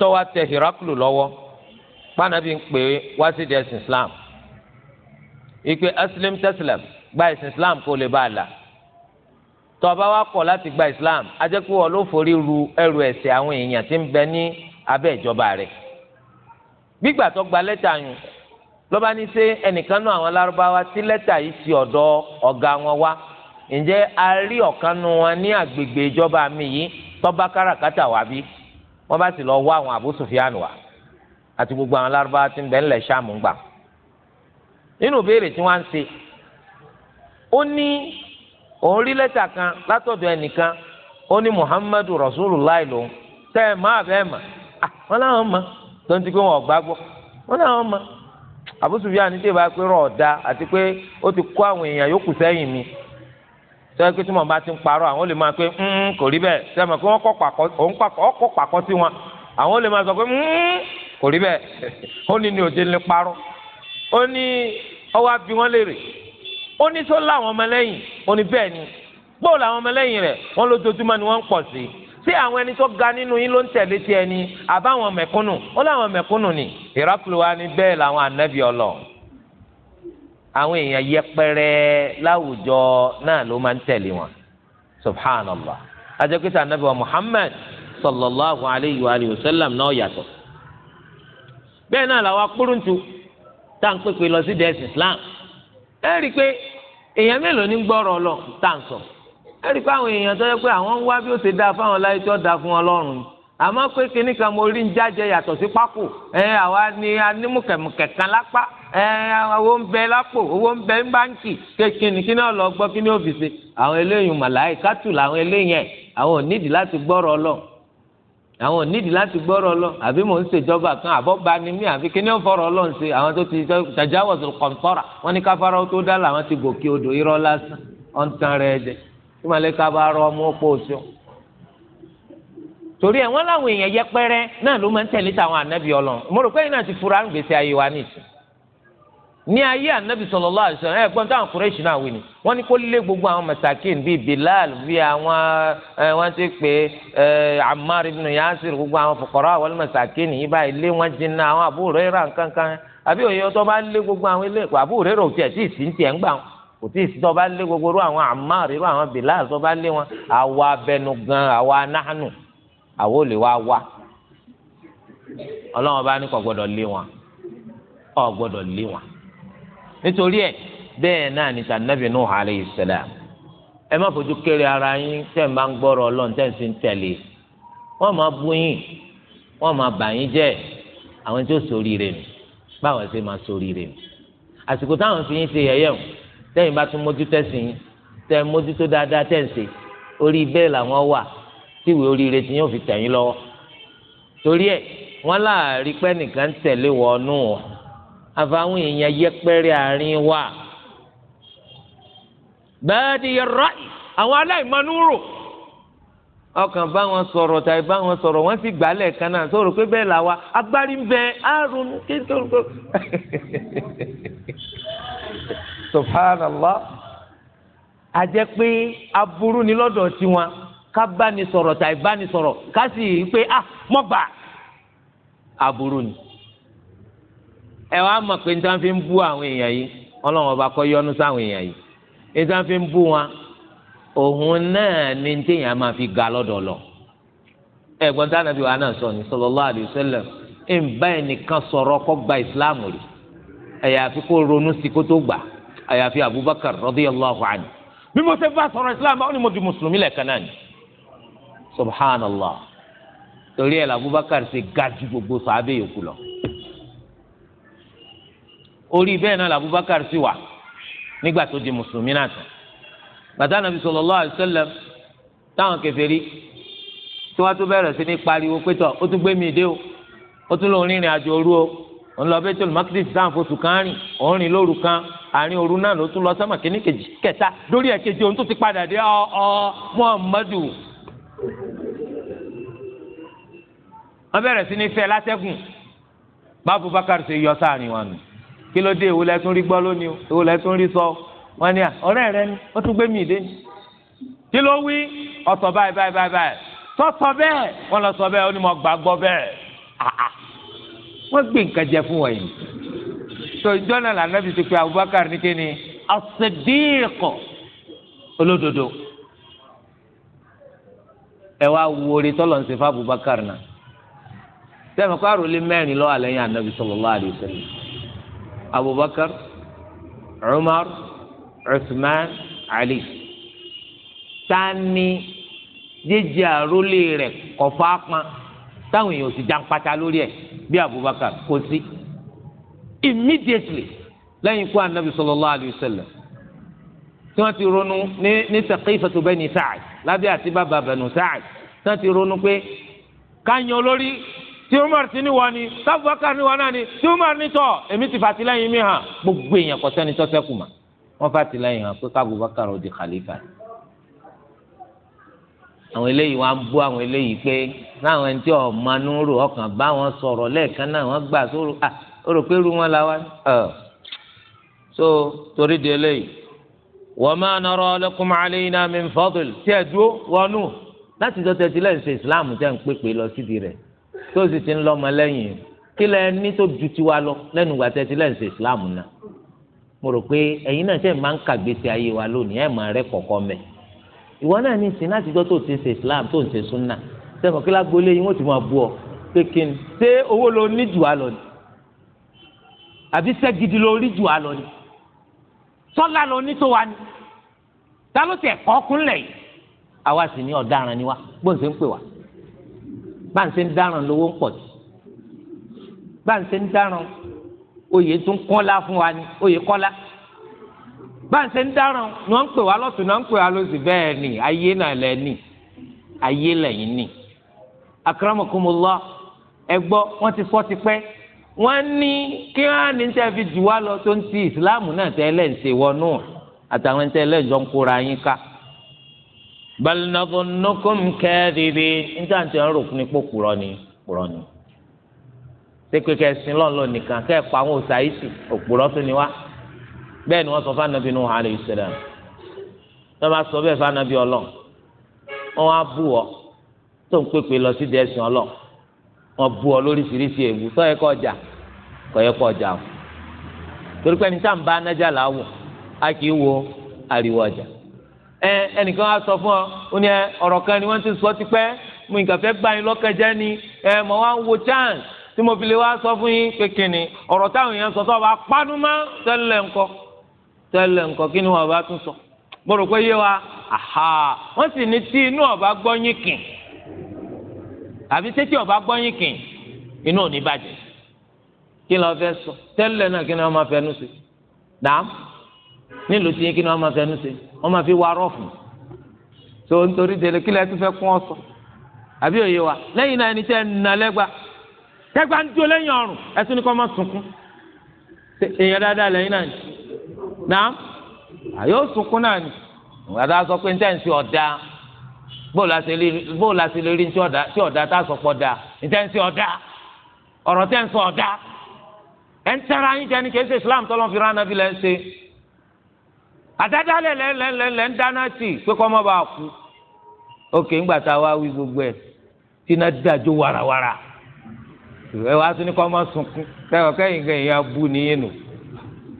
Speaker 1: tọ́wọ́ tẹ hirakulu lọ́wọ́ pànàbí ń pè wá sí di ẹ̀sìn islam ìpè aslim tẹ́sílẹ̀m gba ẹ̀sìn islam kó lè bá a la tọ́ba wa kọ̀ láti gba islam ajẹ́kùwọ́ ló forí ru ẹrù ẹ̀ṣẹ̀ àwọn èèyàn tí ń bẹ ní abẹ́ ìjọba rẹ̀ gbígbà tó gba lẹ́tà yùn lọ́ba ní sẹ́ ẹnìkan náà àwọn lárúbáwá tí lẹ́tà yìí ti ọ̀dọ̀ ọ̀gá wọn wá ǹjẹ́ a rí ọ̀kan wọn ní agbègbè ìjọba mi yìí tọ́ba káràkátà wá bí wọ́n bá sì lọ wá àwọn Abu nù wá àti gbogbo àwọn alárúbá tí ń bẹ ńlẹ̀ Ṣáàmù nínú béèrè tí wọ́n ń ṣe ó ní òun rí lẹ́tà kan látọ̀dọ̀ ẹnìkan ó ní Muhammadu Rasulullah lòun tẹ́ má bẹ́ẹ̀ ah, àwọn èèyàn sẹ́yìn mi sọ́yìn pé tí wọ́n bá ti ń parọ́ àwọn lè máa pé hmm, kò rí bẹ́ẹ̀ sẹ́yìn mọ̀ pé wọ́n kọ́ pàkọ́ sí wọn àwọn lè máa sọ pé hmm, kò rí bẹ́ẹ̀ ó ní ní òde lè parọ́ ó ní ọwọ́ àbí wọn lè rè ó ní sọ láwọn ọmọlẹ́yìn ó ní bẹ́ẹ̀ ni bóòlù àwọn ọmọlẹ́yìn rẹ̀ wọ́n lójoojúmọ́ ni wọ́n ń pọ̀ sí i tí àwọn ẹni tó ga nínú yín ló ń tẹ̀lé tiẹ̀ ni àbáwọn mẹ̀kúnnù ó láwọn mẹ̀kúnnù ni ìrákùlù wa ni bẹ́ẹ̀ làwọn ànábì ọlọ́ọ̀ àwọn èèyàn yẹpẹrẹ láwùjọ náà ló máa ń tẹ̀lé wọn subhana allah anabi anabiwa muhammed sallallahu alayhi wa wa sallam náà yàtọ̀ bẹ́ẹ̀ náà làwọn akpọ́rùntù tá à ń pèpè lọ sí islam ẹ rí i pé èèyàn mélòó ní gbọ́rọ̀ lọ tá à ń sọ ẹ rí i pé àwọn èèyàn tó yẹ pé àwọn ń àmọ́ pé kínní kan mo rí ń jáde yàtọ̀ sí pákó ẹ àwa ni anímùkẹ̀mùkẹ̀ kan lápá ẹ owó ń bẹ lápò owó ń bẹ ń báǹkì kékinní kí ni ó lọ gbọ́ kí ni ó fi ṣe àwọn eléyìí màláìka tù làwọn eléyìí ẹ̀ àwọn ò nídìí láti gbọ́rọ̀ Ọlọ́run àwọn ò nídìí láti gbọ́rọ̀ Ọlọ́run àbí mò ń ṣèjọba kan àbọ̀bá ni mí àbí kí ni ó fọ̀rọ̀ Ọlọ́run ṣe àwọn tó ti tajawazul qantara wọn ní káfárá tó dá làwọn ti gòkè odò irọ́ lásán ọ̀ ń tan rẹ̀ jẹ kí màláìka bá rọ torí ẹ wọn láwọn èèyàn yẹpẹrẹ náà ló máa ń tẹ̀lé táwọn ànábì Ọlọ́run mo rò pé yìí náà ti fura ń gbèsè ayé wa nìyí ní ayé ànábì sallallahu alaihi wasallam ẹ gbọ́n táwọn kúrẹ́ṣì náà wí ni wọ́n ní kó lé gbogbo àwọn masakin bíi Bilal bíi àwọn ẹ wọ́n ti pè ẹ gbogbo àwọn àwọn masakin wọn àwọn àbí òye Bilal tó bá àwọn olè wa wá ọlọ́run bá ní kò gbọ́dọ̀ lé wọn ọ gbọ́dọ̀ lé wọn nítorí ẹ bẹ́ẹ̀ náà ní sànàbì Nuh alayhi salam ẹ má fojú kéré ara yín tẹ̀ ń bá ń gbọ́rọ̀ ọlọ́run tẹ̀ ń sì ń tẹ̀lé wọ́n máa bú yín wọ́n máa bà yín jẹ́ àwọn tí ó ṣoríire nù báwọn ṣe máa ṣoríire nù àsìkò táwọn fi yín ṣe yẹ̀yẹ́ o tẹ̀yin bá tún mójútó ẹ̀sìn yín tẹ̀ mójútó dáadáa tẹ̀ ń ṣe orí bẹ́ẹ̀ làwọn wà tí ìwé oríire ti yóò fi tẹ̀yìn lọ́wọ́ torí ẹ̀ wọ́n láàrin pé nìkan tẹ̀lé wọnú ọ̀ àfàwọn èèyàn yẹpẹrẹ àárín wa bẹ́ẹ̀ ni yẹra àwọn aláìmọ́núrò ọkàn bá wọn sọ̀rọ̀ tàbí bá wọn sọ̀rọ̀ wọ́n sì gbálẹ̀ kan náà sọ̀rọ̀ pé bẹ́ẹ̀ làwa agbárí ń bẹ àrùn kékeré subhanallah a jẹ́ pé aburú ni lọ́dọ̀ tiwọn ká bá ní sọ̀rọ̀ tàì bá ní sọ̀rọ̀ ká sì rí i pé ah mọ́ gbà aburú ni ẹ wàá mọ̀ pé níta fi ń bú àwọn èèyàn yìí ọlọ́run ọba kọ́ yọ́nú sáwọn èèyàn yìí níta fi ń bú wọn òun náà ni téèyàn máa fi ga lọ́dọ̀ lọ ẹ̀gbọ́n tí anabi wa náà sọ ní sallallahu alaihi wasallam ń bá ẹnìkan sọ̀rọ̀ kó gba islam rí àyàfi kó ronú sí kó tó gbà àyàfi abubakar radiyallahu anhu bí mo ṣe bá sọ̀rọ̀ islam báwo ni mo di mùsùlùmí lẹ́ẹ̀kan náà ni subhanallah torí ẹ̀ làbúbákàr ṣe ga ju gbogbo sàábẹ̀ yòókù lọ orí bẹ́ẹ̀ náà làbúbákàr sì wà nígbà tó di mùsùlùmí náà tán bàtà nàbí sallallahu alaihi wasallam táwọn kèfèrí tí wọ́n tún bẹ̀rẹ̀ sí ní pariwo pé tọ ó tún gbé mi dé o ó tún lòun rìnrìn àjò òru o òun lọ Baitul Maqdis sáà fosù kan rìn òun rìn lóru kan àárín òru náà ló tún lọ sọmọ kìnnìkejì kẹta lórí ẹ̀kejì òun tún ti padà dé ọ ọ Muhammadu wọ́n bẹ̀rẹ̀ sí ní fẹ́ látẹ́gùn bá Abubakar ṣe yọ sáàrin wọn nù kí ló dé ìwòlẹ́ tún rí gbọ́ lónìí o ìwòlẹ́ tún rí sọ wọn ni ọ̀rẹ́ rẹ ni ó tún gbé mi ìdé ni kí ló wí ọ̀sọ̀ báyìí báyìí báyìí báyìí sọ́sọ bẹ́ẹ̀ wọ́n lọ sọ bẹ́ẹ̀ ó ní mo gbà gbọ́ bẹ́ẹ̀ ah, ah. wọ́n gbé nǹkan jẹ fún wọ̀nyí tó ìjọ́nà làǹdàbí ti pé Abubakar ní kíni as-Siddiq olódodo ẹ wá wo orí tọ́lọ̀ ń ṣe fún Abubakar náà sẹ́mi kó àròlé mẹ́rin lọ́wọ́ àlẹ́yìn anabi sallallahu alaihi wasallam Abubakar Umar Usman Ali tani jíjẹ àròlé rẹ̀ kọ̀fọ́ apá táwọn èèyàn sì jàǹpátá lórí ẹ̀ bí Abubakar kò sí immediately lẹ́yìn ikú anabi sallallahu alaihi wasallam tí wọ́n ti ronú ní ní Saqifatu Bani Sa'd lábẹ́ àti bàbá Banu Sa'd tí wọ́n ti ronú pé káyọ̀ olórí tí Umar ti ní ni sábùbákà ní náà ni tí Umar ní tọ̀ èmi ti fàtìlẹ́yìn mi hàn gbogbo èèyàn kọ́ sẹ́ni tọ́sẹ́kù mà wọ́n fàtìlẹ́yìn hàn pé kábùbákà rọ̀ di khalifa àwọn eléyìí wọn á bú àwọn eléyìí pé láwọn ẹni tí ọmọ anúrò ọkàn bá wọn sọ̀rọ̀ lẹ́ẹ̀kan náà wọ́n gbà sórò à ó rò pé irú wọn la wá ni. so torí di eléyìí wama nara lakum alayna min fadl tí ẹ dúró wọnú láti jọ tẹ̀sí lẹ́yìn ṣe islam tẹ̀ ń pèpè lọ sídìí rẹ̀ tó sì ti ń lọ́mọ lẹ́yìn kí lẹ ní tó ju tiwa lọ lẹ́nu ìgbà tẹ̀sí lẹ́yìn ṣe islam náà mo rò pé ẹ̀yin náà ṣe máa ń kàgbésí ayé wa lónìí ẹ̀ máa rẹ́ kọ̀ọ̀kan mẹ́ ìwọ náà ní sin láti jọ tó ti ṣe islam tó ń ṣe sunna sẹ́kọ̀ọ́ kí lágbólé yín wọ́n ti máa bú ọ pé kí ni ṣé owó lo ní jù á ni àbí sẹ́gidi lo rí jù á ni sọ́lá ló ní tó wa ni ta ló ti ẹ̀kọ́ kúnlẹ̀ yìí àwa sì ní ọ̀daràn ni wa bó ń ṣe ń pè wá bá ń ṣe ń dáràn lówó ń pọ̀ sí bá ń ṣe ń dáràn oyè tún kọ́lá fún wa ni oyè kọ́lá bá ń ṣe ń dáràn ni wọ́n ń pè wá lọ́tún náà ń pè wá lọ́sì bẹ́ẹ̀ ni ayé náà lẹ́ nì ayé lẹ́yìn nì akramakumullah ẹ wọ́n ti fọ́ tipẹ́ wọ́n ní kí wọ́n ní sẹ́ fi jù wá lọ tó ń ti ìsìláàmù náà tẹ́lẹ̀ ń ṣe wọnú àtàwọn ẹni tẹ́lẹ̀ jọ ń kóra yín ká. balùnàfọ̀nùkùn kẹ́ẹ̀dìdì níta ń rò fún ipò kúrọ́ ni kúrọ́ ni. sẹ́kẹ̀ kẹ́ sin lọ́nà nìkan kẹ́ ẹ̀ pa àwọn òòsà yìí sí òpùrọ́ tó ni wá. bẹ́ẹ̀ ni wọ́n sọ fún anabi nuhu alayhi salam wọ́n bá sọ bẹ́ẹ̀ fún anabi ọlọ́ wọ́n á bù ọ tó ń pèpè lọ sí dẹ́sìn ọlọ́ọ̀ wọn bu ọ lóríṣiríṣi ègbù sọ yẹ kọ ọjà kọ yẹ kọ ọjà o torí pé ẹni tá à ń bá anájà là á wò a kì í wo ariwo ọjà ẹ ẹnìkan á sọ fún ọ ó ní ọ̀rọ̀ kan ni wọ́n ti sọ tipẹ́ mo nǹkan fẹ́ gbà yín lọ́kàn jẹ́ ni ẹ mọ̀ wá ń wo chance tí mo fi lè wá sọ fún yín kékeré ọ̀rọ̀ táwọn èèyàn sọ sọ́ọ́ bá pánúmọ́ tẹ́lẹ̀ ńkọ́ tẹ́lẹ̀ ńkọ́ kí ni wọ́n bá tún sọ mo rò pé yé wa aha wọ́n sì ní tí inú ọ̀bá gbọ́ yín kìn àbí sétí ọba gbọ́yìn kìn inú ò ní bàjẹ́ kí ló fẹ́ sọ tẹ́lẹ̀ náà kí ni wọ́n máa fẹnu sí náà nílùú tí yín kí ni wọ́n máa fẹnu sí wọ́n máa fi wá rọ́ọ̀fù tó nítorí délé kí lẹ́yìn tó fẹ́ kún ọ sọ àbí òye wa lẹ́yìn náà ẹni tẹ́ ń nà lẹ́gba tẹ́gba ń dúró lẹ́yìn ọ̀rùn ẹtún ni kò máa sunkún èèyàn dáadáa lẹ́yìn náà náà àyò sunkún náà ni ìwádàá sọ pé ń tẹ́ ń ṣe ọ̀dà bó la se lè rí tí ọ̀dà tá a sọ pọ̀ da níta ń ṣe ọ̀dà ọ̀rọ̀ tẹ́ ń sọ ọ̀dà ẹ̀ ń tẹ́ra yín jẹ́ ni kì í ṣe Islam tọ́lọ́ fi rán anábìlẹ̀ ń ṣe àdádálẹ̀ lẹ́lẹ́lẹ́lẹ́ ń dáná tì pé kọ́ mọ́ bá a kú òkè ńgbà tá a wá wí gbogbo ẹ̀ tí iná dájọ́ warawara ẹ wá sí ni kọ́ mọ́ sunkún tẹ́wọ̀ kẹ́yìn kẹ́yìn yẹn abú nìyẹn nù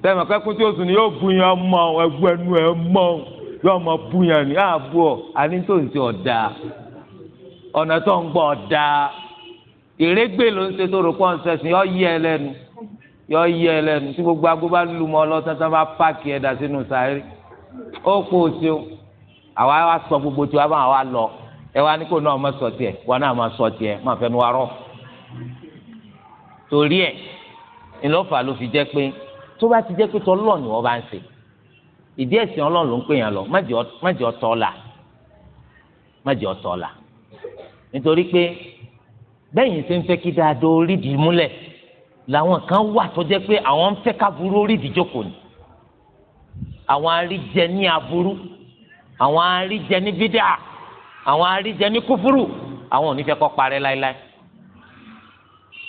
Speaker 1: tẹ́wọ̀ kẹ́kún tí ó sùn ni yóò bu yẹn mọ́ ẹgbẹ́ nu ẹ mọ́ yóò mọ búyàn ní ààbò àní tó ń ṣe ọ̀dà ọ̀nà tó ń gbọ́ ọ̀dà ìrégbè ló ń ṣe tó rò pọ̀ ń sẹ̀sìn yọ yí ẹ lẹ́nu yọ yí ẹ lẹ́nu tí gbogbo agbó bá lu mọ́ ọlọ́sán tán bá páàkì ẹ̀dá sínú sáré ó kó o ṣeun àwa wa sọ gbogbo tí wa bá wa lọ ẹ wá ní kó náà má sọ tiẹ̀ wọn náà má sọ tiẹ̀ má fẹnu wa rọ torí ẹ̀ ńlọ́fà ló fi jẹ́ pé tó bá ti jẹ́ pé tọ́lọ́ ni wọ́n bá ń ṣe ìdí ẹ̀sìn ọlọ́run ló ń pè yàn lọ má jẹ́ ọ̀tọ̀ là má jẹ́ ọ̀tọ̀ là nítorí pé bẹ́yìn ṣe ń fẹ́ kí dáadọ́ orídìí múlẹ̀ làwọn kan wà tó jẹ́ pé àwọn ń fẹ́ káburú orídìí jókòó ni àwọn aríjẹ ní aburú àwọn aríjẹ ní bídà àwọn aríjẹ ní kúfúrú àwọn ò ní fẹ́ kó parẹ́ láéláé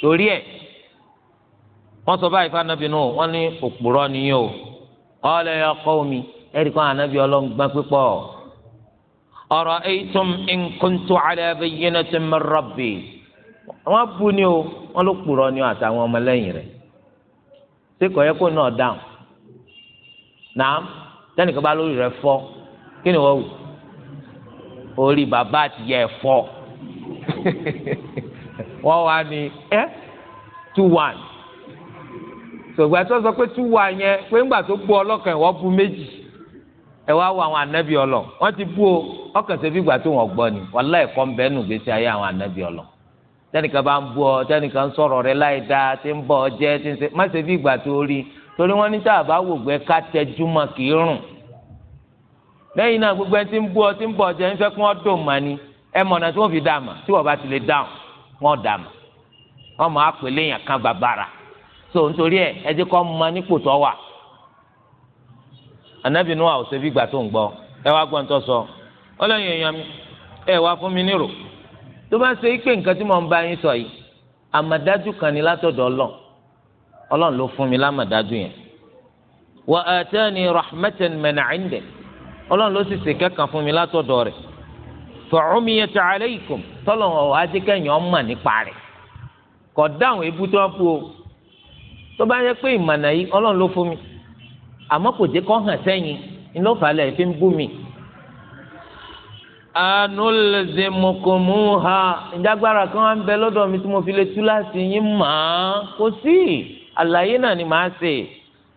Speaker 1: torí ẹ̀ wọ́n sọ báyìí fún anábìínú wọ́n ní òpùrọ́ nìyẹn o qala ya qawmi ẹ̀rí kan ànábì ọlọ́run gbọ́n pípọ̀ ọ̀rọ̀ aytum in kuntu ala bayyinatin min rabbi wọ́n bu ni o wọ́n ló kpùrọ̀ ni o àtàwọn ọmọlẹ́yìn rẹ̀ ṣé kò yẹ kó náà dáhùn náà tẹnìkan bá lórí rẹ̀ fọ́ kí ni wọ́n wù orí bàbá àti yẹ fọ́ wọ́n wà ní ẹ́ two one sọgbà tó sọ pé tú wa yẹn pé ńgbà tó bu ọlọ́kàn ẹ̀ wọ́n bu méjì ẹ wá wo àwọn ànábì ọlọ wọ́n ti bu o ọkàn ṣe bí ìgbà tó wọ́n gbọ́ ni wàhálà ẹ̀kọ́ ń bẹ́ẹ̀ nù gbèsè ayé àwọn ànábì ọlọ tẹnìkan bá ń bu ọ tẹnìkan ń sọ̀rọ̀ rẹ láì dáa tí ń bọ̀ ọ jẹ́ tí ń ṣe má ṣe bí ìgbà tó rí torí wọ́n ní táàbà wò gbẹ ká tẹjúmọ́ kì í rùn lẹ́yìn náà gbogbo ẹ ti ń bu ọ ti ń bọ̀ ọ jẹ́ ń fẹ́ kí wọ́n dùn mà ni ẹ mọ̀nà tí wọ́n fi dà mà tí wọ́n bá ti lè dáhùn wọ́n dà mà wọ́n mọ̀ pè léèyàn kan bàbàrà so nítorí ẹ ẹ jẹ́ kó nípò tó wà anabi nua ò fi gbà tó ń ẹ wá gbọ́ sọ èèyàn mi ẹ wá fún mi nírò tó bá ṣe pé nǹkan tí mo ń bá yín sọ yìí àmàdájú kan ni látọ̀dọ̀ ọlọ́run ọlọ́run ló fún mi lámàdájú yẹn wa atani rahmatan min inde ọlọ́run ló sì ṣe kẹ́kàn fún mi látọ̀dọ̀ rẹ̀ tọ́lọ̀ adékẹ́yìn tó bá yẹ pé ìmọ̀nà yìí ọlọ́run ló fún mi àmọ́ kò jẹ́ kó hàn sẹ́yìn iná falẹ̀ fi ń bú mi. anulzemokumuha ìdágbára kan wá ń bẹ lọ́dọ̀ mi tí mo fi lè tú láti yín mọ́ kò sí àlàyé náà ni màá ṣe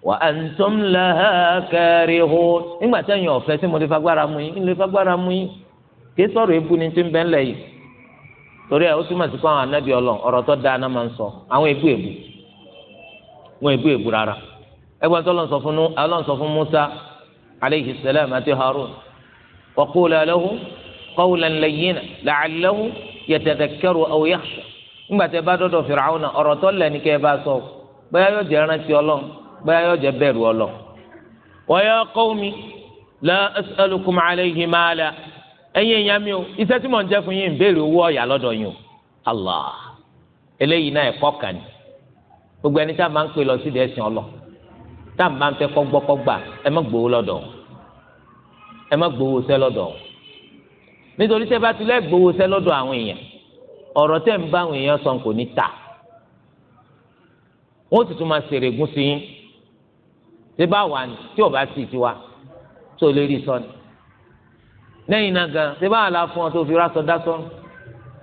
Speaker 1: wa antum laha karihun nígbà tẹ̀yìn ọ̀fẹ́ tí mo lè fagbára mu yín lè fagbára mu yín kí sọ̀rọ̀ ebú ni tí ń bẹ yìí torí ẹ̀ ó túmọ̀ sí pé àwọn anábìọ́lọ̀ ọ̀rọ̀ tó dáa náà máa ń sọ àwọn ebú ebú wọn èbú èbú rárá ẹgbẹ́ tó lọ́n sọ fún ọlọ́n sọ fún Musa aleyhi salam àti Harun wa qula lahu qawlan layyina la'allahu yatadhakkaru aw yakhsha ńgbà tẹ bá dọ́dọ̀ Fir'auna ọ̀rọ̀ tó lẹ́ni kẹ́ ẹ bá sọ bóyá yóò jẹ́ rántí Ọlọ́run bóyá yóò jẹ́ bẹ̀rù Ọlọ́run. wa ya la as'alukum alayhi mala ẹ̀yin èèyàn mi o iṣẹ́ tí mò ń jẹ́ fún yín ń béèrè owó ọ̀yà lọ́dọ̀ yín o Allah eléyìí náà ẹ̀kọ́ kan ni gbogbo ẹni tá a máa ń pè lọ sí ìdí ẹ̀sìn ọlọ tá a máa ń fẹ́ kọ́ gbọ́ kọ́ gbà ẹ má gbowó lọ́dọ̀ ẹ má gbowó sẹ́ lọ́dọ̀ nítorí tẹ́ bá ti gbowó sẹ́ lọ́dọ̀ àwọn èèyàn ọ̀rọ̀ tẹ́ ń bá àwọn èèyàn sọ kò ní ta wọ́n sì tún máa ṣèrègùn sí yín tí bá wà ní tí ò bá sì ti wá tó lè rí sọ ni lẹ́yìn náà gan ṣé báwa la fún ọ tó fi rásọ dá sọ́run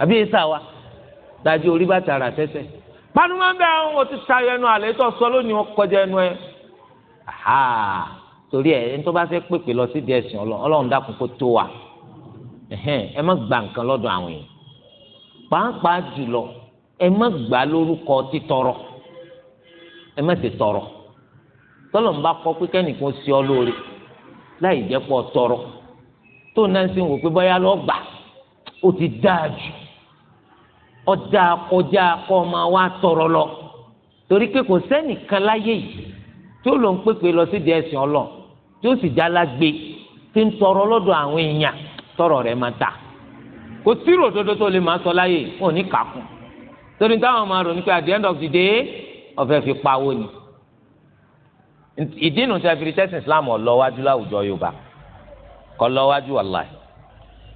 Speaker 1: àbí èsà wa dájú orí bàtà rà tẹ́tẹ́ panuma bẹ àwọn o ti tayọ ẹnu àlẹ tó sọ lónìí wọn kọjá ẹnu ẹ aha torí ẹ nítorí bá fẹ́ pèpè lọ sí díẹ̀ sìn Ọlọ́run Ọlọ́run dákun kó tó wa ẹ má gba nǹkan lọ́dọ̀ àwọn yìí pàápàá jùlọ ẹ má gbà lórúkọ títọrọ ẹ má ti tọrọ tọlọ ń bá kọ pé kẹ́nìkan sí ọ lóore láì jẹ́ pọ̀ tọrọ tó náà wò pé bóyá lọ́ọ́ gbà ó ti dáa jù ọjà kọjá kọ́ ọmọ wa tọrọ lọ torí pé kò sẹ́nìkan láyé yìí tí ó lọ ń pèpè lọ sí díẹ̀ sìn ọlọ tí ó sì jálá gbé tí ń tọrọ lọ́dọ̀ àwọn èèyàn tọrọ rẹ̀ máa ta kò sírò òdodo tó lè máa sọ láyé wọn ò ní kàkún torí táwọn máa rò ní pé at the end of the day ọ̀fẹ́ fi pawó ni ìdí nu tí a fi rí tẹ́sán islam ọ̀lọ́wájú láwùjọ yorùbá kọ́ lọ́wájú wàláì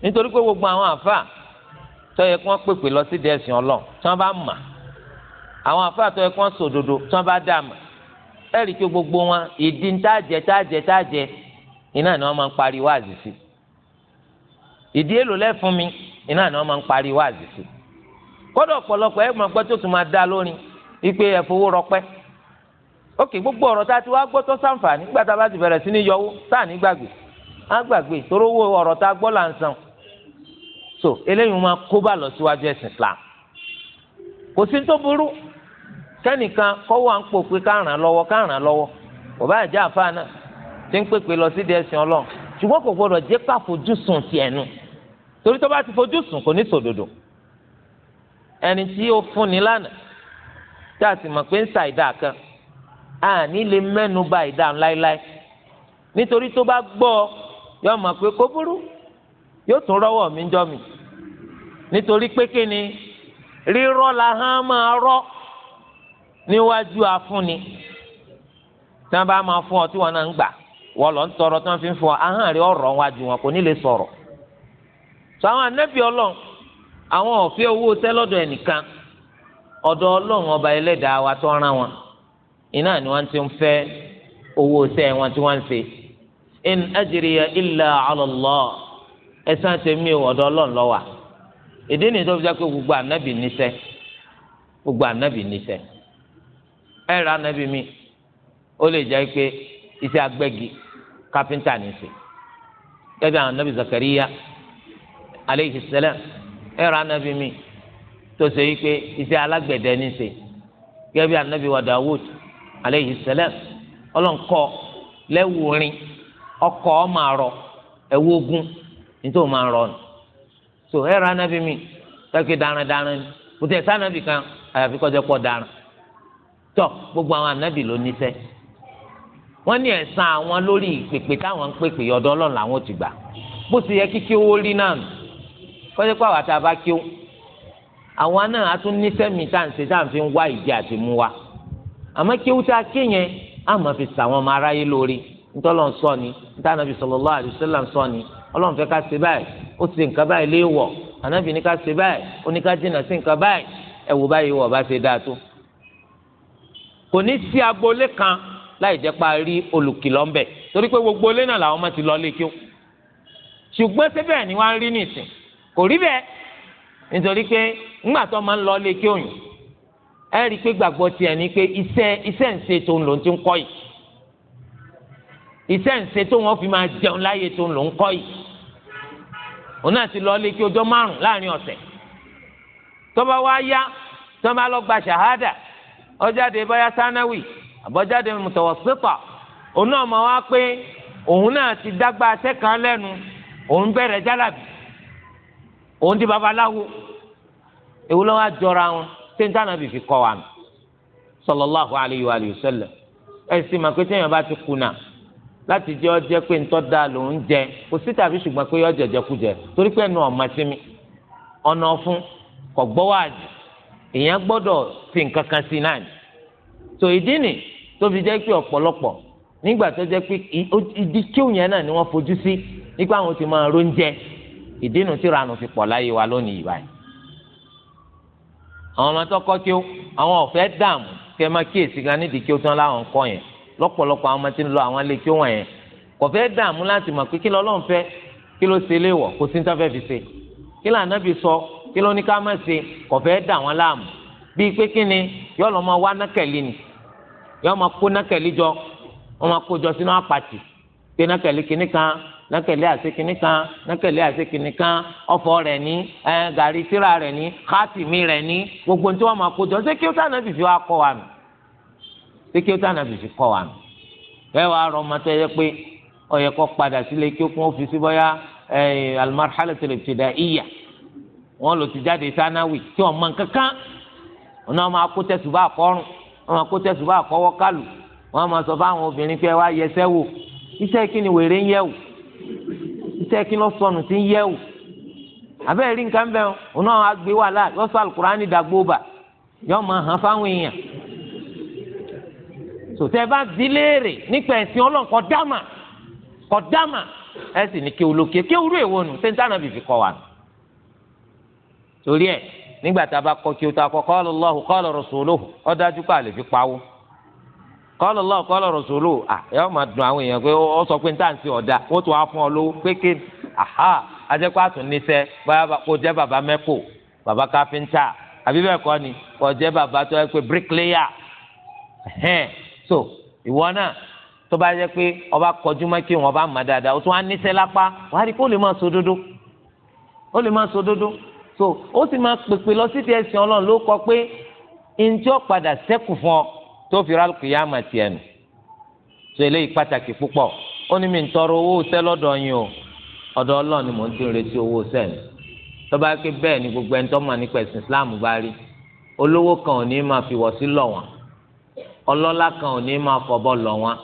Speaker 1: nítorí pé gbogbo àwọn àfáà tọ́yẹ kí wọ́n pèpè lọ sí dẹ́sìn ọlọ́run tí wọ́n bá mà àwọn àfa tọ́yẹ kí wọ́n sòdodo tí wọ́n bá dà mà ẹ̀rí kí gbogbo wọn ìdí tájẹ tájẹ tájẹ iná ni wọ́n máa ń parí wáàzì sí ìdí èlò lẹ́fun mi iná ni wọ́n máa ń parí wáàzì sí kọ́dọ̀ ọ̀pọ̀lọpọ̀ ẹ̀ máa gbọ́ tó tún máa dá lórí ipe ẹ̀fowó rọpẹ́ ókè gbogbo ọ̀rọ̀ tá a ti wá gbọ́ tó sàǹfààní nígbà tá a bá ti bẹ̀rẹ̀ sí ní yọwó sáà ní gbàgbé á gbàgbé torówó ọ̀rọ̀ tá a gbọ́ là ń san so eléyìí wọn kó bá lọ síwájú ẹ̀sìn Islam kò sí tó burú kẹ́nìkan kọ́wọ́ à ń pòpè káràn lọ́wọ́ káràn lọ́wọ́ kò bá jẹ́ àfa náà tí ń pèpè lọ sí di ẹ̀sìn Ọlọ́run ṣùgbọ́n kò gbọdọ̀ jẹ́ ká fojú sùn ti ẹnu torí tó bá ti fojú sùn kò ní sòdodo ẹni tí ó fúnni lánàá tí a sì mọ̀ pé ń sa ìdá kan àní lè mẹ́nu ba ìdá láéláé nítorí tó bá gbọ́ yọ mọ̀ pé kó burú yóò tún rọ́wọ́ mi jọ́ mi nítorí pé kíni rírọ́ la hán máa rọ́ níwájú afúnni tí wọ́n bá máa fún ọ tí wọ́n náà ń gbà wọ́n lọ ń tọrọ tí wọ́n fi ń fún ọ ahọ́n rẹ̀ ọ̀rọ̀ wájú wọn kò ní lè sọ̀rọ̀ sọ àwọn anábì ọlọ́run àwọn owó ẹnìkan ọba ẹlẹ́dàá wa wọn iná ni wọ́n ti ń fẹ́ owó sẹ́ wọn tí wọ́n ń in ajriya illa ọ̀dọ̀ ọlọ́run èdè ní ìtọ́ fi jẹ́ pé gbogbo ànábì níṣẹ́ gbogbo ànábì níṣẹ́ ẹ ra ànábì mi ó lè jẹ́ pé iṣẹ́ agbẹ́gi kápẹ́ńtà àwọn Zakariya aleyhi sẹlẹm ẹ ra ànábì mi tó ṣe yí pé iṣẹ́ alágbẹ̀dẹ níṣẹ́ gẹ́gẹ́ bí sẹlẹm lẹ́wọ̀rin ọkọ̀ nítorí so ẹ ra anabi mi kẹ́kẹ́ darandaran ni kò tẹ̀ sá anabi kan àyàfi kọ́jọ́ pọ̀ daran tọ́ gbogbo àwọn anabi ló níṣẹ́ wọ́n ní ẹ̀san àwọn lórí ìpèpè táwọn ń pèpè ọ̀dọ̀ ọlọ́run làwọn ti gbà bó ti yẹ kíkí owó rí náà nù kọ́jọ́ pé àwọn àtàbá kí ó àwọn náà a tún níṣẹ́ mi tá à ń ṣe tá à ń fi wá ìdí àti mú wa àmọ́ kí ó tá a ké yẹn á fi sàwọn ọmọ aráyé lórí ntọ́lọ́ sọ ni ntànàbí sallallahu alaihi sọ ni ọlọ́run fẹ́ ká ṣe báyìí ó ṣe nǹkan báyìí léèwọ̀ ànábì ní ká ṣe báyìí ó ní ká jìnnà sí nǹkan báyìí ẹ wò báyìí wọ̀ bá ṣe dáa tó. kò ní sí agboolé kan láì jẹ́ pa rí olùkìlọ̀ ńbẹ̀ torí pé gbogbo ilé náà làwọn ti lọ lékí ṣùgbọ́n síbẹ̀ ni wọ́n á rí nìsín kò rí bẹ́ẹ̀ nítorí pé ńgbà tó máa ń lọ lékí òyìn ẹ rí i pé gbàgbọ́ tiẹ̀ ni pé iṣẹ́ iṣẹ́ ń ṣe tó ń lò ń ti ń kọ́ yìí iṣẹ́ ńṣe tó wọ́n fi máa jẹun láyé tó ń lò ń kọ́ yìí òun náà ti lọ lé kí ọjọ́ márùn láàrin ọ̀sẹ̀ tọ́ba wá yá tọ́ba lọ gba ṣàhádà ọjáde báyá sánáwì àbọ̀jáde mùtọ̀wọ̀sípà òun náà mọ̀ wá pé òun náà ti dágbà sẹ́kàn lẹ́nu òun bẹ̀rẹ̀ jálàbì òun di babaláwo èwo lọ́wọ́ àjọra wọn tí n tànà bìfi kọ́ wa nù sallallahu alayhi wa sallam ẹ̀ sì mà pé láti jẹ́ ọjẹ́ pé ntọ́ da lòún jẹ kò sí tàbí ṣùgbọ́n pé ọjẹ́ jẹkújẹ torí pé ẹnu ọ̀ma sí mi ọ̀nà ọ̀fun kò gbọ́wọ́ àjù èèyàn gbọ́dọ̀ fi nǹkan kan sí náà tó ìdí nì tó fi jẹ́ pé ọ̀pọ̀lọpọ̀ nígbà tó jẹ́ pé ìdí kíw yẹn náà ni wọ́n fojú sí nípa àwọn ti máa róúnjẹ ìdí nù tí ranù fi pọ̀ láyé wa lónìí ìbá yìí àwọn ọmọ tó kọ́ kíw àwọn ọ̀fẹ́ dààmú kẹ́ lọ́pọ̀lọpọ̀ àwọn ọmọ tí ń lọ àwọn alẹ́ kí wọ́n yẹn kò fẹ́ dààmú láti mọ̀ pé kí lọ́lọ́run fẹ́ kí ló ṣe léwọ̀ kò sí níta fẹ́ fi ṣe kí lànàbì sọ kí ló ní ká má ṣe kò fẹ́ dà wọ́n láàmú bíi pé kí ni yọ lọ máa wá nákẹ́lì ni yọ máa kó nákẹ́lì jọ wọ́n máa kó jọ sínú àpàtì pé nákẹ́lì kìíní kan nákẹ́lì àṣẹ kìíní kan nákẹ́lì àṣẹ kìíní kan ọ̀fọ̀ rẹ̀ ní gàrí síra rẹ̀ ní kátìmí rẹ̀ ní gbogbo ní tí wọ́n máa kó jọ ṣé kí ó sànà fìfì wa kọ́ wa nù ṣé kí ó tànà fìfì kọ́ wa nù bẹ́ẹ̀ wàá rọ ọmọ tó yẹ pé ó yẹ kó padà sílé kí ó kún ọ́fíìsì bọ́yá alimarhala tẹlẹ tẹlẹ ìyà wọn lò ti jáde sanawi tí wọn mọ nkankan wọn náà máa kó tẹsùbà àkọrùn wọn máa kó tẹsùbà àkọwọ́ kálù wọn máa sọ fáwọn obìnrin pé wá yẹsẹ wò iṣẹ́ kí ni wèrè ń yẹ wò iṣẹ́ kí ló sọnù tí ń yẹ wò abẹ́rẹ́ rí nǹkan bẹ́ẹ̀ wọn náà gbé wàhálà yọ tòtẹ́ bá di léèrè nípa ẹ̀sìn ọlọ́run kọ́ dáàmà kọ́ dáàmà ẹ sì ní kéwú lókè èwo nù sẹ́ńtà bìbí kọ́ wa nù. torí ẹ nígbà tá a bá kí o ta kọ́ a lè fi pawó qala Allahu qala rasuluhu à yọ máa dùn àwọn èèyàn pé sọ pé ní táǹtì ọ̀dà wọ́n tún wá fún ọ lówó pékè àhá so ìwọ náà tó bá yẹ pé ọba kọjú mọ́ kí wọn bá mọ̀ dáadáa o tún á níṣẹ́ lápá wàá rí i kó lè máa sòdodo ó lè máa sòdodo so ó sì máa pèpè lọ sídìí ẹ̀sìn ọlọ́run ló kọ pé njẹ́ ó padà sẹ́kù fún ọ tó fi rálùkù yá àmà tiẹ̀ nù so eléyìí pàtàkì púpọ̀ ó ní mi ń tọrọ owó sẹ́ lọ́dọ̀ yín o ọ̀dọ̀ ọlọ́run ni mò ń ti retí owó sẹ́ ni tó bá yẹ pé bẹ́ẹ̀ ni gbogbo ẹni tó mọ̀ nípa ẹ̀sìn Islam bá rí olówó kan ò ní máa fi wọ̀ sí lọ́wọ́n ọlọ́lá kan ò ní máa fọbọ́ lọ wọn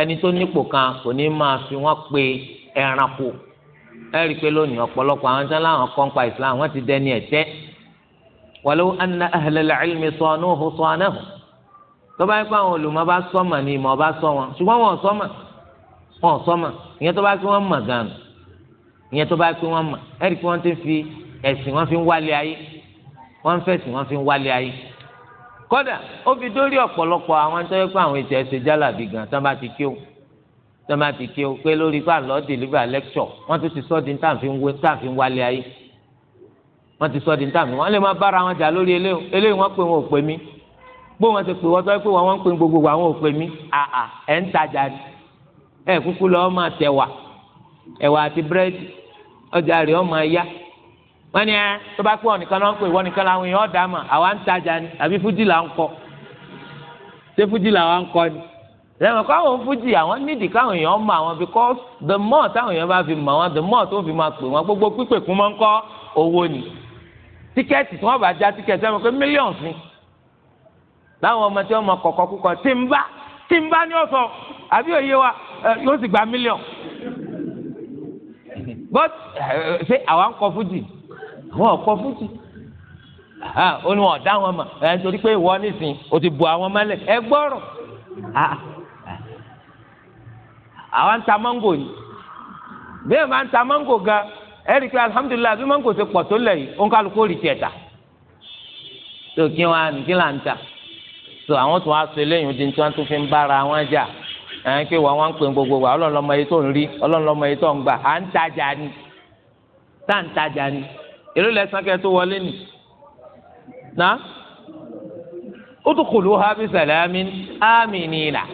Speaker 1: ẹni tó nípò kan kò ní máa fi wọn pe ẹranko ẹ rí i pé lónìí ọ̀pọ̀lọpọ̀ àwọn tí wọ́n láwọn kọ́ ń pa Islam wọ́n ti dẹni ẹ̀tẹ́ walau anna ahlal ilmi sanuhu sanahu tó bá yẹ pé àwọn olùmọ̀ bá sọ́mà ni ìmọ̀ bá sọ wọn ṣùgbọ́n wọn ò sọ́mà wọn ò sọ́mà ìyẹn tó bá pé wọ́n mọ̀ gan ìyẹn tó bá pé wọ́n mọ̀ ẹ rí i pé wọ́n ti fi ẹ̀sìn wọ́n fi ń wálé ayé wọ́n ń fẹ̀sìn fi ń wálé ayé kódà ó fi dórí ọ̀pọ̀lọpọ̀ àwọn tó yẹ pé àwọn ètò ẹ̀sìn jálàbí gan tán bá ti kí o tán bá ti kí o pé lórí pé àlọ́ deliver lecture wọ́n tún ti sọ́ di táàfin wálé ayé wọ́n ti sọ́ di táàfin wọ́n lè má bára wọn jà lórí eléyìí wọ́n pè wọn ò pè mí bó wọn ti pè wọ́n tó yẹ pé wọ́n wọ́n ń pè gbogbo àwọn ò pè mí àà ẹ̀ ń tajà ẹ̀ kúkú lọ́ọ́ máa tẹ̀wà ẹ̀wà àti búrẹ́dì ọjà rẹ̀ ọ́ máa yá wọ́n ní ẹ tó bá pé ọ̀ nìkan náà ń pè wọ́n nìkan làwọn èèyàn ọ̀dà mà àwa ń tajà ni àbí fújì là ń kọ ṣé fújì làwa ń kọ ni lẹ́yìn kó àwọn fújì àwọn nídìí káwọn èèyàn mọ àwọn because the more táwọn èèyàn bá fi mọ àwọn the more tó fi máa pè wọn gbogbo pípè kún mọ́ ń kọ́ owó ni tíkẹ́ẹ̀tì tí wọ́n bá já tíkẹ́ẹ̀tì ẹ̀mọ́ pé millions ni láwọn ọmọ tí wọ́n mọ kọ̀kọ́ kúkọ tí ń bá tí ń bá ní ọ̀sọ̀ àbí òye wa yóò sì gba million but ṣé àwa ń kọ fújì ni àwọn ọ̀kọ́ fújì ha ní wọn ọ̀dá wọn mà ẹ̀ torí pé ìwọ nísìnyí o ti bu àwọn mọ́lẹ̀ ẹ gbọ́rọ̀ àwọn ń ta mángò ni bẹ́ẹ̀ máa ń ta mángò gan ẹ rí i pé alihamudulilayi bí mángò ti pọ̀ tó lẹ̀ yìí ó ń kálukú rí tiẹ̀ ta tó kí wọn àníkí là ń ta tó àwọn tó wá so eléyìí di tí wọn tún fi ń bára wọn jà ẹn pé wọn wá ń pè gbogbo wa ọlọ́run yìí tó ń rí ọlọ́run yìí tó ń gbà à ń tajà ni tá à ń tajà ni èrè lẹ́sàn kẹ́ tó wọlé nì na udkhuluha bi salamin aminina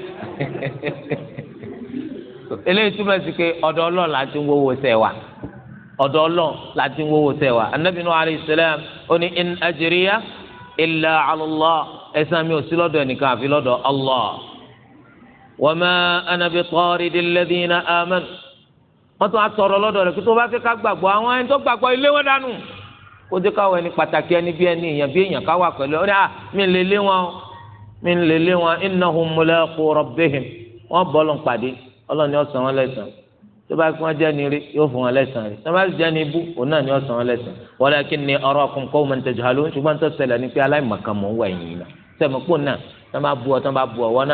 Speaker 1: eléyìí túmọ̀ sí pé ọ̀dọ̀ ọlọ́run la ti ń wọ́wọ́ sẹ́ wa ọ̀dọ̀ ọlọ́run la ti ń wọ́wọ́ sẹ́ wa anabi nuhu alayhi salam ó ní in ajriya illa ala Allah mi ò sí lọ́dọ̀ ẹnìkan àfi lọ́dọ̀ Allah wa ma ana bi taridil ladina amanu wọ́n tún á sọ̀rọ̀ lọ́dọ̀ rẹ̀ kí tó bá fẹ́ ká gbàgbọ́ àwọn ẹni tó gbàgbọ́ ilé wọn dànù kó dé káwọn ẹni pàtàkì ẹni bí ẹni èèyàn bí èèyàn káwà pẹ̀lú ẹ̀ ọ́nà mi lè lé wọn mi lè lé wọn innahum mulaqu rabbihim wọ́n bọ́ lọ́n pàdé ọlọ́ni ọ̀sán wọn lẹ́sàn tó bá kí wọ́n jẹ́ ni rí yóò fún wọn lẹ́sàn rí tó bá jẹ́ ni ibú òun náà ni ọ̀sán wọn lẹ́sàn walakinni arakum qawman tajhalun ṣùgbọ́n tó ṣẹlẹ̀ kó náà tó bá bu tó bá bu ọwọ́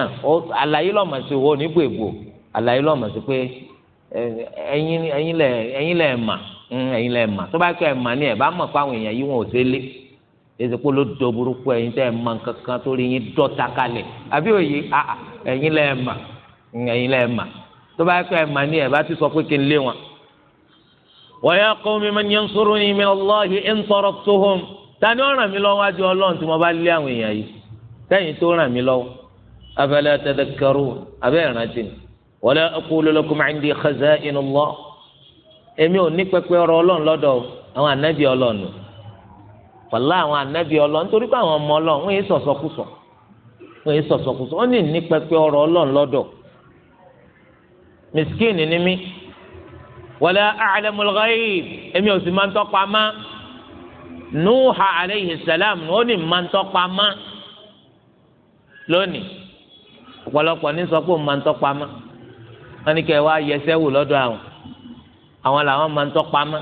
Speaker 1: náà ẹ̀yin ẹ̀yin lẹ ma, lẹ mà hmm, ẹ̀yin lẹ mà tó bá kẹ ẹ mà ni ẹ bá mọ̀ pé àwọn èèyàn yìí wọn ò sí lé èsì pé olódò burúkú ẹ̀yin tẹ ẹ mà kankan tó yín dọ́ta kalẹ̀ àbí òye ah, ah. ẹ̀yin lẹ mà hmm, ẹ̀yin lẹ mà tó bá ẹ ni ẹ bá ti sọ pé kí n lé wọn. wa ya qawmi man yansuruni ta ni ó ràn mí lọ́wọ́ ọlọ́run tí mo bá lé àwọn èèyàn yìí tó ràn mí lọ́wọ́ wala aqulu lakum indi khaza'inullah èmi ò ní pẹpẹ ọ̀rọ̀ Ọlọ́run lọ́dọ̀ àwọn ànábì Ọlọ́run pẹ̀lú àwọn ànábì Ọlọ́run torí pé àwọn ọmọ Ọlọ́run wọn yìí sọsọkùsọ wọn yìí sọsọkùsọ wọn ní ní pẹpẹ ọ̀rọ̀ Ọlọ́run lọ́dọ̀ miskin ni mí wala a'lamul èmi ò sì máa ń tọpa má nuuha aleyhi salam ó ní máa ń tọpa má lónìí ọ̀pọ̀lọpọ̀ ní sọ pé ó máa ń tọpa má wọn ní kẹ́ wá yẹsẹ́ wò lọ́dọ̀ àwọn àwọn làwọn máa ń tọ́pamọ́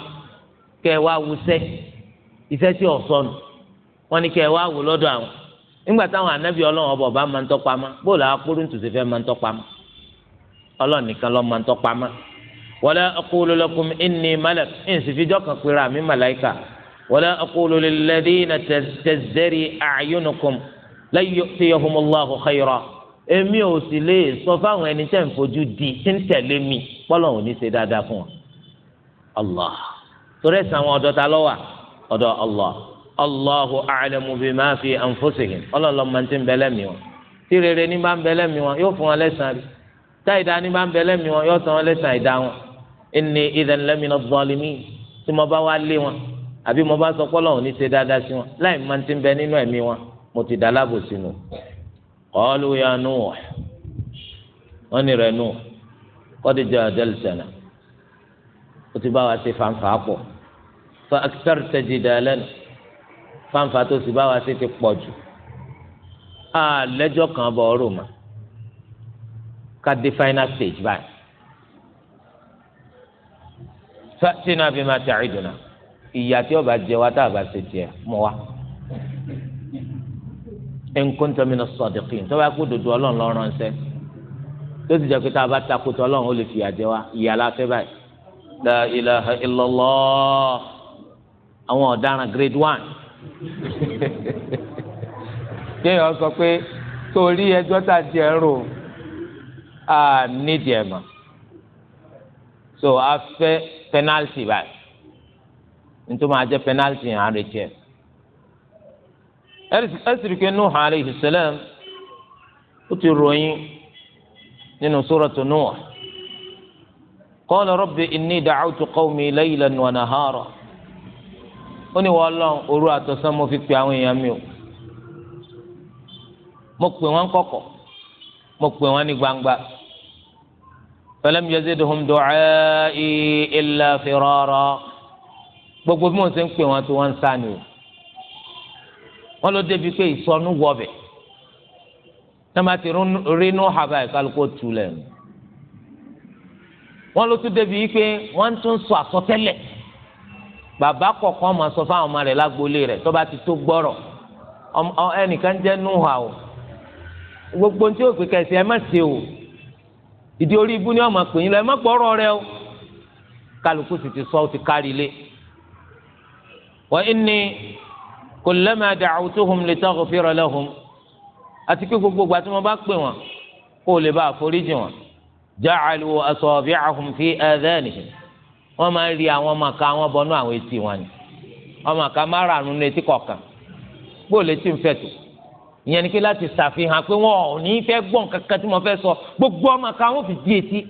Speaker 1: kẹ́ wá wusẹ́ iṣẹ́ tí ò sọnù wọn ní kẹ́ wá wò lọ́dọ̀ àwọn nígbà táwọn anábì ọlọ́run ọba ọba máa ń tọ́pamọ́ bóòlù àwọn akpọ́rùntù sì máa ń tọ́pamọ́ ọlọ́run nìkan ló máa ń tọ́pamọ́ wala aqulu lakum inni malak ìsìfijọ́ kan pera mi màláìkà wala aqulu lilladhina tazdari a'yunukum lan yu'tiyahumullahu khayra èmi ò sì lè sọ fáwọn ẹni tẹ́ ń fojú di tí ń tẹ̀lé mi pọ́lọ̀ ò ní ṣe dáadáa fún wọn. allah torí ẹ̀sìn àwọn ọ̀dọ́ ta lọ́wà ọ̀dọ́ allah allahu a'lamu bima fi anfusihim ọlọ́lọ́ máa ti ń bẹ lẹ́mìí wọn tí rere ní bá ń bẹ lẹ́mìí wọn yóò fún wọn lẹ́sàn-án rí tá ìdá ní bá ń bẹ lẹ́mìí wọn yóò san wọn lẹ́sàn ìdá wọn inni idhan lamina zalimin tí mo bá wá lé wọn àbí mo bá sọ pọ́lọ̀ ò ṣe dáadáa sí wọn láì máa ti ń bẹ nínú ẹ̀mí wọn mo ti dá lábòsí nù قالوا يا نوح ونرى نوح قد جادلتنا وتباوى سيفان فاقو فأكثرت جدالنا فانفا تو سيباوى سيتي قوجو آه لجو كان بوروما قد final stage بعد فأتنا بما تعدنا إياتي وبعد جواتا بعد in kunta mina sadiqin tó bá kó dodo ọlọ́run lọ́rọ́ ńsẹ́ tó ti jẹ́ pé tá a bá takò tó ọlọ́run ó lè fìyà jẹ wá ìyà la fẹ́ báyìí la ilaha illallah àwọn ọ̀daràn grade one kéèyàn sọ pé torí ẹjọ́ tá a jẹ́ rò á nídìí ẹ̀ mọ́ so a fẹ́ penalty báyìí nítorí máa jẹ́ penalty hàn án ẹ̀ ẹsìrìkẹ Nuh alayhi salam ó ti ròyìn nínú suratu Nuh qala rabbi inni da'awtu qawmi laylan wa nahara ó ní wọ́n lọ́n òru àtọ̀sán mo fi pe àwọn èèyàn mi o mo pè wọ́n kọ̀kọ̀ mo pè wọ́n ní gbangba falam yazidhum du'ai illa firara gbogbo bí mo ṣe ń pè wọ́n tó wọ́n ń sáni o wọn ló débi pé ìsọnù wọbẹ nàmà ti rínú haba ìkálukó tu lẹ wọn ló tún débi pé wọn tún sọ àsọtẹ́lẹ̀ bàbá kọ̀ọ̀kan máa sọ fáwọn ọmọ rẹ̀ lágboolé rẹ̀ tó bá ti tó gbọ́rọ̀ ẹnìkan jẹ́ núhà o gbogbo ntí o pè kẹsì ẹ má ṣe o ìdí orí ibú ni ọmọ pè yín lọ ẹ má gbọ́rọ̀ rẹ o kálukú sì ti sọ ọ ti kárí ilé wọ́n ní kullama da'awtuhum litaghfira lahum àti pé gbogbo ìgbà tí mo bá pè wọ́n kó lè bá àforíjì wọn ja'alu asabi'ahum fi adhanihim wọ́n máa ń rí àwọn màkà wọn bọnú àwọn etí wọn ni wọ́n màkà má rà nínú etí kọ̀ọ̀kan gbóò létí ń fẹ̀tò ìyẹn ni pé láti ṣàfihàn pé wọn ò ní fẹ́ gbọ́n kankan tí mo fẹ́ sọ gbogbo ọmọ kan wọn fi di etí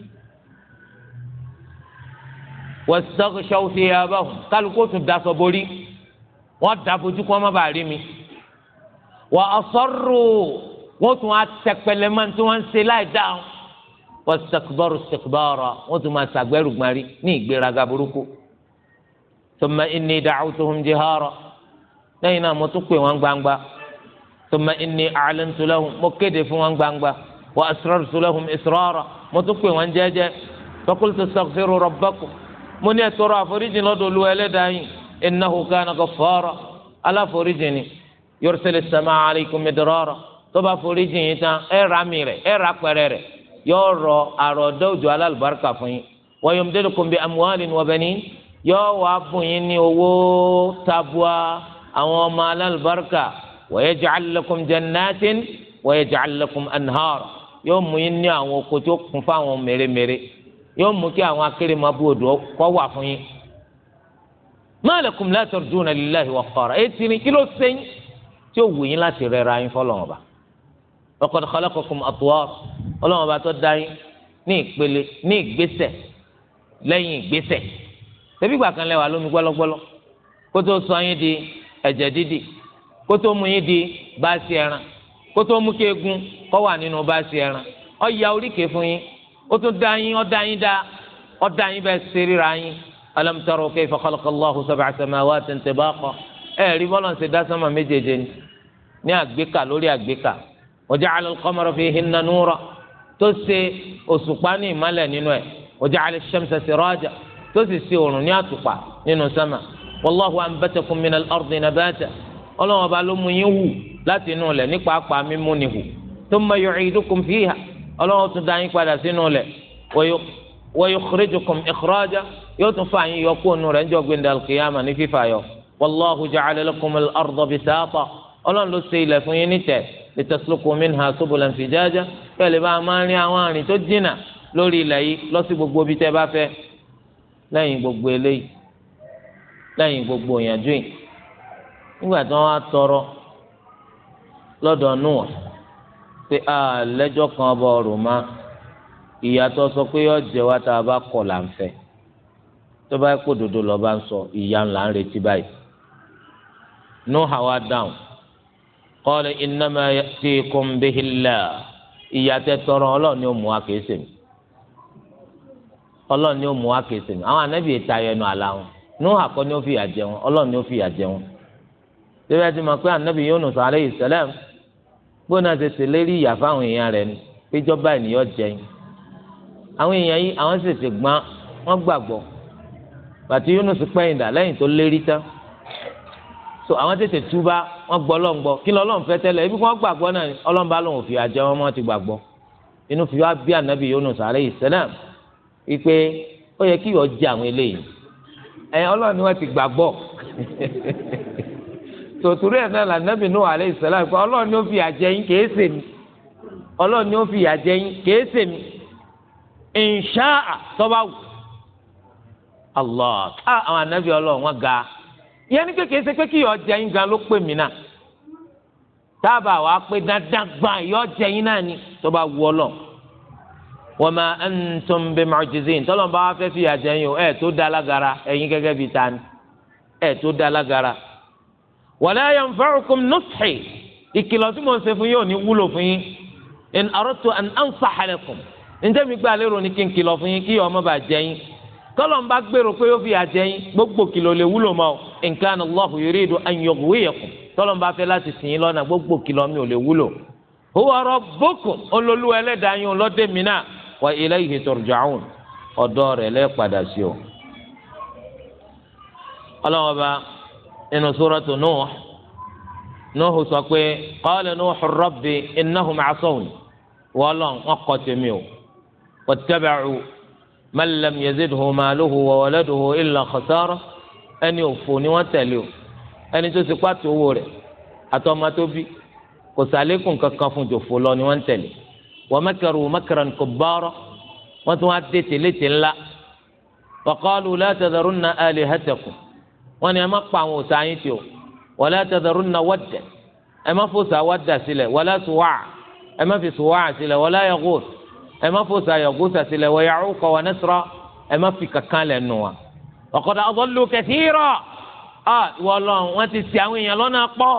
Speaker 1: wastaghshaw thiyabahum kálukó wọ́n da fojú kó má bàa rí mi wà ọ̀sọ́rò wọ́n tún á tẹpẹlẹ máa tí wọ́n ń ṣe láì dáhùn wọ́n sẹ̀kúbọ̀rù sẹ̀kúbọ̀rù wọ́n tún máa sàgbẹ́rù gbarí ní ìgbéraga burúkú tọ́mọ ẹni dàcú tó ń jẹ hàrọ̀ lẹ́yìn náà mo tún pè wọ́n gbangba tọ́mọ ẹni àlẹ́ ntúlẹ́hùn mo kéde fún wọn gbangba wọ́n asọ́rọ̀ tùlẹ́hùn ìsọ́rọ̀ mo tún pè wọ́n jẹ́jẹ́ tọ́kùlù tó sọ̀kìrù rọ̀bẹ́kù mo ní ẹ̀tọ́rọ̀ àforíjì lọ́dọ̀ olú ẹlẹ́dàá yìí innahu kana ghaffara aláforíjì ni yursilis samaa alaykum midrara tó bá foríjì yín tán ẹ ra mi rẹ ẹ ra pẹrẹ rẹ yóò rọ àròdó òjò alálùbáríkà fún yín wa yumdidukum bi amwalin wa banin yóò wá fún yín ní owó tabua àwọn ọmọ alálùbáríkà wa yaj'al lakum jannatin wa yaj'al lakum anhara yóò mú yín ní àwọn oko tó kún fún àwọn mèremère yóò mú kí àwọn akérèmọ́bù odò kọ́ wà fún yín ma lakum la tarjuna lillahi waqara etí ni kí ló sẹ́yìn tí ó wù yín láti rẹra yín fọlọ́wọ́n ba laqad khalaqakum atwar ọlọ́wọ́n ba tó dá yín ní ìpele ní ìgbésẹ̀ lẹ́yìn ìgbésẹ̀ tẹ́bí gbà kan lẹ́wà lómi gbọ́lọ́gbọ́lọ́ kó tó sọ yín di ẹ̀jẹ̀ dídì kó tó mú yín di báàsì ẹran kó tó mú kí wà nínú báàsì ẹran ó ya oríkèé fún yín ó tún dá yín ó dá yín dá ó dá yín bẹ́ẹ̀ ṣe ríra alam tara kayfa khalaqa Allahu sab'a samawati tibaqa ẹ rí bọ́lá ń ṣe dá sánmà méjèèjì ni ní àgbékà lórí àgbékà wa ja'ala al-qamara fihinna nura tó ṣe òṣùpá ní ìmálẹ̀ nínú ẹ̀ wa ja'ala ash-shamsa siraja tó sì ṣe òrùn ní àtùpà nínú sánmà wallahu anbatakum min al-ardi nabata ọlọ́wọ́n ọba ló mú yín hù láti inú lẹ̀ nípa apá mímú ni hù thumma yu'idukum fiha ọlọ́wọ́n tún dá yín padà sínú lẹ̀ wa wa yukhrijukum ikhraja yóò tún fà yín yọ kóònù rẹ̀ níjọ́ gbẹ̀ndà alkiyama ní fífà yọ wàlláhu ja'ala lakum al-arda bisaata ọlọ́run ló ṣe ilẹ̀ fún yín nítẹ̀ litasluku minha subulan fijaja pẹ̀lú bá a máa ń rí àwọn àrìn tó jìnnà lórí ilẹ̀ yìí lọ gbogbo ibi tẹ́ bá fẹ́ lẹ́yìn gbogbo eléyìí lẹ́yìn gbogbo ìyànjú yìí nígbà ìyàtọ̀ sọ pé yọ jẹ wá tá a bá kọ̀ là ń fẹ́ tó bá kó dodo lọ bá ń sọ ìyá ńlá ń retí báyìí no wa down qala innama ya'tikum bihi Allah ìyàtẹ̀ tọrọ ọlọ́run ni ó mú wa kìí sè mí ọlọ́run ni ó mú wa kìí sè mí àwọn anábìyẹ ta ẹnu àlá wọn ni ó àwọn èèyàn yìí àwọn ṣẹ̀ṣẹ̀ gbọ́n wọ́n gbàgbọ́ bàtí Yunus pẹ̀yìndà lẹ́yìn tó lérí tán so àwọn tètè túbá wọ́n gbọ́ lọ́n gbọ́ kí lọ́n fẹ́ tẹ́lẹ̀ ibi wọ́n gbàgbọ́ náà ni Ọlọ́run bá lòun fi àjẹ wọn mọ́ ti gbàgbọ́ inú fi wá bí ànábì Yunus alayhi salam wípé ó yẹ kí yọ jẹ àwọn eléyìí ẹ̀yin Ọlọ́run ni wọ́n ti gbàgbọ́ tòtúrú ẹ̀ náà lànàbì Nuh alayhi salam pé Ọlọ́run ni ó fi àjẹ yín kèé sèmi Ọlọ́run ni ó fi àjẹ kèé sèmi ìnṣáà tọ́ba wù allah ká ah, àwọn anabi ọlọ́run wọn ga yẹn ní kékeré ṣe pé kí yọ jẹ yín gan ló pè mí náà tábà wàá pé dandan gbà yọ jẹ yín náà ni tọ́ba wù ọlọ́run ma antum bi mu'jizin tọ́lọ́mùbá wa fẹ́ fìyà jẹ yín o ẹ̀ tó da alágara ẹ̀yin gẹ́gẹ́ bíi ta ni ẹ̀ tó da alágara wala yanfa'ukum nushi ìkìlọ̀ tí mo ń ṣe fún yín ò ní wúlò fún yín an ansaha ǹjẹ́ mi gbà lérò ní kí n kìlọ̀ fún yín kí ọmọ bá jẹ yín kọ́lọ̀ ń bá gbèrò pé ó fi àjẹ yín gbogbo kìlọ̀ lè wúlò mọ́ in kana Allahu yuridu an yughwiyakum tọ́lọ̀ ń bá fẹ́ láti sìn yín lọ́nà gbogbo kìlọ̀ mi ò lè wúlò. huwa rabbukum olólùwà ẹlẹ́dàá yín lọ́dẹ mi náà wa ilayhi turja'un ọ̀dọ́ rẹ̀ lẹ́ padà sí wọn kọ́ tèmi o. واتبعوا من لم يزده ماله وولده إلا خسارة ẹni òfò ni wọ́n tẹ̀lé o ẹni tó ti pàtó owó rẹ̀ àtọmọ tó bí kò sàlékùn kankan fún jòfò lọ ni wọ́n tẹ̀lé wa makaru makran kubbara wọ́n tún wá dé tèlétè ńlá wa qalu la tadharunna alihatakum wọ́n ní ẹ má pa àwọn òòṣà yín tì o wala tadharunna wadda ẹ má fòòṣà wadda sílẹ̀ wala suwa' ẹ má fi suwa' sílẹ̀ wala yaghus ẹ má fò sàyọ̀ gúúsà sílẹ̀ wọ yàrá òkò wà ní sọ̀rọ̀ ẹ má fi kankan lẹ̀ nù wa. ọ̀kọ̀dà ọ̀dọ́lù kẹsìrọ̀ à ìwọ lọ wọn ti ṣì àwọn èèyàn lọ́nà pọ̀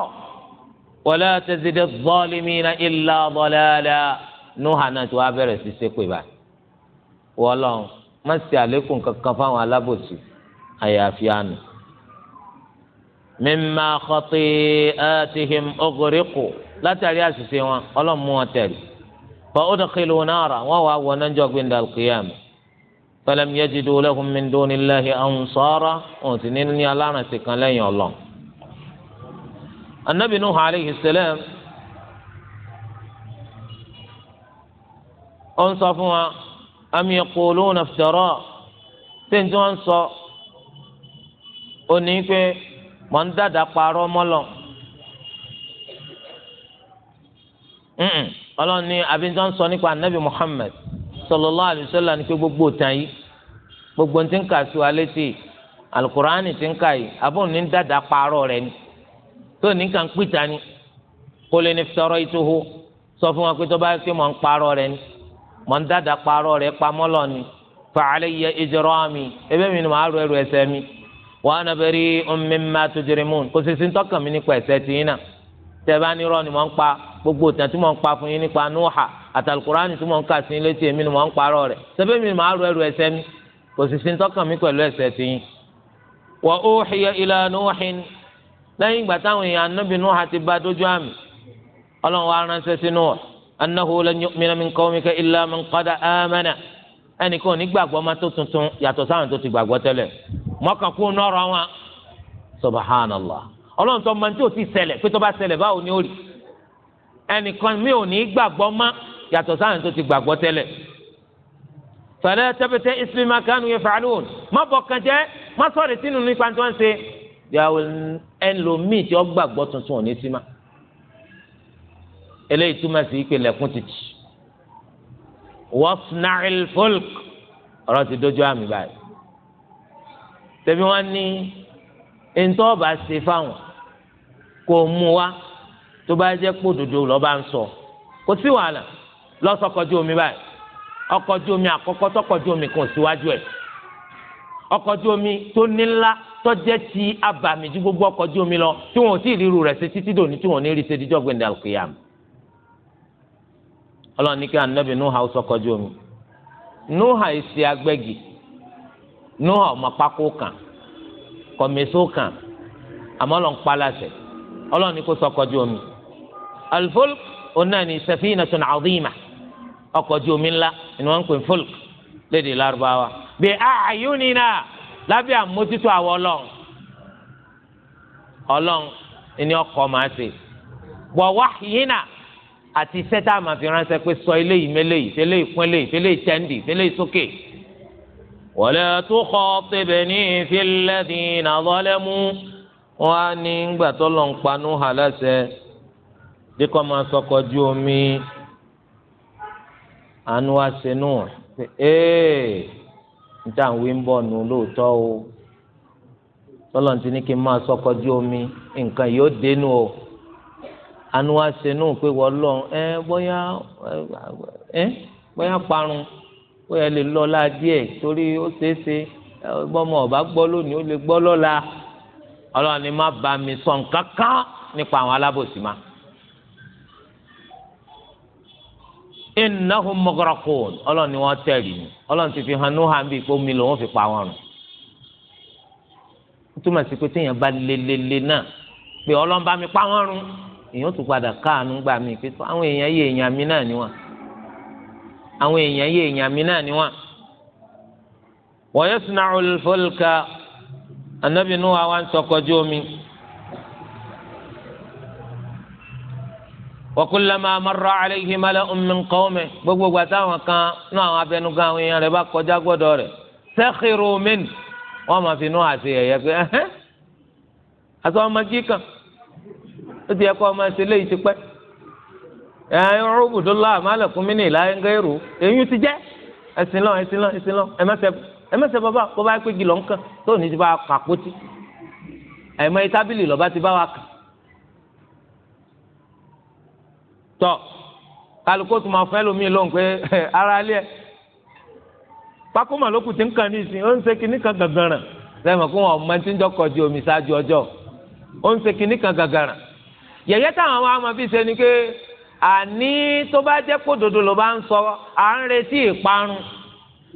Speaker 1: wọlé tẹsídẹ zọlímì náà ilà bọlẹ́lẹ́ nuha náà tí wàá bẹ̀rẹ̀ sí sépè báyìí. wọ́n lọ má ṣe àlékún kankan فأدخلوا نارا وهو وننجو عند القيامة فلم يجدوا لهم من دون الله أنصارا وتنيني على نسك لن الله النبي نوح عليه السلام أنصفوا أم يقولون افتراء تنجو أنصى onípe mọ̀ ń dàda parọ́ mọ́lọ̀ ọlọ́run ní abinjan sọ nípa anabi muhammed sallallahu alaihi wasallam ní pé gbogbo tán yìí gbogbo ní ti ń kà sí wa létí alukur'ani ti ń kà yìí abóun ní ni tó ní kàn pìtà ni kó lè ní sọ fún wa pé tó bá yẹ kí mọ̀ ń ni mọ̀ ń dàda kpaarọ̀ rẹ̀ pamọ́ lọ ni yẹ mi ni màá rú ẹrù ẹ̀ṣẹ̀ mi wa ana bari'un mimma tujrimun kò sì sí ń mi nípa ẹ̀ṣẹ̀ tìyín gbogbo ìtàn tí mo ń pa fún yín nípa nuha àtàlùkùránì tí mo ń kà sí létí èmi ni mo ń parọ́ rẹ̀ sẹ́fẹ́ mi máa ru ẹrù ẹ̀ṣẹ̀ mi kò sì sí ń mi pẹ̀lú ẹ̀ṣẹ̀ ti yín. wa uhiya ila nuhin lẹ́yìn ìgbà táwọn èèyàn anábì nuha ti bá dójú àmì ọlọ́run wa ránṣẹ́ sí nuha annahu lan yu'mina min qawmika illa man qad amana ẹnì kan ò ní tó tuntun yàtọ̀ sáwọn tó ti gbàgbọ́ ẹnìkan mi ò ní gbàgbọ́ mọ́ yàtọ̀ sáà tó ti gbàgbọ́ tẹ́lẹ̀ fẹlẹ tẹpẹtẹ islima kanu yẹ fàlùn má bọ kànjẹ má sọ̀rọ̀ sínú nípa tí wọn ṣe yàwó ẹnlòmíì tí ó gbàgbọ́ tuntun òní sí ma eléyìí túmọ̀ sí pé lẹ́kùn ti tì wasna'il fulk ọ̀rọ̀ ti dojú àmì báyìí tẹ̀mí wọn ní ntọ́ ṣe fáwọn kò mú wa. tó bá jẹ́ pò dodo lọ́ba ń sọ kò sí wàhálà lọ́sọ̀kọ̀jú omi báyìí ọkọ̀jú omi àkọ́kọ́ tọkọ̀jú omi kan síwájú ẹ̀ ọkọ̀jú omi tó ní ńlá tó jẹ́ ti abàmì ju gbogbo ọkọ̀jú omi lọ tí wọn ò tí ì ríru rẹ̀ ṣe títí dòní tí wọn ò ní rí ṣe díjọ́ gbẹ̀ndẹ̀ àlùkìyàm ọlọ́run ní kí anábì nuha ó sọkọ̀jú omi nuha èsì agbẹ́gi nuha ọmọ pákó kan kọ̀mẹ́só kan àmọ́ ọlọ́run pa láṣẹ ọlọ́run ní kó sọkọ̀jú omi alfulk onáni safinatun azima ọkọ̀ ojú omi ńlá ni wọ́n ń pè fúlk lédè lárúbáwá bí àyùnínà lábẹ́ àmójútó àwọn ọlọ́run ọlọ́run ni ọkọ̀ máa ṣe wọ̀ wáhìínà àti iṣẹ́ tá a máa fi ránṣẹ́ pé sọ eléyìí mélèyìí fẹlẹ́yìí pínlẹ̀yìí fẹlẹ́yìí tẹ́ndì fẹlẹ́yìí sókè. wala tukhatibni fil ladina zalamu wọn á ní gbàtọ́ lọ́n panú hàlẹ́sẹ̀ díkọ́ máa sọkọ̀ ju omi àánú wa ṣe nù pé ee níta àwọn ń bọ̀ nù lóòótọ́ o tọ́lọ̀ ti ní kí n máa sọkọ̀ ju omi nǹkan yóò dénú o àánú wa ṣe nù pé wọ́n lọ ẹ bóyá ẹ bóyá parun bóyá lè lọ díẹ̀ torí ó ṣeé ṣe ọba gbọ́ lónìí ó lè gbọ́ lọ́la ọlọ́run ni má ba mi sọ nǹkan kan nípa àwọn alábòsí máa. innahum mughraqun ọlọ́run ni wọ́n tẹ̀lé ni ọlọ́run ti fi hàn ní hàn omi lòun fi pa wọn rùn. ó túmọ̀ sí pé téèyàn bá lelele náà pé bá mi pa wọn rùn èèyàn tún padà káàánú gbà mí pé àwọn èèyàn yé èèyàn mi náà ni wọn àwọn èèyàn yé èèyàn mi náà ni wọn. wa wa ń omi. wakulama marra alayhi mala'un min qawmi gbogbo gbàtà àwọn kan náà àwọn abẹnugan àwọn èèyàn rẹ̀ bá kọjá gbọ́dọ̀ rẹ̀ sakhiru min wọn máa fi inú àti ẹyẹ pé ẹhẹn àti ọmọ kíkan ó ti yẹ kó ọmọ ẹsẹ léyìí ti pẹ́ ẹ rúbùdúlá malakum min ilahin ghayru èyí ti jẹ ẹsìn lọ ẹsìn lọ ẹsìn lọ ẹmẹsẹ bàbá bàbá pé gilọ nǹkan tó ní ti bá kàpótì ẹmọ tábìlì lọba ti bá wa kàn. tọ kálukó tó máa fún lọ lóhùn ara alẹ́ isi ló kù tí ń ó ń ṣe kinní kan gàgàrà lẹ́mọ̀ kó wọn ọmọ tí ń jọkọ̀ ju omi ọjọ́ ó ń kan gàgàrà táwọn fi ni pé àní tó bá jẹ́ ló bá ń sọ à ń retí ìparun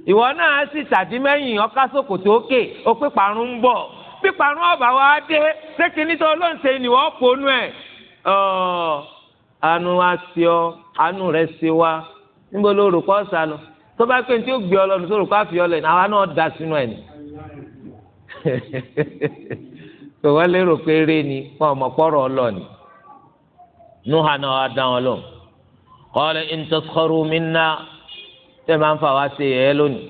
Speaker 1: ìwọ náà sì tàdí tó ó pé parun ń àánú wa sí ọ àánú rẹ sí wa níbo ló rò kọ́ sá lọ tó bá pé tí ó gbé ọ lọ nítorí kó àfi ọ lẹ àwa náà da sínú ẹ ni tó wọ́n lérò pé eré ni wọn mọ̀ pọ́rọ̀ ọ lọ ni nuha náà wá dá wọn lọ qala in taskharu minna tẹ́ máa ń fà wá sí ẹ lónìí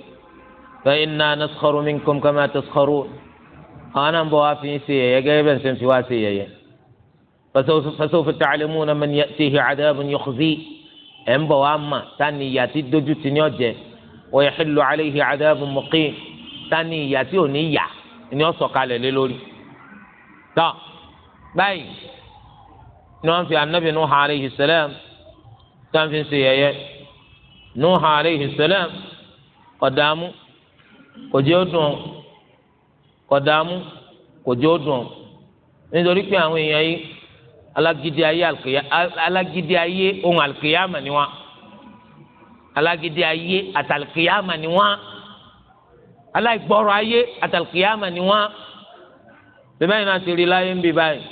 Speaker 1: fa inna naskharu minkum kama taskharun àwọn náà ń bọ̀ wá fi ń ṣe yẹ̀yẹ́ gẹ́gẹ́ bẹ́ẹ̀ ń ṣe fi wá ṣe yẹ̀yẹ́. فسوف تعلمون من يأتيه عذاب يخزيه ẹ̀ ń bọ̀ wá mà tani ìyà tí dojú ti ní ọ̀jẹ̀ wa yahillu alayhi adhabun muqim tani ìyà tí ò ní yà ni ó sọ̀kalẹ̀ lé lórí. tọ́ báyìí ni wọ́n fi anabi nuhu alayhi salam tí wọ́n fi ń ṣe yẹ̀yẹ́ nuhu alayhi salam kọ̀dààmú kò jẹ́ ó dùn ọ́ kọ̀dààmú kò jẹ́ ó dùn ọ́ nítorí pé àwọn èèyàn yìí alágídí ayé alùkìyà alágídí ayé ohun alùkìyà mà ni wọn alágídí ayé àtàlùkìyà mà ni wọn aláìgbọrọ ayé àtàlùkìyà mà ni wọn bẹ́ẹ̀ báyìí náà ti rí láyé ń bí báyìí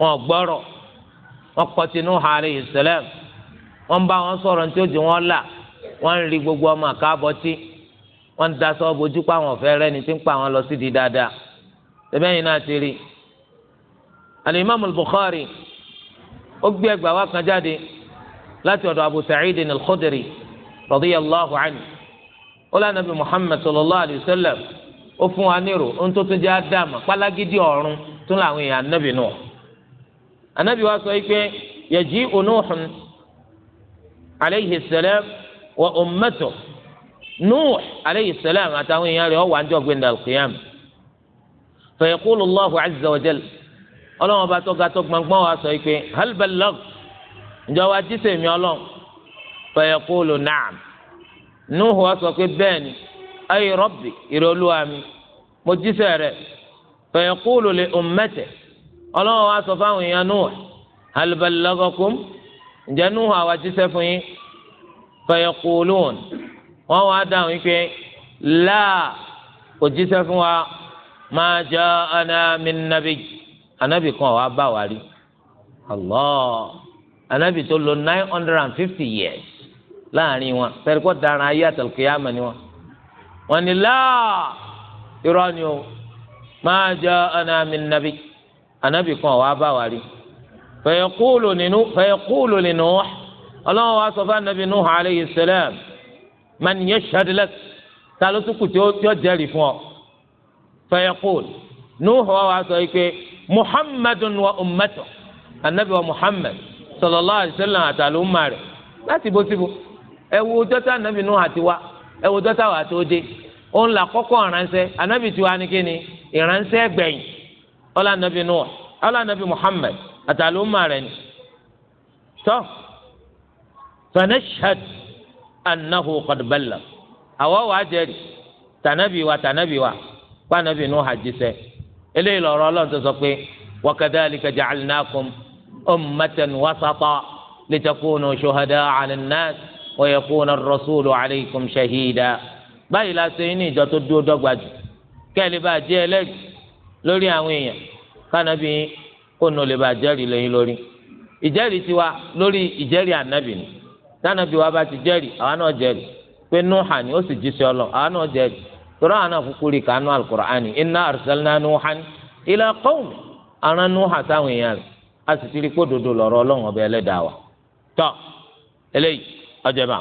Speaker 1: wọn gbọrọ wọn kọtinú hàrẹ ìsẹlẹm wọn bá wọn sọ̀rọ̀ ní tí ó di wọn là wọn ń gbogbo ọmọ àkábọtí wọn ń daṣọ bojú pa àwọn ọfẹ rẹ ni tí ń pa àwọn lọ sí di dáadáa bẹ́ẹ̀ báyìí náà ti rí alimami bukhari ó gbé ẹgbàá wa kan jáde láti ọ̀dọ̀ abu sa'id al-khudri radiyallahu anhu ó lànà bí muhammad sallallahu alayhi wa sallam ó fún wa nírò ohun tó tún jẹ́ àdàmà pálágídí ọ̀run tún làwọn èèyàn anábì nù. anábì wa sọ pé yaji'u nuhun alayhi salam wa ummatuhu nuh alayhi salam àtàwọn èèyàn rẹ̀ ó wà níjọ́ gbẹ̀ndà al-qiyam fa yaqulu allahu azza wa jalla ọlọ́run ọba tó ga tó gbọ̀ngbọ̀n wa sọ pé hal balagh ǹjọ́ wa jí sèmi ọlọ́run fa yaqulu na'am Nuhu wa sọ pé bẹ́ẹ̀ ni ay rabbi ìrẹ́ olúwa mi mo jí sẹ́ rẹ̀ fa yaqulu li ummati ọlọ́run wa sọ fáwọn èèyàn Nuhu hal balaghakum ǹjẹ́ Nuhu àwa jí fún yín fa yaqulun wọ́n wá dáhùn pé láà kò fún wa ma ja'ana min nabiy anabi kan wàá bá wa rí allah anabi tó lò nine hundred and fifty years láàrin wọn tẹ̀ríkọ́ daran ayé àtàlùkìyàmọ̀ ni wọn. wọn ni láà irọ́ ni o máa jẹ anami nabi anabi kan wàá bá wa rí fẹ̀yẹ̀kúlù nínú fẹ̀yẹ̀kúlù nínú ọlọ́wọ́n wa sọ fún anabi nuhu alayhi salam man yashhad lak ta ló tún kù tí ó jẹ́rìí fún ọ fẹ̀yẹ̀kúlù nuhu wa sọ yìí pé muhammadun wa ummatu anabi wa muhammad sallallahu alayhi wa sallam àti àlùmọ́ rẹ̀ láti bó síbo ẹ wo dọ́tà anabi nù àti wa ẹ wo dọ́tà wà tó dé òun là kọ́kọ́ ìránṣẹ́ anabi tiwa ni kíni ìránṣẹ́ gbẹ̀yìn ọlá anabi nù ọlá anabi muhammad àti àlùmọ́ rẹ̀ ni tọ́ fanashad anahu qadbala àwọ̀ wàá jẹ́rìí tànàbí wa tànàbí wa kó anabi nù hàjíṣẹ́ eléyìí lọ́rọ̀ Ọlọ́run tó sọ pé wa kadhalika ja'alnakum ummatan wasata litakunu shuhada'a 'ala an-nas wa yakuna ar-rasulu 'alaykum shahida báyìí la ṣe ní ìjọ tó dúró dọ́gba jù kẹ́lí bá jẹ́ ẹlẹ́gì lórí àwọn èèyàn kánábì kó lè bá jẹ́rìí lẹ́yìn lórí ìjẹ́rìí tiwa lórí ìjẹ́rìí ànábì ni tánábì wa bá ti jẹ́rìí àwa náà jẹ́rìí pé nuha ni ó sì jíṣẹ́ Ọlọ́run àwa náà jẹ́rìí tọ́lá àná kúkúrì kánú alukur'ani iná arsalna nuhan ilà qawmi ara nuha sáwọn èèyàn rẹ̀ a sì ti rí kó dodo lọ́rọ́ ọlọ́run ọbẹ̀ ẹlẹ́dàá wa tọ́ eléyìí ọjọ́ bá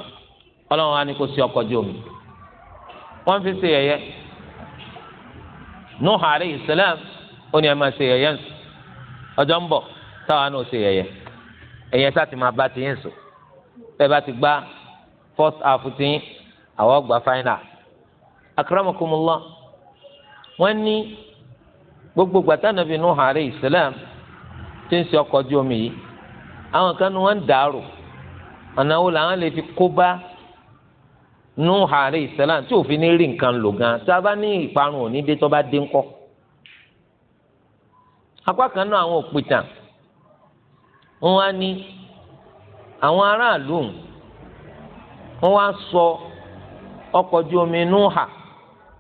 Speaker 1: ọlọ́run wa ni kò sí ọkọ̀ jómi wọ́n fi ṣe yẹ̀yẹ́ nuha aleyhi salam ó ní ẹ máa ṣe yẹ̀yẹ́ ọjọ́ ń bọ̀ táwa náà ṣe yẹ̀yẹ́ ẹ̀yẹ́ sá ti máa bá ti yín sùn bẹ́ẹ̀ bá ti gbá first half ti yín àwọn ọgbà final akramakumullah wọ́n ní gbogbo gbàtà nàbì Nuh alayhi salam tí ń ṣe ọkọ̀ ojú omi yìí àwọn kan ní wọ́n ń dàrú ọ̀nà wo làwọn lè fi kó bá Nuh alayhi salam tí òfin ní rí nǹkan lò gan tá a bá ní ìparun òní dé tó bá dé ńkọ́ apá kan náà àwọn òpìtàn wọ́n wá ní àwọn aráàlú wọ́n wá sọ ọkọ̀ ojú omi Nuh alayhi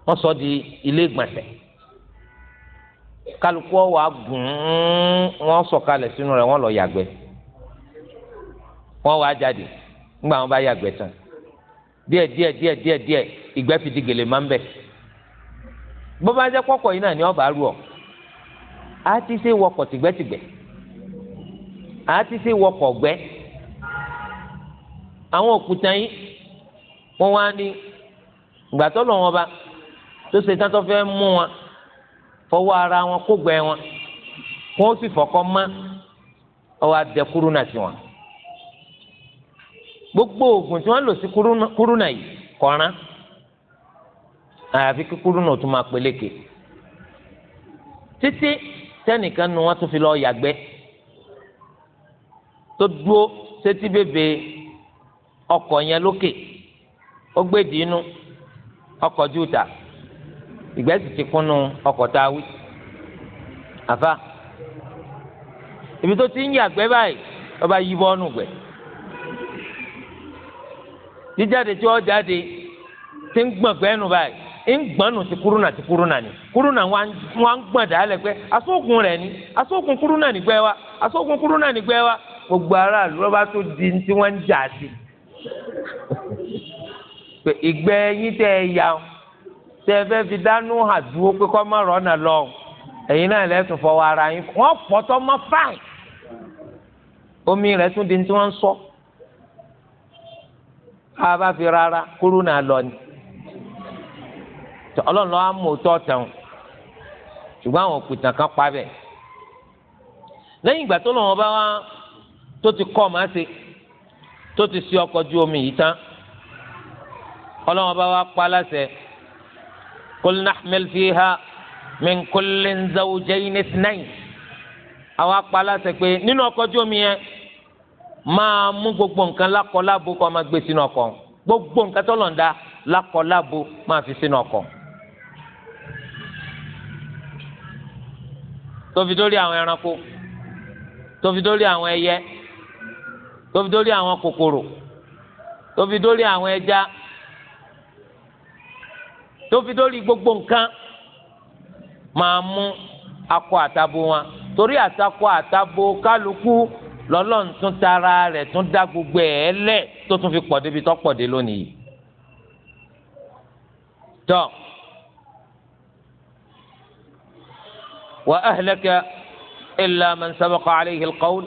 Speaker 1: wọ́n sọ di ilé ìgbọ̀nsẹ̀ kálukú ọwọ́ agùn wọ́n sọ̀kalẹ̀ sínú rẹ̀ wọ́n lọ yàgbẹ́ wọ́n wá jáde nígbà wọ́n bá yàgbẹ́ tán díẹ̀ díẹ̀ díẹ̀ díẹ̀ díẹ̀ ìgbẹ́ fìdí gèlè máa ń bẹ̀ bó bá jẹ́ kọ́kọ́ yìí náà ni ọba rú ọ á ti ṣe wọkọ̀ tìgbẹ́tìgbẹ́ á ti ṣe wọkọ̀ gbẹ́ àwọn òkúta yìí wọ́n wá ní ìgbà lọ wọn bá tó ṣe tán tó fẹ́ mú wọn fọwọ́ ara wọn kó gbẹ wọn kó o sì fọkọ́ mọ́ ọwọ́ adẹ kúrúnà sí wọn gbogbo oògùn tí wọ́n lò sí kúrúnà yìí kọ̀ọ̀rán àyàfi kí kúrúnà tún máa peléke títí tẹnìkan nu wọn tún fi lọ yàgbẹ́ tó dúró sétí bèbè ọkọ̀ yẹn lókè ó gbé dìínú ọkọ̀ júùtà. ìgbẹ́ sì ti kúnnu ọkọ̀ tá a wí. àfa ibi tó ti ń yàgbẹ́ báyìí ọba yí bọ́ọ̀nù gbẹ. jíjáde tí wọ́n jáde ti ń gbọ̀ngbẹ́ nù báyìí ŋgbanu ti kuruna ti kuruna ni kuruna wa ń gbọ̀n dà lẹ̀ pé asókun rẹ̀ ni asókun kuruna ni gbẹ́ wa asókun kuruna ni gbẹ́ wa gbogbo ara lọ́ba tó di tí wọ́n ń jà sí. pé ìgbẹ́ yín tẹ́ ẹ ya o tẹ ẹ fẹ́ fi dánú àdúró pé kọ́ mọ̀ rọ́nà lọ ẹ̀yin náà lẹ́sùn fọwọ́ ara yín wọ́n pọ̀tọ́ mọ́ fáìn omi rẹ̀ tún di ní tí wọ́n ń sọ a bá fi rárá kúrú náà lọ ni ọlọ́run lọ́wọ́ á mú òótọ́ tẹ̀wọ̀n ṣùgbọ́n àwọn òkùtàn kan pa bẹ́ẹ̀ lẹ́yìn ìgbà tó lọ́wọ́ bá wá tó ti kọ́ máa ṣe tó ti ṣe ọkọ̀ ju omi yìí tán ọlọ́wọ́ bá wá pa láṣẹ. قل نحمل فيها من كل زوجين اثنين àwọn apala ṣe pé nínú ọkọ̀ ojú omi yẹn máa mú gbogbo nǹkan lákọlábo kó máa gbé sínú ọkọ̀ gbogbo nǹkan tó lọ́nda lákọlábo máa fi sínú ọkọ̀. tófi dórí àwọn ẹranko tófi àwọn ẹyẹ tófi àwọn kòkòrò tófi àwọn ẹja tó fi dórí gbogbo nǹkan máa mú akọ àtabo wọn torí àtakọ àtabo kálukú lọ́lọ́run tún tara rẹ̀ tún dá gbogbo ẹ̀ lẹ̀ tó tún fi pọ̀ débi tó pọ̀ lónìí tọ́ wa ahlaka illa man sabaqa alayhi alqawl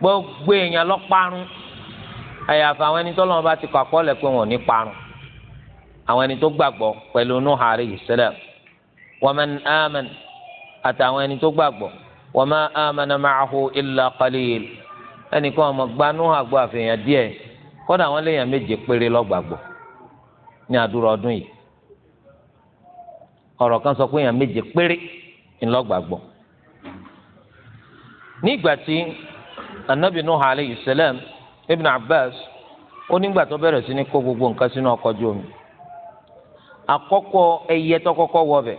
Speaker 1: gbogbo èèyàn ló parun àyàfà àwọn ẹni tọ́lọ́run ti kọ́ àkọọ́lẹ̀ pé wọn ní parun àwọn ẹni tó gbàgbọ́ pẹ̀lú nuhu alayhi salam waman aman àtàwọn ẹni tó gbàgbọ́ wama amana ma'ahu illa qalil ẹnìkan ọmọ gba nuhu àgbọ àfihàn díẹ̀ kódà àwọn lèèyàn méje péré lọ́gbàgbọ́ ní àdúrà ọdún yìí ọ̀rọ̀ kan sọ pé èèyàn méje péré ńlọ́gbàgbọ́ nígbà tí anabi nuhu alayhi salam ibn abbas ó nígbà tó bẹ̀rẹ̀ sí ní kó gbogbo nǹkan sínú ọkọ̀ ojú Akɔkɔ ẹyẹ tó kọ́kọ́ wọbẹ̀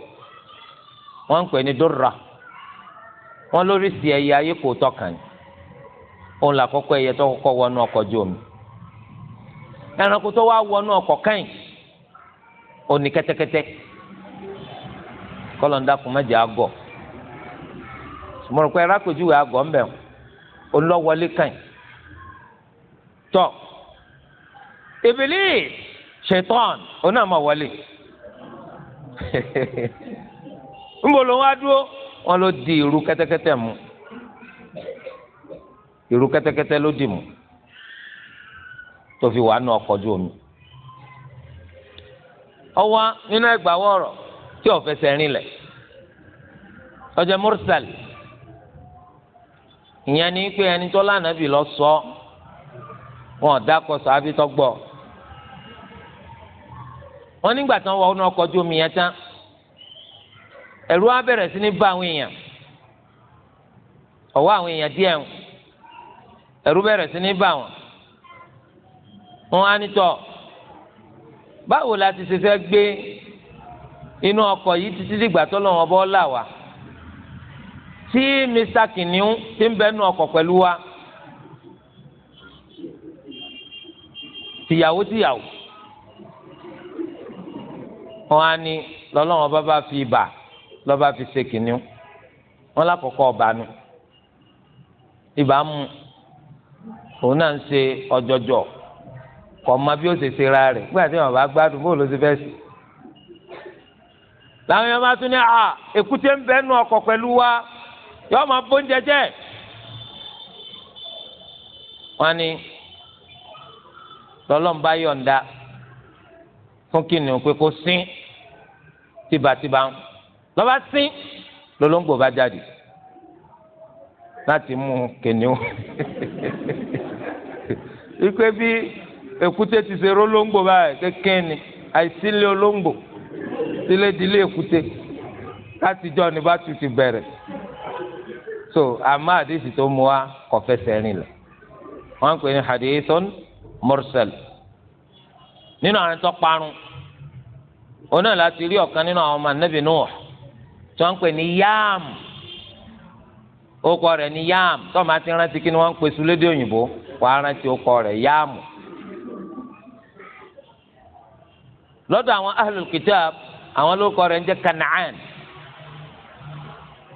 Speaker 1: wọ́n ní dóra lórí ẹyẹ ayé kò tọkàn òun là kọ́kọ́ ẹyẹ tó kọ́kọ́ wọnú ọkọ̀ omi ẹranko tó wá òní kẹ́tẹ́kẹ́tẹ́ kọlọ̀ndà kò má jẹ́ àgọ̀ sùmọ́rùkọ́ ẹ̀rọ àpèjúwe ń bò wa wá dúró wọn ló di irú kẹ́tẹ́kẹ́tẹ́ mú irú kẹ́tẹ́kẹ́tẹ́ ló dì mú tó fi wàá nù ọkọ̀ ojú omi ọwọ́ nínú ẹgbàá wọ̀rọ̀ tí ò fẹsẹ̀ rìn lẹ̀ ọjọ́ mursal ìyẹn ni pé ẹni tó lánàá bì lọ sọ wọn ò dákọ̀ sọ abitọ́ So wọ́n nígbà tí wọ́n wọ ọ̀nà ọkọ̀ ojú omi yẹn tán ẹ̀rù á bẹ̀rẹ̀ sí ní bá àwọn èèyàn ọ̀wọ́ àwọn èèyàn díẹ̀ ń ẹ̀rù bẹ̀rẹ̀ sí ní bá wọn wọn á nítọ̀ báwo la ti ṣe fẹ́ gbé inú ọkọ̀ yìí títí dìgbà tó lọ́wọ́ bọ́ là wá tí mr kìnìún ti ń bẹ́nu ọkọ̀ pẹ̀lú wa tìyàwó tìyàwó wọn á ní lọ́lọ́wọ́n bá bá fi ibà lọ́ba fi ṣe kìnìún wọn lákòókò ọba nu ibà mu òun náà ń ṣe ọjọjọ kò mọ bí ó ṣe ṣe ra rẹ̀ gbọ́dọ̀ tí wọn bá gbádùn bóòlù ṣe fẹ́ sí i làwọn yẹn máa tún ní à èkúté ń bẹ nù ọkọ̀ pẹ̀lú wa yọọ máa bó ń jẹjẹ. wọ́n ní lọ́lọ́mbá yọ̀ǹda fún kìnìún pé kó sín tìbàtìbà ń lọ́ba sín lọ́lọ́ngbò bá jáde láti mú kìnìún ikú bí èkúté ti ṣe rólóńgbò báyìí kékeré ni àìsílẹ̀ olóńgbò sílẹ̀ ìdílé èkúté láti jọ ní bá tutù bẹ̀rẹ̀ so àmọ́ àdéhìí tó mú wa kò fẹsẹ̀ rìn lọ wọ́n ń pè ní hadithun mursal nínú àwọn tó parun. Ona náà láti rí ọ̀kan nínú àwọn ọmọ anábì Nuh tí wọ́n pè ní yam orúkọ rẹ̀ ní yam tó o máa ti rántí kí ni wọ́n ń pè sí lédè òyìnbó wàá rántí orúkọ rẹ̀ yamu. lọ́dọ̀ àwọn ahlul kitab àwọn lórúkọ rẹ̀ ń jẹ́ kanaan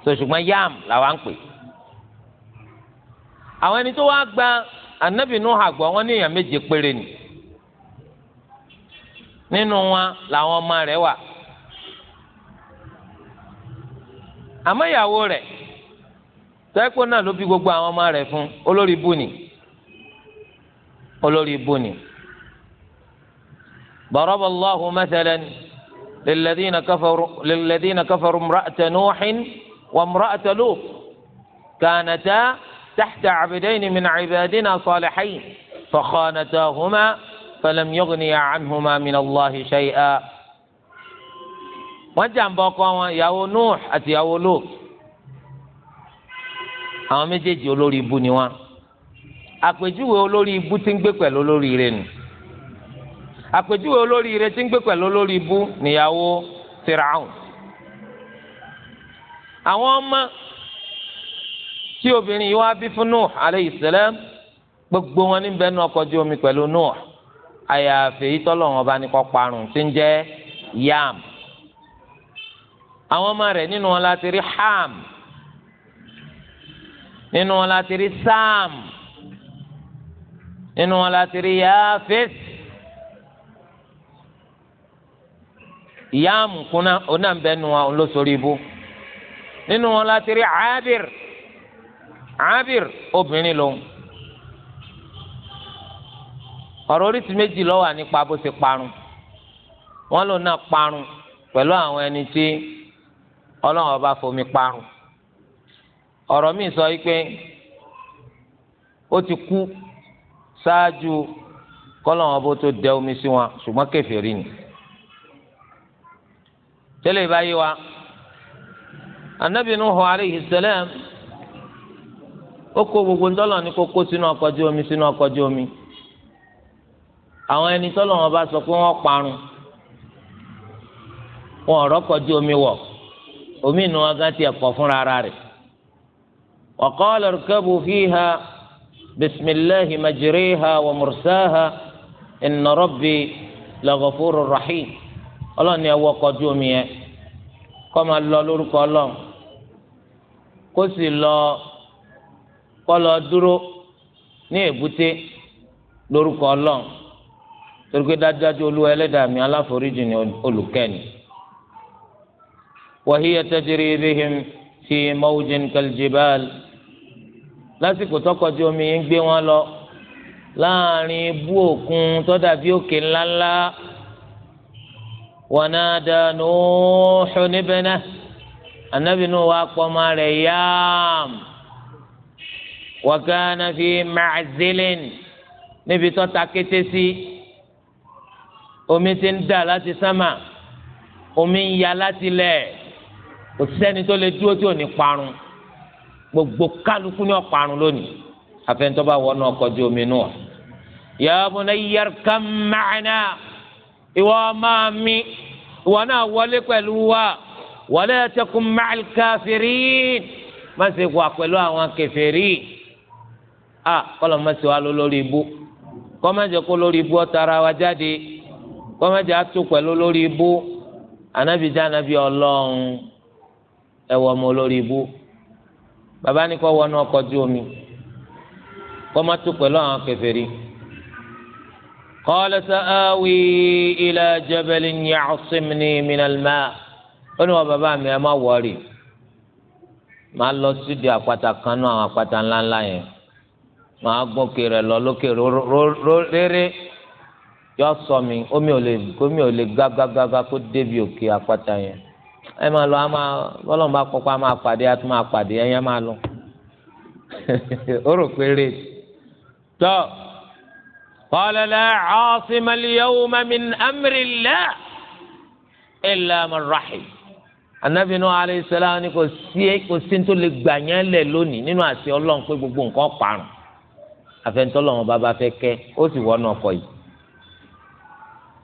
Speaker 1: so ṣùgbọ́n yam làwọn ń pè. àwọn ẹni tó wá gba anábì Nuh àgbọ̀ wọn ní èèyàn méje péré ni nínú wọn làwọn ọmọ rẹ̀ wà àmọ́ ìyàwó rẹ̀ tẹ́kọ̀ náà ló bí gbogbo àwọn ọmọ rẹ̀ fún olórí ibú ni olórí ibú ni ضرب الله مثلا للذين كفروا للذين كفروا امرأة نوح وامرأة لوط كانتا تحت عبدين من عبادنا صالحين فخانتاهما فلم يغني عنهما من الله شيئا wọ́n jàǹbá ọkọ wọn ìyàwó nuh àti ìyàwó lot àwọn méjèèjì olórí ibu ni wọn àpèjúwe olórí ibu tí ń gbé pẹ̀lú olórí ire nù àpèjúwe olórí ire tí ń gbé pẹ̀lú olórí ibu níyàwó firaun àwọn ọmọ tí obìnrin yìí wá bí fún nuh aleyhi salam gbogbo wọn níbẹ̀ nù ọkọ̀ ojú omi pẹ̀lú nuh àyàfẹ́ ìtọ́lọ́wọ́n bá ní kọ́ parun tí ń jẹ́ yam àwọn ọmọ rẹ̀ nínú wọn láti rí ham nínú wọn láti rí sam nínú wọn láti rí yafes yam kuna onambẹ nu wọn olóṣòrí ibú nínú wọn láti rí abir abir obìnrin lòun ọ̀rọ̀ oríṣi méjì ló wà nípa bó ṣe parun wọ́n lò náà parun pẹ̀lú àwọn ẹni tí ọlọ́run ọba fomi parun ọ̀rọ̀ míì sọ wípé ó ti kú ṣáájú kọ́lọ́run ọba tó dẹ omi sí wọn ṣùgbọ́n kèfèrí ni tẹ́lẹ̀ ìbáyé wa anabi nuhu alayhi ó kó gbogbo ńdọ́lọ́ ní kókó sínú ọkọ̀ ojú omi sínú ọkọ̀ ojú omi àwọn ẹni tọ́lọ̀ wọn bá sọ pé wọ́n parun wọn ọ̀rọ̀ kọjú omi wọ̀ omi inú wọn gan tiẹ̀ kọ̀ fúnra ara rẹ̀ wa qala irkabu fiha bisimilahi majiriha wa mursaha inna rabbi laghafuru rahim ọlọ́ni ẹ̀wọ́ kọjú omi yẹn kọ́ máa lọ lórúkọ ọlọ́run kó sì lọ kọ́ lọ dúró ní èbúté lórúkọ ọlọ́run torí pé dájúdájú olúwa ẹlẹ́dàá mi aláforíjì ni olùkẹ́ni. wàhíyà tajiri bihim fi mawjin kaljibal lásìkò tọkọjú omi ń gbé wọn lọ láàrin ibú òkun tó dàbí òkè ńláńlá wọn náà dànù ṣọ níbẹ̀ náà anabinu wa kpọma rẹ̀ yaam wakana fi ma'zilin níbi tó ta kété Si omi ti ń dà láti sánmà omi ń ya láti lẹ̀ kò sẹ́ni tó lè dúró tí ò ní parun gbogbo kálukú ní ọ̀parun lónìí afẹ́ntọ́ bá wọnú ọkọ̀ ju omi nù ọ́. ya bunayya arkam ma'ana ìwọ máa mi ìwọ náà wọlé pẹ̀lú wa wala takun ma'al kafirin má ṣe wà pẹ̀lú àwọn kèfèrí a kọ́lọ́ má ṣe wà lórí ibú kọ́ má jẹ́ kó lórí ibú ọ̀tara wa jáde kọ́mẹ́jì atú pẹ̀lú lórí ibú anabi jẹ́ anabi ọlọ́run ẹ̀wọ̀ ọmọ lórí ibú bàbá ni kọ́ wọnú ọkọ̀ ju omi kọ́mẹ́tú pẹ̀lú àwọn kèfèrí. قال سآوي إلى جبل يعصمني من الماء ó ní wọn bàbá mi ẹ má wọrí màá lọ sídìí àpáta kan náà àwọn àpáta ńláńlá yẹn màá gòkè rẹ̀ lọ lókè réré. ro, ro, ro yọ sọ mi omi ò lè omi ò lè gágágágá kó débi òkè àpáta yẹn ẹ máa lọ a máa bọ́lọ́n bá kọ́kọ́ a máa pàdé a tún máa pàdé ẹ̀yẹ́ máa lọ ó rò pé rè tọ́ kọ́lẹ́lẹ́ ọ́sìmẹ́lìyẹ́wò mẹ́min amírílẹ́ ìlàmùràhìm anabi nù alayhi salaam ni kò sí kò sí tó lè gbà yẹn lẹ̀ lónìí nínú àṣẹ ọlọ́run gbogbo nǹkan parun àfẹnutọ́lọ́run bàbá fẹ́ kẹ́ ó sì wọ́n náà kọ yìí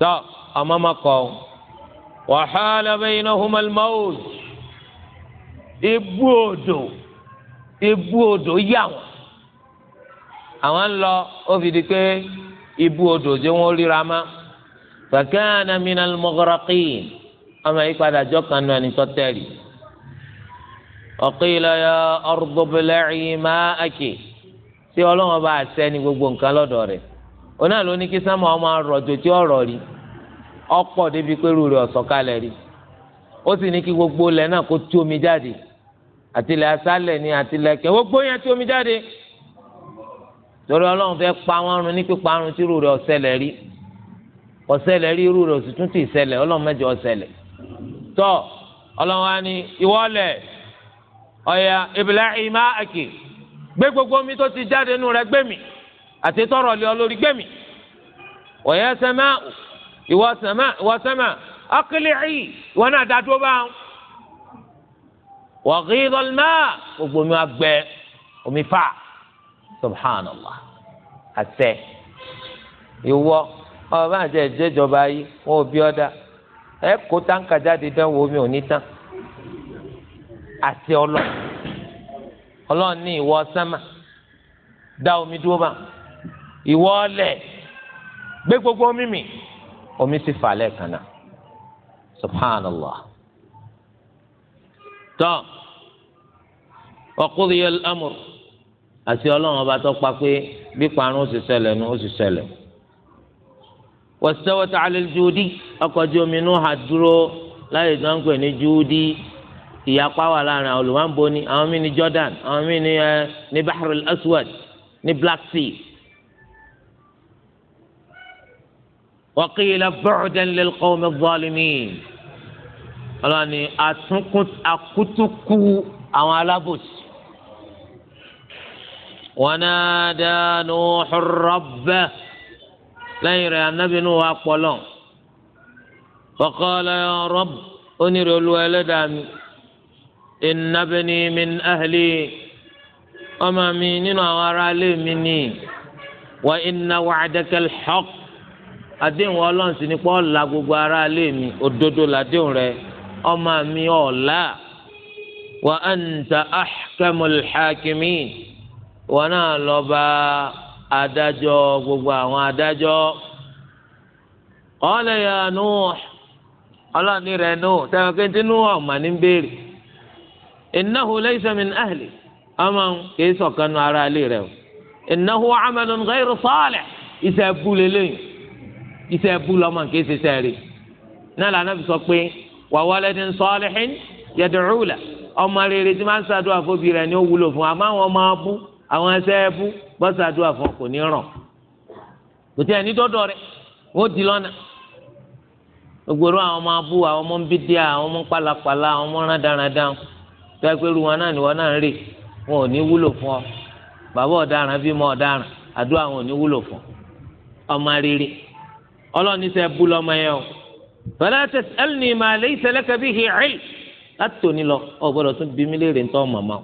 Speaker 1: tọ́ ọmọ ma kọ́ wa hala baynahuma al-mawj ibú odò ibú odò yà wọ́n àwọn ń lọ ó fi di pé ibú odò tí wọ́n ríra má fakana minal mughraqin ọmọ yìí padà jọ kan náà ní sọ́tẹ́ẹ̀lì ọ̀kìlá ya ardu bil'i ma'aki tí ọlọ́wọ́n bá ṣẹ́ gbogbo nǹkan lọ́dọ̀ rẹ̀ onáà ló ní kí sámà ọmọ arọ̀jò tí ọ̀rọ̀ rí. Ọpọ débi pé rúurú ọ̀sọ̀kalẹ̀ rí ó sì ní kí gbogbo ilẹ̀ náà kó tú omi jáde àtìlẹ̀ asálẹ̀ ni àtìlẹ̀ kẹ́ gbogbo yẹn tú omi jáde torí ọlọ́run fẹ́ pa wọn run ní tí rúurú rí rí rúurú tì gbogbo omi tó ti jáde nù rẹ gbẹ̀mí àti tọrọ lé ọ lórí gbẹ̀mí ọ̀yà ìwọ sẹ́mà ìwọ sẹ́mà ọ́kìlìhì ìwọ náà dá dúró báwọn. wọ́ọ̀kì ìdọ̀lmá gbogbo mi wá gbẹ omi fà subhanallah àṣẹ ìwọ ọba àti ẹ̀jẹ̀ ìjọba yìí wọn ò bí ọ́dà ẹ kó táǹkà jáde dánwò omi ò ní tán àṣẹ ọlọ́ọ̀ ọlọ́ọ̀ ní ìwọ sẹ́mà dá omi dúró báwọn ìwọ ọlẹ̀ gbé gbogbo mímì. omi sì fà lẹ́ẹ̀kan náà subhanallah tán ọkùnrin yẹn amúr àti ọlọ́run ọba tó pa pé bí parun ó sì ṣẹlẹ̀ ó sì ṣẹlẹ̀ alẹ́ ọkọ̀jú omi inú ha dúró láyé tó Jordan àwọn mí Aswad ní وقيل بعدا للقوم الظالمين ولاني أتنقط أكتك أو ألبس ونادى نوح الرب لا يرى النبي نوح أقوالهم وقال يا رب أنير الوالد إن ابني من أهلي وما مينين وراء لي مني وإن وعدك الحق àdéhùn ọlọ́run sì ni pé ọ̀la gbogbo ara ilé mi òdodo làdéhùn rẹ ọmọ mi ọ̀la wa anta ahkamul hakimin wọn náà lọ bá adájọ́ gbogbo àwọn adájọ́ qala ya Nuh ọlọ́ọ̀ni rẹ̀ Nuh tẹ̀wọ́n kí nù ọ̀mà ní bèrè innahu laysa min ahli ọmọ kì í ara ilé rẹ o innahu amalun ghayru salih iṣẹ́ iṣẹ́ bú lọ́mọ kì í ṣe iṣẹ́ rẹ̀ náà lànà fi sọ pé wa waladin salihin yad'u lahu ọmọ rere tí máa ń ṣàdúrà fóbi rẹ̀ ni ó wúlò fún àmọ́ àwọn ọmọ abú àwọn ẹsẹ́ bú bọ́ ṣàdúrà fún kò ní ràn kò tí ẹ̀ ní dọ́dọ̀ rẹ̀ wọ́n di lọ́nà gbogbo àwọn ọmọ abú àwọn ọmọ bídíà àwọn ọmọ pálapàla àwọn ọmọ rádaràdà tó ẹ pé wọn náà ni wọn náà ń rè wọn ò ní wúlò fún ọ bàbá ọ̀daràn bímọ ọ̀daràn àdúrà wọn ò ní wúlò fún ọmọ rere ọlọ́ọ̀ni sẹ́ bú lọ́mọ yẹn o fala tas'alni ma laysa laka bihi ilm láti òní lọ ọ gbọ́dọ̀ tún bí mi léèrè ntọ́ màmá o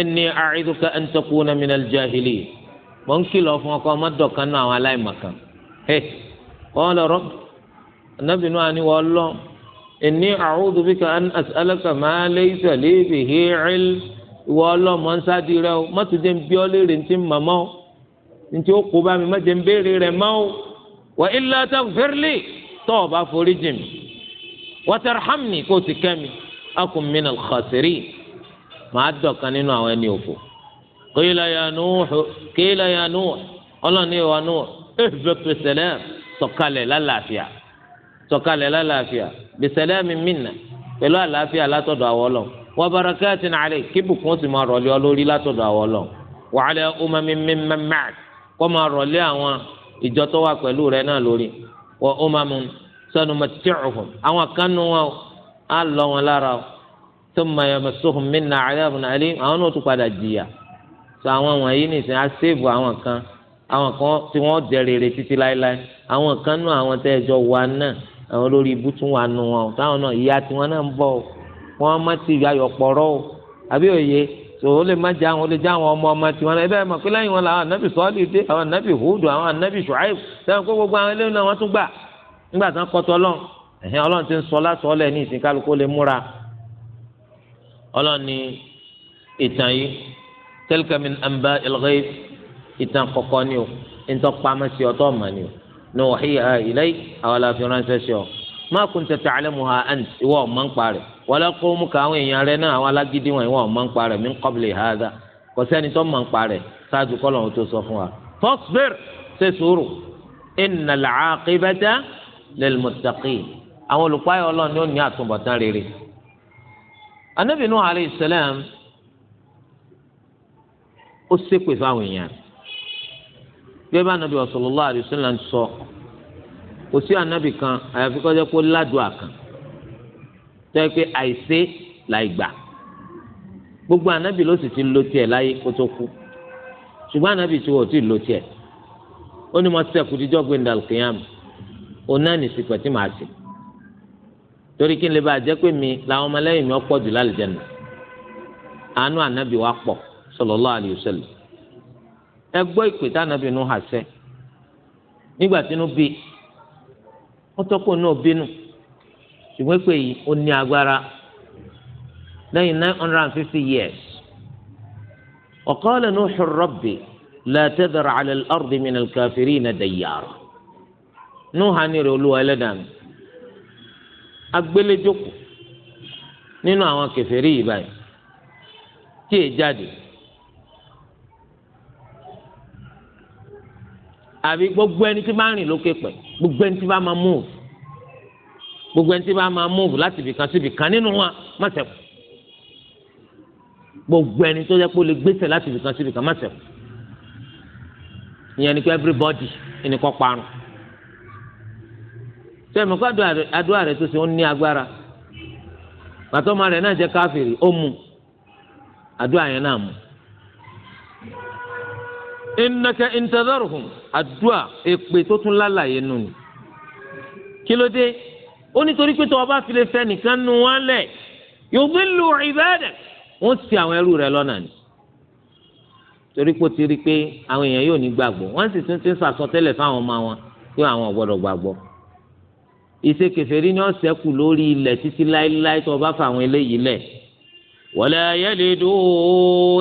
Speaker 1: inni a'idhuka an takuna minal jahilin mọ̀ ń kìlọ̀ fún ọkọ ọmọ dọ̀kan náà àwọn aláìmọ̀kan ẹ wọ́n lọ rọ́ anabi náà ni wọ́n lọ inni a'udhu bika an as'alaka ma laysa li bihi ilm ìwọ ọlọ́mọ rẹ o mọ́tò wa illa taghfirli tó o bá forí jì mí wa tarhamni kó o ti kẹ́ mi akun minal khasirin màá dọ̀kan nínú àwọn ẹni òfò qila ya Nuhu qila ya Nuhu ọlọ́ni wa Nuhu ihbit bisalam sọ̀kalẹ̀ lálàáfíà sọ̀kalẹ̀ lálàáfíà bisalamin minna pẹ̀lú àlàáfíà látọ̀dọ̀ àwọn ọlọ́run wa barakatin alayk kí bùkún sì máa rọ̀lẹ́ ọ látọ̀dọ̀ àwọn ọlọ́run wa ala umamin kọ́ máa rọ̀lẹ́ àwọn ìjọ tó wà pẹ̀lú rẹ náà lórí wa umamun sanumati'uhum àwọn kan nù wọn á lọ wọn lára o thumma yamassuhum minna 'adhabun alim àwọn náà tún padà jìyà sọ àwọn wọ̀nyí nìsín á sèbù àwọn kan àwọn kan tí wọ́n dẹrẹrẹ títí láéláé àwọn kan nù àwọn tẹ́ ẹjọ́ wa náà àwọn olórí ibú tún wà nù wọn táwọn náà ìyá tiwọn náà ń bọ̀ wọ́n má ti yọ o àbí òye so ó lè má jẹ àwọn ó lè jẹ àwọn ọmọ ọmọ tiwọn náà ẹ bẹ́ẹ̀ mọ̀ pé lẹ́yìn wọn làwọn ànábì sọ́ọ́lì dé àwọn ànábì húdù àwọn ànábì ṣùáìb sẹ́wọ̀n pé gbogbo àwọn eléyìí náà wọ́n tún gbà nígbà tán kọ́tọ́ ọlọ́run ẹ̀hìn ọlọ́run ti ń sọ lásọ̀ọ́lẹ̀ ní ìsìn kálukú lè múra ọlọ́run ní ìtàn yìí tilka min anba ìtàn kọ̀kọ́ ni o ìtàn pamọ́ sí ọtọ́ ọ̀mà ni o nuhiha ilayk àwọn la ránṣẹ́ sí ọ ma kunta ta'lamuha ant ìwọ ọ̀mọ́ ń parẹ́ wala qaumuka àwọn èèyàn rẹ náà àwọn alágídí wọn ìwọ ọ̀mọ́ ń parẹ́ min qabli hadha kò sẹ́ni tó mọ̀ ń parẹ́ ṣáàjú kọ́ lọ́wọ́ tó sọ fún wa. fasbir ṣe sùúrù innal aqibata lil muttaqin àwọn olùpáyọ̀ ọlọ́run yóò ní àtúbọ̀tán rere. anabi nuhu alayhi salam ó ṣépè fáwọn èèyàn gbé kò sí ànábì kan àyàfi kọjá pé ládùá kan tó yẹ pé àìsè láì gbà gbogbo ànábì ló sì ti lo tiẹ̀ láyé kó tó kú ṣùgbọ́n ànábì tí wọ́n ti lo tiẹ̀ ó ní mo sẹ́kù díjọ́ gbẹ̀ndà kìyàm òun náà nìsí pẹ̀ tí màá ṣe torí kí n lè bá jẹ́ pé mi làwọn ọmọlẹ́yìn mi ọ̀pọ̀ jù lálẹ́ jẹ́nu àánú ànábì wa pọ̀ sallallahu alaihi wasallam ẹ gbọ́ ìpè tá ànábì nù hàṣẹ́ nígbà tí inú bíi ó tọ́kọ̀ náà bínú ìwé pé yìí ó ní agbára lẹ́yìn nine hundred and fifty years ọ̀kọ́lẹ̀ ní oṣù rọ́bì lẹ́tẹ̀dọ̀rọ̀ àlẹ́ ọ̀rọ̀dì mi nà káfírí nà dẹ̀yàrọ̀ núhà ní rẹ̀ olúwa ẹlẹ́dàá agbélé jókòó nínú àwọn kèfèrí yìí báyìí tí èè jáde. àbí gbogbo ẹni tí máa ń rìn lókè pẹ̀ gbogbo ẹni tí bá máa move gbogbo ẹni tí bá máa move láti ibìkan sí ibìkan nínú wọn má gbogbo ẹni tó yẹ kó lè gbèsè láti ibìkan sí ibìkan má ṣẹ́kù ìyẹn ni pé everybody ẹni kọ́ parun sẹ́mi kó àdúrà rẹ̀ tó ṣe ó ní agbára pàtó ọmọ rẹ̀ náà jẹ́ káfíìrì ó innaka intadharhum àdúà èpè tó tún lálàyé nù ni kí ló dé ó nítorí pé tó o bá fi lè fẹ́ nìkan nu wọn lẹ̀ yudillu ibadak wọ́n ti àwọn ẹrú rẹ̀ lọ́nà ni torí pé ó ti rí i pé àwọn èèyàn yóò ní gbàgbọ́ wọ́n sì tún ti ń sàsọtẹ́lẹ̀ fáwọn ọmọ wọn pé àwọn ò gbọ́dọ̀ gbàgbọ́ ìṣe kèfèrí ni ó ṣẹ́kù lórí ilẹ̀ títí láéláé tó o bá fa àwọn eléyìí lẹ̀ wala yalidu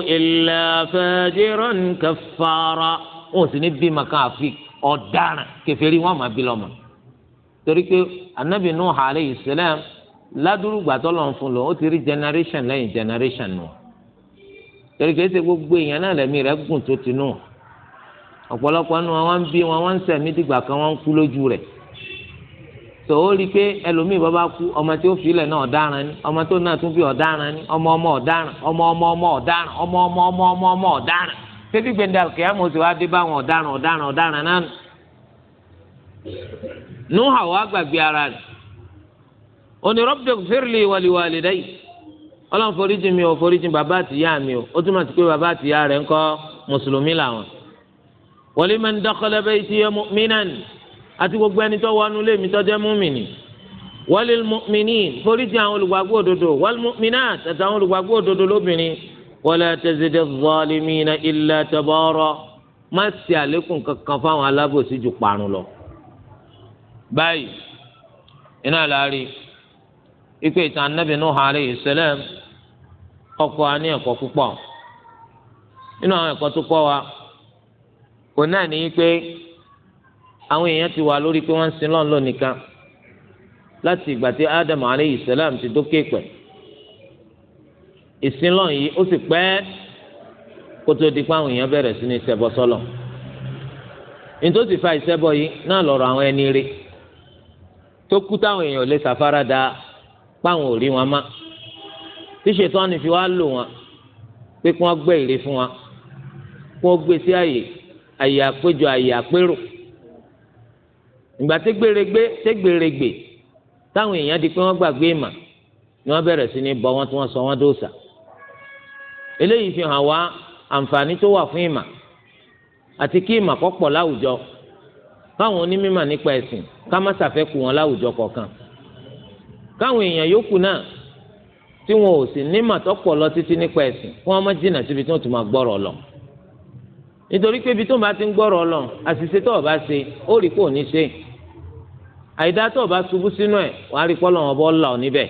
Speaker 1: illa fajiran kaffara wọn sì ní bímọ káfí ọ̀daràn kèfèrí wọn máa bí lọ́mọ torí pé anabi nuh alayhi salam ládùrúgbà tó lọ́n fún lọ ó ti rí generation lẹ́yìn generation nù torí pé ṣe gbogbo èèyàn náà lẹ́mí rẹ̀ gùn tó ti nù ọ̀pọ̀lọpọ̀ nù wọn wá ń bí wọn wá ń sẹ̀mí dìgbà kan wọ́n ń kú lójú rẹ̀ tó o i pé ẹlòmíì bá bá kú ọmọ tí ó náà ọ̀daràn ni ọmọ tó náà tún fi ọ̀daràn ni ọmọ ọmọ ọ̀daràn ọmọ ọmọ ọmọ ọ̀daràn ọmọ ọmọ ọmọ ọmọ ọmọ ọ̀daràn tẹ́tí gbẹ̀ndà kìámù sì wá dé ọ̀daràn ọ̀daràn ọ̀daràn náà nù. gbàgbé mi ò àti gbogbo ẹni tó wọnú lé mi tó jẹ́ múmìnì walil mu'minin foríjì àwọn olùgbàgbọ́ òdodo wal mu'minat àti àwọn olùgbàgbọ́ òdodo lóbìnrin wala tazidi zalimina illa tabara má ṣe àlékún kankan fáwọn alábòsí ju parun lọ. báyìí iná láàrin ikú ìtàn anábì Nuh alayhi salam ọkọ̀ ní ẹ̀kọ́ púpọ̀ nínú àwọn ẹ̀kọ́ tó kọ́ wa kò náà ní í pé àwọn èèyàn ti wà lórí pé wọ́n ń sin lọ́nlọ́ nìkan láti ìgbà tí Ádámù aleyhi sàlám ti dókè pẹ̀ ìsin lọ́n yìí ó sì pẹ́ kó tó di pé àwọn èèyàn bẹ̀rẹ̀ sí ní ṣẹbọ sọ́lọ̀ nítòsí fa ìṣẹbọ yìí náà lọ́rọ̀ àwọn ẹni rí tó kú táwọn èèyàn ò lè ṣàfaradà páwọn ò rí wọn má tí ṣètọ́ni fi wá lò wọn pé kí wọ́n gbé ère fún wa kí wọ́n gbé sí àyè àyè àpéjọ àyè àpérò ìgbà tẹ́gbèrègbè tẹ́gbèrègbè táwọn èèyàn di pé wọ́n gbàgbé ìmà ni wọ́n bẹ̀rẹ̀ sí ní bọ wọn tí wọ́n sọ wọn dóòsà eléyìí fi hàn wá àǹfààní tó wà fún ìmà àti kí ìmà kọ́ pọ̀ láwùjọ káwọn onímọ̀ nípa ẹ̀sìn ká má ṣàfẹ́kù wọn láwùjọ kọ̀ọ̀kan káwọn èèyàn yòókù náà tí wọn ò sì ní màtọ́pọ̀ lọ títí nípa ẹ̀sìn kí wọ́n má jìnnà síbi tí wọ́n ti máa gbọ́rọ̀ lọ nítorí pé ibi tó ń bá ti ń gbọ́rọ̀ lọ àṣìṣe tó o bá ṣe ó rí kò ní ṣe àyídá tó o bá ṣubú sínú ẹ̀ wàá rí pọ́lọ́ wọn bọ́ là ọ níbẹ̀.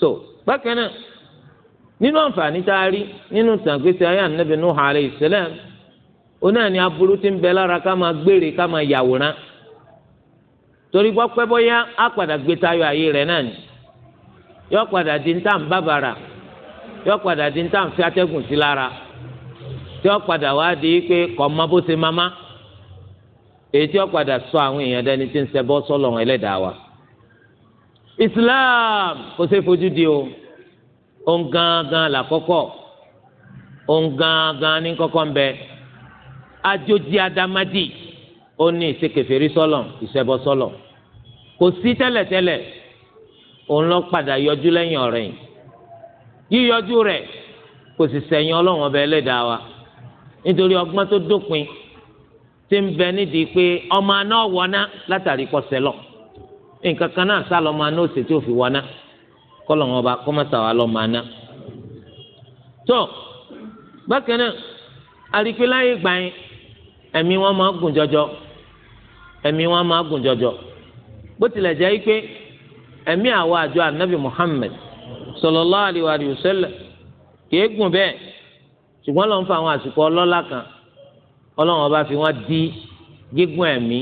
Speaker 1: so bákan náà nínú àǹfààní tá a rí nínú tàǹgbèsè ayé ànábì Nuh alayhi salam ó náà ní aburú tí ń bẹ lára ká máa gbére ká máa yàwòrán torí bọ́ pẹ́ bọ́yá á padà gbé tayọ ayé rẹ̀ náà ni yọ padà di ń tàn bàbàrà yọ padà di ń tàn fi atẹ́gùn sí lára yọ padà wá di pé kọ́ ọ bó ṣe máa máa èyí tí ó padà sọ àwọn èèyàn dání tí ń ṣẹbọ sọlọ wọn ẹlẹ́dàá wa islam kò ṣeé fojú di o òun gangan làkọ́kọ́ òun gangan ní kọ́kọ́ ń bẹ adójí adamadi ó ní ìṣekèfèrí sọlọ ìṣẹbọ sọlọ kò sí tẹ́lẹ̀tẹ́lẹ̀ òun lọ padà yọjú lẹ́yìn ọ̀rẹ́ yìí yíyọjú rẹ̀ kò sì sẹ̀yìn ọlọ́wọ́n ọba ẹlẹ́dàá wa nítorí ọgbọ́n tó dópin tí ń bẹ nídìí pé ọmọ náà wọná látàrí kọsẹ̀ lọ nǹkan kan náà sá lọ́mọ náà ṣètì òfin wọná kọ́lọ̀ wọn bá kọ́mọ́sà wà lọ́mọ náà. tó bákan náà àríkíláyè gbà yín ẹ̀mí wọn máa gùn jọjọ ẹ̀mí wọn máa gùn jọjọ bó tilẹ̀ jẹ́ pé ẹ̀mí àwọn àjọ anabi Muhammad sallallahu alaihi wa sallam kì í gùn bẹ́ẹ̀ ṣùgbọ́n lọ́n fa àwọn àsìkò ọlọ́lá kan ọlọ́run ọba fi wọ́n dí gígùn ẹ̀mí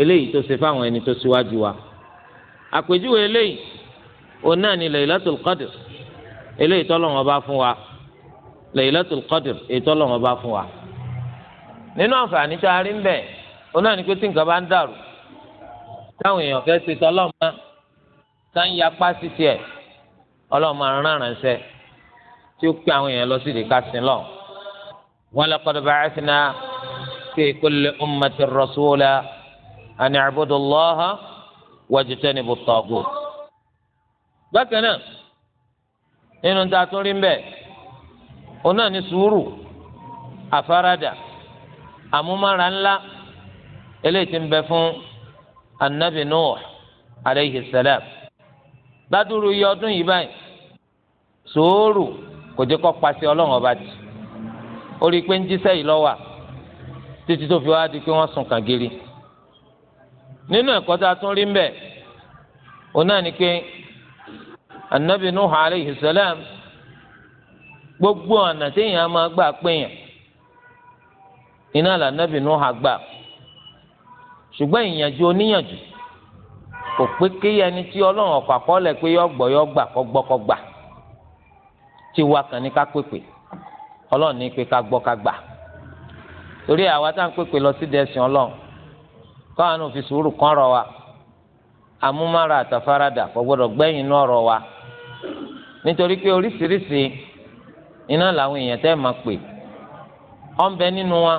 Speaker 1: eléyìí tó ṣe fáwọn ẹni tó ṣíwájú wa àpèjúwe eléyìí òun náà ni Laylatul Qadr eléyìí tọ́lọ́run ọba fún wa Laylatul Qadr èyí tọ́lọ́run ọba fún wa nínú àǹfààní tá a rí ń bẹ̀ òun náà ni pé tí nǹkan bá ń dàrú táwọn èèyàn fẹ́ ṣe tọ́lọ́mọ tá ń ya sí tiẹ̀ ọlọ́run máa ń rán tí ó pé àwọn èèyàn lọ sí ìdíkà sí lọ́wọ́ ولقد بعثنا في كل أمة رسولا أن اعبدوا الله واجتنبوا الطاغوت بكنا إن تاتورين به هنا نسورو أفردا أمومارا لا إليتم بفون النبي نوح عليه السلام ládùúrú iye ọdún yìí báyìí sòórù kò jẹ́ kó pàṣẹ ọlọ́run ọba jì ó rí i pé ń jíṣẹ́ yìí lọ́wọ́ títí tó fi wá di pé wọ́n sùn kàgiri nínú ẹ̀kọ́ tá a tún rí mbẹ́ òun náà ni pé anabi nuhu alayhi salam gbogbo ọ̀nà téèyàn máa gbà péyàn iná là anabi nuhu gbà ṣùgbọ́n ìyànjú oníyànjú kò pé kí ẹni tí ọlọ́run ọ̀pá kọ́lẹ̀ pé yọ gbọ́ yọ gbà kọ́ gbọ́ kọ́ gbà tí wàá kàn ní ká pèpè ọlọ́run ní pé ká gbọ́ ká gbà torí àwa tá à ń pèpè lọ sí dẹ̀sìn ọlọ́run káwọn náà fi sùúrù kán rọ wa àmúmára àtàfáradà kò gbọdọ̀ gbẹ́yìn náà rọ wa nítorí pé oríṣiríṣi iná làwọn èèyàn tẹ́ máa pè ọ́n bẹ nínú wa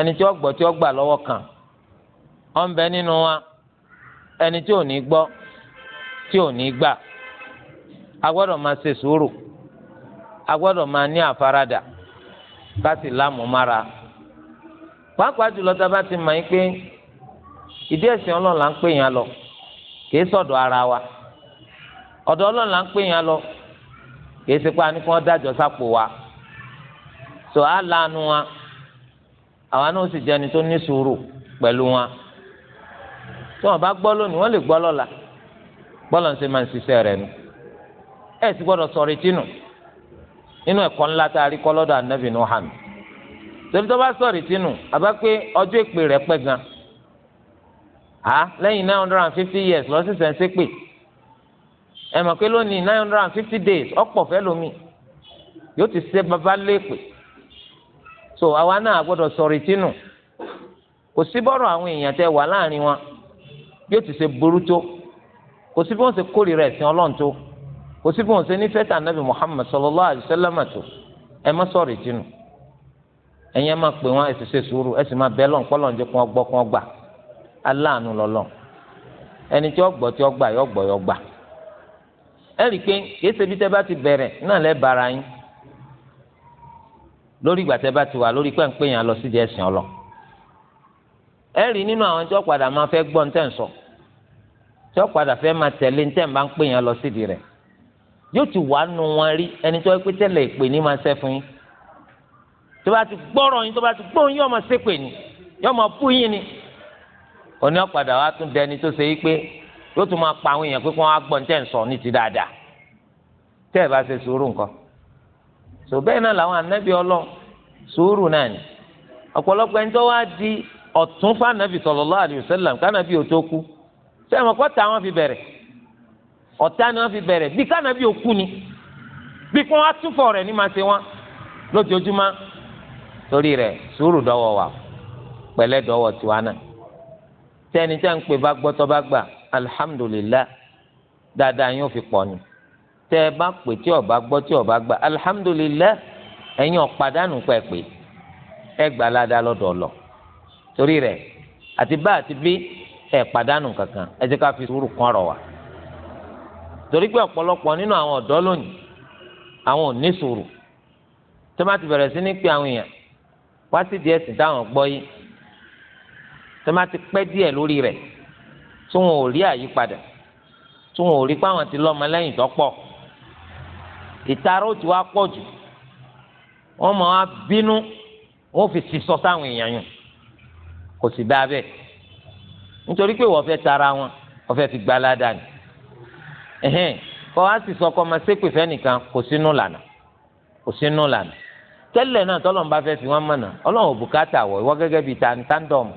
Speaker 1: ẹni tí ó gbọ́ tí ó gbà lọ́wọ́ kan ọ́n bẹ nínú wa ẹni tí ò ní gbọ́ tí ò ní gbà a gbọ́dọ̀ máa ṣe sùúrù. agbọdọ ma máa ní àfaradà ká sì lámùmára pàápàá jùlọ tá a bá ti mọ̀ yín pé ìdí ẹ̀sìn ọlọ́run là ń pè ara wa ọ̀dọ̀ ọlọ́run là ń pè lọ kì í ní kí wa tó a lanu wa àwa náà sì jẹni tó ní sùúrù pẹ̀lú wa tí bá lónìí lè gbọ lọ́la bọ́lọ̀ ń ṣe máa ń nu sì nínú ẹ̀kọ́ ńlá tá a rí kọ́ lọ́dọ̀ anabi nuhan torí tó bá sọ̀rọ̀ tínú àbá pé ọjọ́ ìpè rẹ̀ pẹ́ gan ha lẹ́yìn nine hundred and fifty years lọ́sísẹ̀ ń sépè ẹ mọ̀ pé lónìí nine hundred and fifty days ọ̀pọ̀ fẹ́ lomi yóò ti ṣe baba lépè so àwa náà gbọ́dọ̀ sọ̀rọ̀ tínú kò sí bọ́rọ̀ àwọn èèyàn tẹ wà láàrin wọn yóò ti ṣe burú tó kò sí bí wọ́n ṣe kórìíra ẹ̀sìn ọlọ́run tó kò sí bóun ṣe nífẹ̀ẹ́ tà nàbì Muhammad sallallahu alaihi wasallam tó ẹ má sọ̀rọ̀ ìtinú ẹ̀yin ẹ má pè wọ́n ẹ sì ṣe sùúrù ẹ sì má bẹ́ẹ̀ lọ́n kọ́ lọ́n jẹ́ kó gbọ́ kó gbà aláàánú lọ́lọ́ ẹni tí ó gbọ́ tí ó gbà yó gbọ́ yó gbà ẹ pé kìí ṣe bí bá ti bẹ̀rẹ̀ náà lẹ́ bara yín lórí ìgbà tẹ́ bá ti wà lórí pẹ́ǹpẹ́ yẹn lọ sídìí ẹ̀sìn ọlọ ẹ nínú àwọn tí ó padà máa fẹ́ gbọ́ ní tẹ̀sán tí ó padà fẹ́ máa tẹ̀lé ní tẹ̀ǹbá ń pè yẹn lọ sídìí rẹ̀ yóò ti wà nù wọn rí ẹni tó pé tẹ́lẹ̀ ìpè ní máa ṣẹ́ fún yín tó bá ti gbọ́rọ̀ yín tó bá ti gbóhùn yín ọmọ ṣépè ní yóò máa bú yín ni oní ọ̀padà wa tún dẹni tó ṣe yí pé yóò tún máa pa àwọn èèyàn pé kí á gbọ́n tẹ̀ ń sọ ní ti dáadáa tẹ́ ẹ bá ṣe sùúrù nǹkan sọ bẹ́ẹ̀ náà làwọn anábì ọlọ́ sùúrù náà ni ọ̀pọ̀lọpọ̀ ẹni tó wá di ọ̀tún fún anábì sallallahu alaihi wasallam kánábì ò tó kú sẹ́wọ̀n kọ́ta ọ̀tá ni wọ́n fi bẹ̀rẹ̀ bí kánàbí òkú ni bí kí wọ́n á túfọ̀ rẹ̀ ní màá ṣe wọn lójoojúmọ́ torí rẹ̀ sùúrù dọ́wọ́ wa pẹ̀lẹ́ dọ́wọ́ tiwa náà tẹ́ni tẹ́ ń pè bá gbọ́tọ́ bá gbà alihamudulilayi dáadáa yóò fi pọ̀ ni tẹ́ ẹ bá pè tí ọba gbọ́ tí ọba gbà alihamudulilayi ẹ̀yin ọ̀padànù pẹ̀ pé ẹ gbà ládàá lọ́dọ̀ lọ torí rẹ̀ àti bá àti bí ẹ̀ padànù kankan ẹ jẹ́ ká fi sùúrù kọ́ ọ̀rọ̀ wa torí pé ọ̀pọ̀lọpọ̀ nínú àwọn ọ̀dọ́ lónìí àwọn ò ní sùúrù tó má ti bẹ̀rẹ̀ sí ní pé àwọn èèyàn wá sí díẹ̀ sí dáhùn gbọ́ yìí tó má ti pẹ́ díẹ̀ lórí rẹ̀ tí wọn ò rí àyípadà tí wọn ò rí pé àwọn ti lọ́mọ lẹ́yìn tó pọ̀ ìtara ó ti wá pọ̀ jù wọ́n mọ̀ á bínú wọ́n fi sísọ sáwọn èèyàn yùn kò sì dáa bẹ́ẹ̀ nítorí pé wọ́n fẹ́ tara wọn wọ́n fẹ́ fi gbalada ni ẹhìn kọ wá sì sọ kọ ọmọ sépè fẹnìkan kò sínú lànà kò sínú lànà tẹ́lẹ̀ náà bá fẹ́ fi mọ̀nà Ọlọ́run wọ gẹ́gẹ́ bíi ta tándọọmù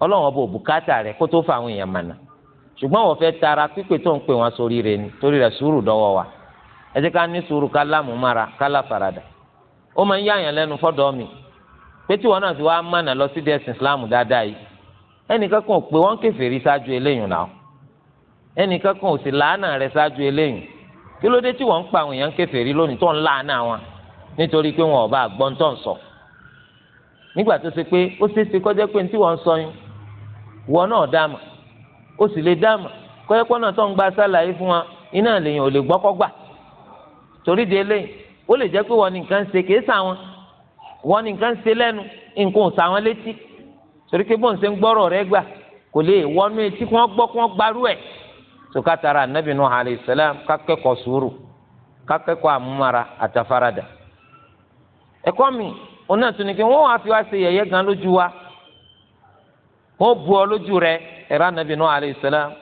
Speaker 1: Ọlọ́run ọba rẹ kó tó fa àwọn èèyàn mọ̀nà ṣùgbọ́n wọ́n tara pípé tó ń pè wọn sórí rẹ ni torí rẹ sùúrù dọ́wọ́ wa ẹ jẹ́ ká ní sùúrù ká ká ó máa ń lẹ́nu fọ́dọ̀ mi pé tí náà ti wá mọ̀nà lọ sí ẹnìkan kan ò sì làánà rẹ ṣáájú eléyìí kí ló dé tí wọ́n ń pa àwọn èèyàn kèfèrí lónìí tó ń làánà wọn nítorí pé wọn ò bá gbọ́n tó ń sọ nígbà tó ṣe pé ó ṣeé ṣe kọjá pé ní tí wọ́n ń sọ yín wọn náà dáàmà ó sì lè dáàmà kọ́yẹ́pọ́ náà tó ń gba sálàyé fún wa iná lèèyàn ò lè gbọ́kọ́gbà torí de eléyìí ó lè jẹ́ pé wọ́n ní ṣe kìí sàwọn wọ́n ní ṣe lẹ́nu nǹkan ò sàwọn létí torí pé bóun ṣe ń gbọ́rọ̀ rẹ gbà kò lè wọnú etí kí wọ́n gbọ́ kí wọ́n gbarú ẹ̀ sokatara anabi nuhu alayhi salam kakẹ́kọ̀ọ́ sùúrù kakẹ́kọ̀ọ́ àmúmara àtàfaradà ẹ̀kọ́ mi òun náà tún fi wá gan wa bu anabi salam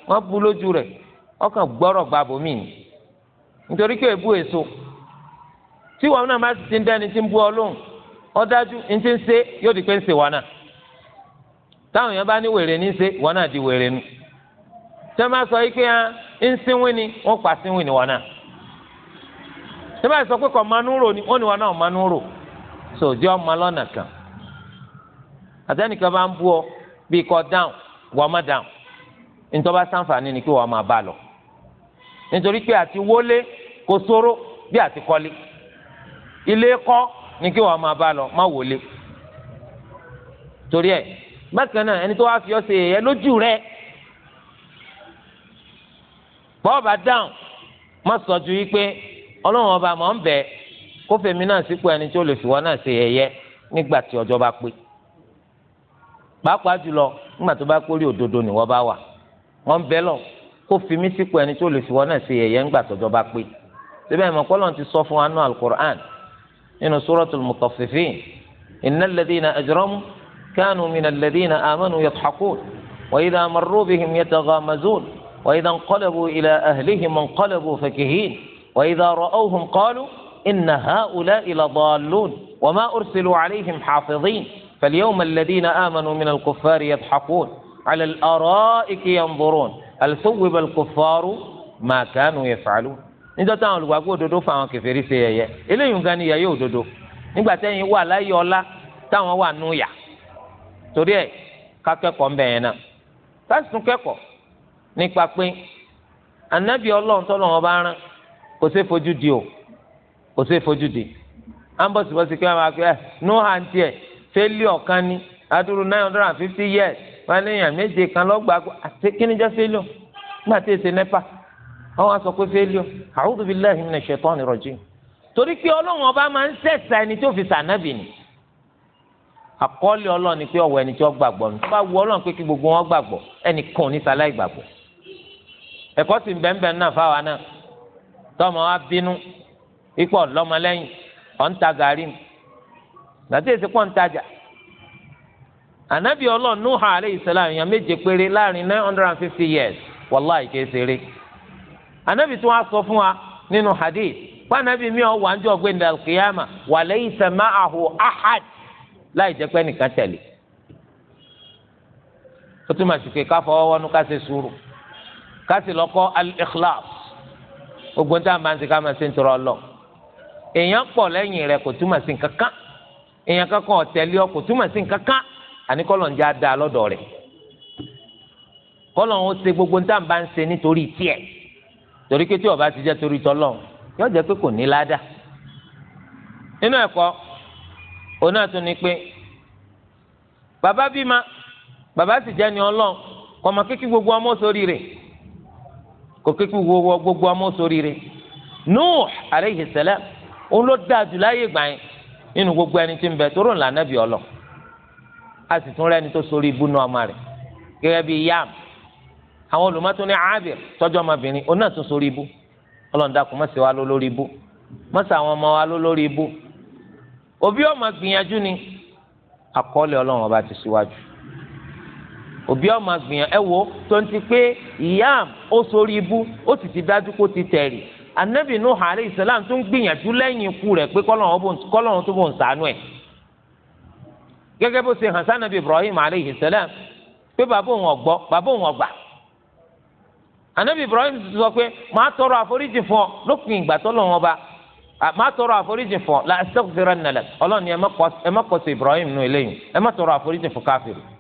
Speaker 1: bu èso tí wọn náà má bu ọ ọ ti ń ṣe yóò di pé ń ṣe wọn náà táwọn yẹn bá ní wèrè ní tẹ́lẹ̀ sọ yìí pé ń sínwìn ni wọ́n pa sínwìn ni wọn náà tẹ́lẹ̀ sọ pé kò manú ni wọ́n ni wọn náà manú rò so jẹ́ ọmọ lọ́nà kan àtẹnìkan bá ń bú ọ bí kò dáhùn wọ́n má dáhùn ntọ́ba sáǹfààní ni kí wọ́n máa bá lọ nítorí pé àti wọlé kò sóró bí àti kọ́lé ilé kọ́ ni kí wọ́n máa bá lọ má wọlé torí ẹ bákan náà ẹni tó wá fi ọ ṣe èyẹ lójú rẹ bọ́ọ̀bà dáhùn má sọ ju yìí pé ọlọ́run ọba mọ̀ ń bẹ̀ kó fèmí náà sípò ẹni tí ó lè fìwọ́ náà ṣe yẹ̀yẹ́ nígbà tí ọjọ́ bá pé pàápàá jùlọ nígbà tó bá kórè òdodo ni wọ́n bá wà wọ́n ń bẹ́ lọ kó fèmí sípò ẹni tí lè fìwọ́ náà ṣe yẹ̀yẹ́ nígbà tí ọjọ́ bá pé síbẹ̀ ìmọ̀ kọ́lọ́n ti sọ fún anú alukur'an nínú suratul mutaffifin innal وإذا انقلبوا إلى أهلهم انقلبوا فكهين وإذا رأوهم قالوا إن هؤلاء لضالون وما أرسلوا عليهم حافظين فاليوم الذين آمنوا من الكفار يضحكون على الأرائك ينظرون هل ثوب الكفار ما كانوا يفعلون níjọ́ táwọn olùgbàgbọ́ òdodo fún àwọn kèfèrí ṣe yẹ̀yẹ́ eléyìí nǹkan ni yẹ̀yẹ́ òdodo nígbà tẹ́yìn wà láyé ọlá táwọn wà nù nípa pé anabi ọlọ́run tọ́lọ́ wọn bá rán kò sí fojú di o kò sí fojú di ambosibosi kí wọn máa pe eh, ẹ nuha ń tiẹ fẹlẹ ọkan ni adúrú nine hundred and fifty years wọn ní èèyàn méje kan lọgbàá àti kí ni jẹ fẹlẹ o nígbà tí èsè nẹpa wọn wá sọ pé fẹlẹ o a'udhu billahi minash shaitani rajim torí pé ọlọ́run ọba máa ń sẹ̀sà ẹni tó fi sànàbì ni àkọọ́lẹ̀ ọlọ́run ni pé ọ̀wọ́ ẹni tí wọ́n gbàgbọ́ ni wọ́n bá wọ ọlọ́run pé kí gbogbo wọn gbàgbọ́ ẹnì kan ní sáláì gbàgbọ́ ẹ̀kọ́ sì ń bẹ́ẹ̀nbẹ́ẹ̀ náà fáwa náà tọ́mọ wa bínú ipò lọ́mọlẹ́yìn ọ̀ǹta gàrí mu gbàtí èsì pọ̀ ànábì méje péré nine hundred and fifty years wàláì kìí ànábì tí wọ́n á sọ fún wa nínú hadith pàànàbì mi ọ̀ wà ń jọ alkiyama wa ma'ahu ahad láì jẹ́ pé nìkan tẹ̀lé ó túmọ̀ sí pé kásì lọ́kọ́ al-ikhlas gbogbo tá a máa ń ṣe ká máa ṣe ń tọrọ lọ èèyàn pọ̀ lẹ́yìn rẹ̀ kò túmọ̀ sí kankan èèyàn kankan ọ̀tẹ̀lẹ́ ọ kò túmọ̀ sí kankan àní kọ́lọ̀ ń já da lọ́dọ̀ rẹ̀ kọ́lọ̀ ń ṣe gbogbo tá a bá ń ṣe torí pé tí ti jẹ́ torí tọ́lọ̀ yóò jẹ́ pé kò ní ládàá nínú ẹ̀kọ́ òun náà tún ni pé bàbá bímọ bàbá sì jẹ́ ni ọlọ́ọ̀ kọ̀mọ̀ kíkí gbogbo ọmọ sórí rẹ̀ kò kékeré gbogbo ọmọ sórí rẹ̀ Nuh aleyhi salam òun ló dáa jù láyé nínú gbogbo ẹni tí ń bẹ tóró ńlá ọlọ a sì tún rẹni tó sórí ibu náà ọmọ rẹ̀ gẹ́gẹ́ bíi yam àwọn olùmọtò ní abir tọjọ ọmọbìnrin òun náà tún mọ̀sẹ̀ wa ló lórí ọmọ wa ló lórí òbí ọmọ gbìyànjú ni àkọọ́lẹ̀ ọlọ́run ọba òbí ọmọ gbìyàn ẹ wo tó ń ti pé ìyá ó sórí ibú ó sì ti dájú kó ti tẹ̀rì anabi nuhu alayhi salam tún gbìyànjú lẹ́yìn ikú rẹ̀ pé kọ́lọ́run tó bò ń ṣàánú ẹ̀ gẹ́gẹ́ bó ṣe hàn sànàbí ibrahim alayhi salam pé bàbá òun ọ̀gbọ́ bàbá òun ọ̀gbà anabi ibrahim ti sọ pé màá tọrọ àforíjì fún ọ lópin ìgbà tó lọ́wọ́ ọba màá tọrọ àforíjì fún ọ la astaghfiranna lak ọlọ́run ni ẹ má kọ́ ibrahim nù eléyìí ẹ má tọrọ àforíjì fún káfíìrì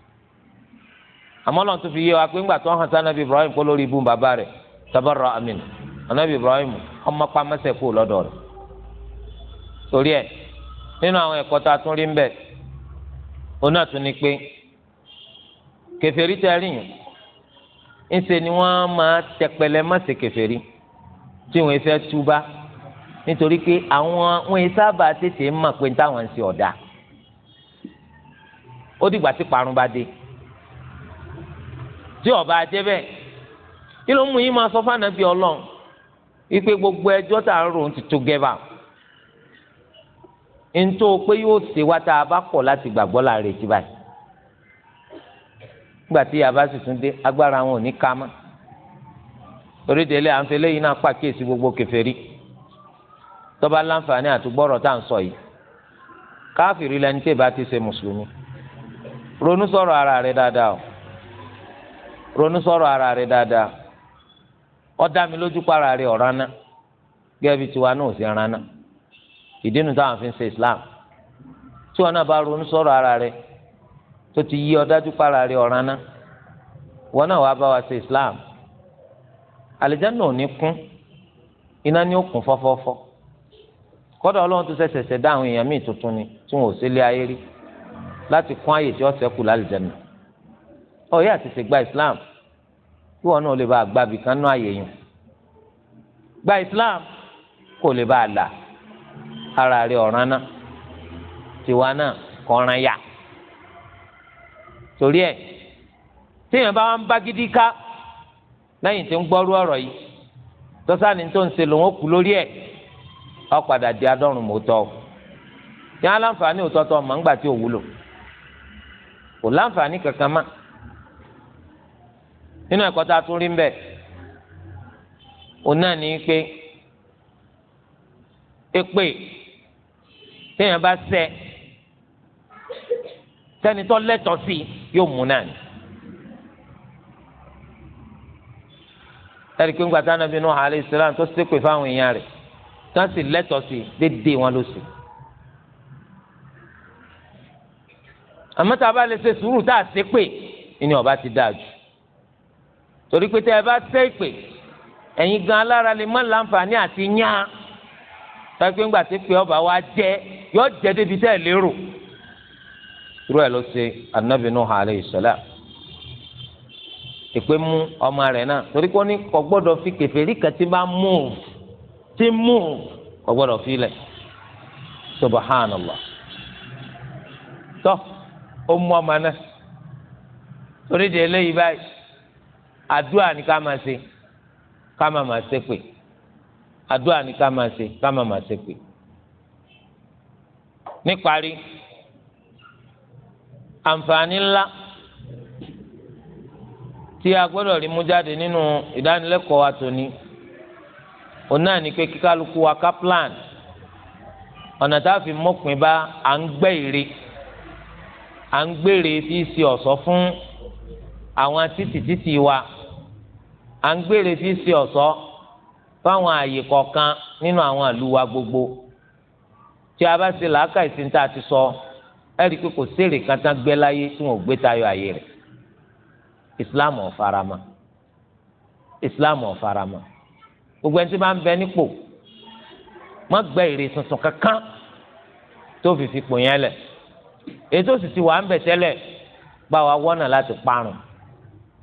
Speaker 1: àmọ́ lọ́n tó fi yé wa pé ńgbà tó hàn sànàbí ibrahim kó lórí ibú bàbá rẹ̀ tabarra amin anabi ibrahim ọmọ pàmẹ́sẹ̀ kú lọ́dọ̀ rẹ̀ torí ẹ̀ nínú àwọn ẹ̀kọ́ tá a tún rí ń bẹ̀ òun náà tún ni pé kèfèrí tẹ́rì yìí ńṣe ni wọ́n máa tẹpẹlẹ mọ́sẹ̀ kèfèrí tí wọ́n fẹ́ túbá nítorí pé àwọn wọn sábà tètè mọ̀ pé táwọn ń ṣe ọ̀dà ó dìgbà tí parun bá dé. tí ọba jẹ bẹ́ẹ̀ kí ló mú yín máa sọ gbogbo ẹjọ tá à rò ó ti tó gẹba ntó pé yóò ṣe wá tá a bá kọ̀ láti gbàgbọ́ láàrin ti báyìí nígbà tí yàrá sì tún dé agbára wọn gbogbo kèfèrí tó láǹfààní àtúgbọ́rọ̀ tá à ń sọ yìí káfíìrì lẹni ti ṣe mùsùlùmí ronú ara rẹ̀ dáadáa o. ronú sọ̀rọ̀ ara rẹ dáadáa ọdá mi lójú para rẹ ọ̀ràn tiwa náà ò sí ìdí fi ń ṣe Islam tí wọn náà bá ronú sọ̀rọ̀ ara rẹ tó ti yí ọdájú para rẹ ọ̀ràn wọn wa ṣe Islam àlìjáná ò ní kún iná ní ó fọ́fọ́fọ́ kọ́dọ̀ ọlọ́run tó ṣẹ̀ṣẹ̀ ṣẹ̀dá àwọn èèyàn míì tuntun ni tí wọn ò sílé ayé rí láti kún àyè tí ọ̀yẹ́ àtẹ̀sẹ̀ gba islam kí wọn náà lè bá gbàbí kan náà yàn gba islam kò lè bá a là ara rẹ̀ ọ̀ràn náà tiwa náà kọ̀ọ̀ràn yà torí ẹ̀ téèyàn bá wọn bá gidi ká lẹ́yìn tí ń gbọ́rú ọ̀rọ̀ yìí tọ́sánì tó ń ṣe lòun ó kú lórí ẹ̀ ọ di adọ́rùn mọ́tọ́ yẹn aláǹfààní òtọ́tọ́ mọ̀ ńgbà tí ò wúlò kò láǹfààní kankan máa nínú ẹ̀kọ́ tá a tún rí ń bẹ òun náà ní pé èpè téèyàn bá ṣẹ sẹ́ni tó lẹ́tọ̀ọ́ sí yóò mú náà ni. ẹ̀rí pé ńgbà táwọn ẹbí náà alayhi salam tó ṣépè fáwọn èèyàn rẹ̀ tó sì lẹ́tọ̀ọ́ sí dédé wọn ló àmọ́ tá a bá lè ṣe sùúrù tá a ṣépè ni ọba ti dáa jù torí pé tẹ ẹ bá sẹ́ ìpè ẹ̀yin gan alára lè má láǹfààní àti yá tàbí ńgbà tí pé ọba wa jẹ yọ jẹ débi tẹ ẹ lérò irú ẹ ló ṣe anabi Nuh alayhi ìpè mú ọmọ rẹ náà torí pé ó ní kò gbọ́dọ̀ fi kèfèrí kan tí bá move tí move kò gbọ́dọ̀ fi lẹ̀ subhanallah tọ́ ó mú ọmọ náà torí de eléyìí báyìí àdúrà ni ká máa ṣe ká máa máa ṣe pé àdúrà ni ká máa ṣe ká máa máa ṣe pé. níparí àǹfààní ńlá tí a gbọ́dọ̀ rí mú jáde nínú ìdánilẹ́kọ̀ọ́ wa tòní òun náà ni pé kíkálukú wa ká ọ̀nà tá a fi mọ́pin bá à ń gbẹ́ ère à ń gbére tí ṣe ọ̀ṣọ́ fún àwọn títì títì wa à ń gbére fi ṣe ọ̀ṣọ́ fáwọn ààyè kọ̀ọ̀kan nínú àwọn àlù wa gbogbo tí a bá ṣe làákà ìsìn tá a ti sọ ẹ rí i pé kò séèrè kan tán gbé láyé tí wọn ò gbé tayọ ààyè rẹ̀ ìsìláàmù ọ̀farama ìsìláàmù ọ̀farama gbogbo ẹni tí bá ń bẹ nípò má gbẹ èrè tuntun kankan tó fi fipò yẹn lẹ̀ ètò sì ti wà ń bẹ tẹ́lẹ̀ bá wa láti parun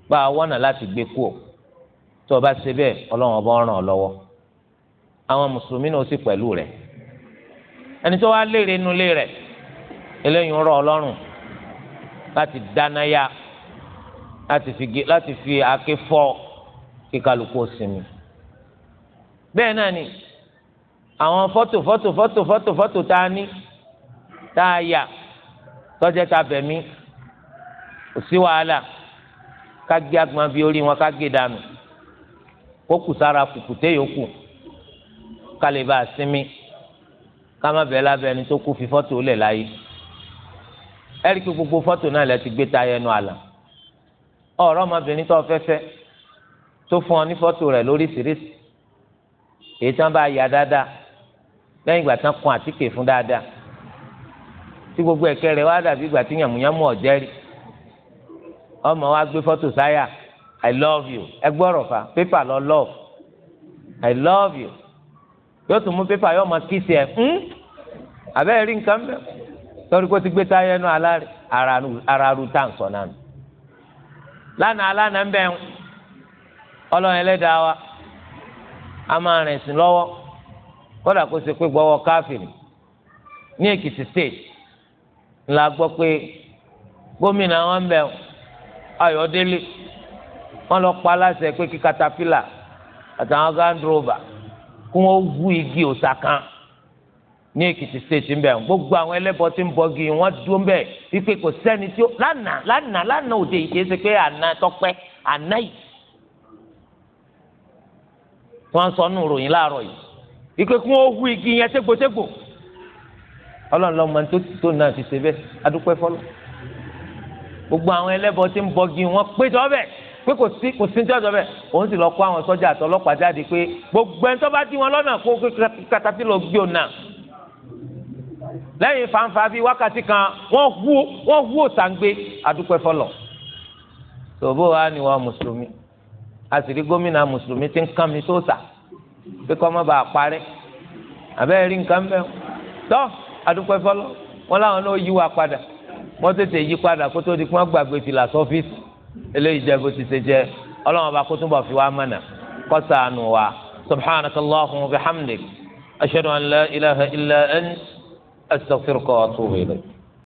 Speaker 1: bá wa láti gbé kú o tó o bá ṣe bẹ́ẹ̀ ọlọ́run ọba ràn ọ́ lọ́wọ́ àwọn mùsùlùmí náà sì pẹ̀lú rẹ̀ ẹni tó wá léèrè inú ilé rẹ̀ eléyìí ń rọ ọlọ́run láti dáná ya láti fi láti fi àáké fọ́ kí kálukú sinmi bẹ́ẹ̀ náà ni àwọn fọ́tò fọ́tò fọ́tò fọ́tò fọ́tò tá a ní tá a yà tọ́jẹ́ ta bẹ̀mí kò sí wàhálà ká gé agbọ̀n bíi orí wọn ká gé dànù kó kù sára kùkùté yòókù kálíbà sinmi kámábẹ́ lábẹ́ ẹni tó kú fi fọ́tò lẹ̀ láyé ẹ̀ríkì gbogbo fọ́tò náà lẹ́ ti gbé ta ẹnu àlà ọ̀rọ̀ ọmọbìnrin tó fẹ́fẹ́ tó fún ọ ní fọ́tò rẹ̀ lóríṣiríṣi èyí tán bá ya. dáadáa lẹ́yìn ìgbà tán kun àtíkè fún dáadáa tí gbogbo ẹ̀kẹ́ rẹ̀ wá dàbí ìgbà tí yàmùyàmù ọ̀jẹ́ rí ọmọ wa gbé fọ́tò sáyà i love you ẹ gbọ́rọ̀ fa pépà lọ love i love you yóò tún mú pépà yóò máa kíìsì ẹ ń hmm? abẹ́ rí nǹkan torí kó ti gbé táyé ẹnu ara ru tá à ń sọ náà nù lánàá lánàá ń bẹ̀ ń ọlọ́run ẹlẹ́dàá wa a máa rìn sí lọ́wọ́ kódà kó ṣe pé gbọ́wọ́ ní Èkìtì state gbọ́ pé gómìnà wọn wọ́n lọ pa aláṣẹ pé kí katapila àtàwọn gandrova kí wọ́n wú igi òòṣà kan ní Èkìtì state ńbẹ gbogbo àwọn ẹlẹ́bọ tí ń bọgi wọ́n dúró ńbẹ wípé kò sẹ́ni tí ó lánàá lánàá lánàá òde yìí kìí ṣe pé àná tọpẹ àná yìí wọ́n sọ nù ròyìn láàárọ̀ yìí wípé kí wọ́n wú igi yẹn tégbòtégbò Ọlọ́run lọmọ tó tó náà ti ṣe bẹ́ẹ̀ adúpẹ́ fọlọ gbogbo àwọn ẹlẹ́bọ tí ń bọgi wọ́n péjọ bẹ́ẹ̀ pé kò sí kò sí ní jọ́jọ́ bẹ́ẹ̀ òun sì lọ kó àwọn sọ́jà àti ọlọ́pàá jáde pé gbogbo ẹni tó bá dí wọn lọ́nà kó katapí lọ gbé òun náà lẹ́yìn fanfa bíi wákàtí kan wọ́n hu wọ́n hu òtàǹgbé àdúpẹ́ fọlọ̀ tòbó wa ni wọn mùsùlùmí àṣírí gómìnà mùsùlùmí ti ń kán mi tó sà pé kọ́ mọ́ bá a parẹ́ àbẹ́rẹ́ rí nǹkan mẹ́wọ́ tọ́ àdúpẹ́ fọlọ̀ wọn láwọn náà yí wa padà wọ́n tètè yí padà kó di pé wọ́n gbàgbé fìlà sọ́fíìsì eléyìí jẹ́ bó ti ṣe jẹ́ ọlọ́run ọba kó túnbọ̀ fi wá mọ̀nà kó ṣàánú wa subhanaka allahumma wa bihamdik ashhadu an la ilaha illa ant astaghfiruka wa atubu ilayk.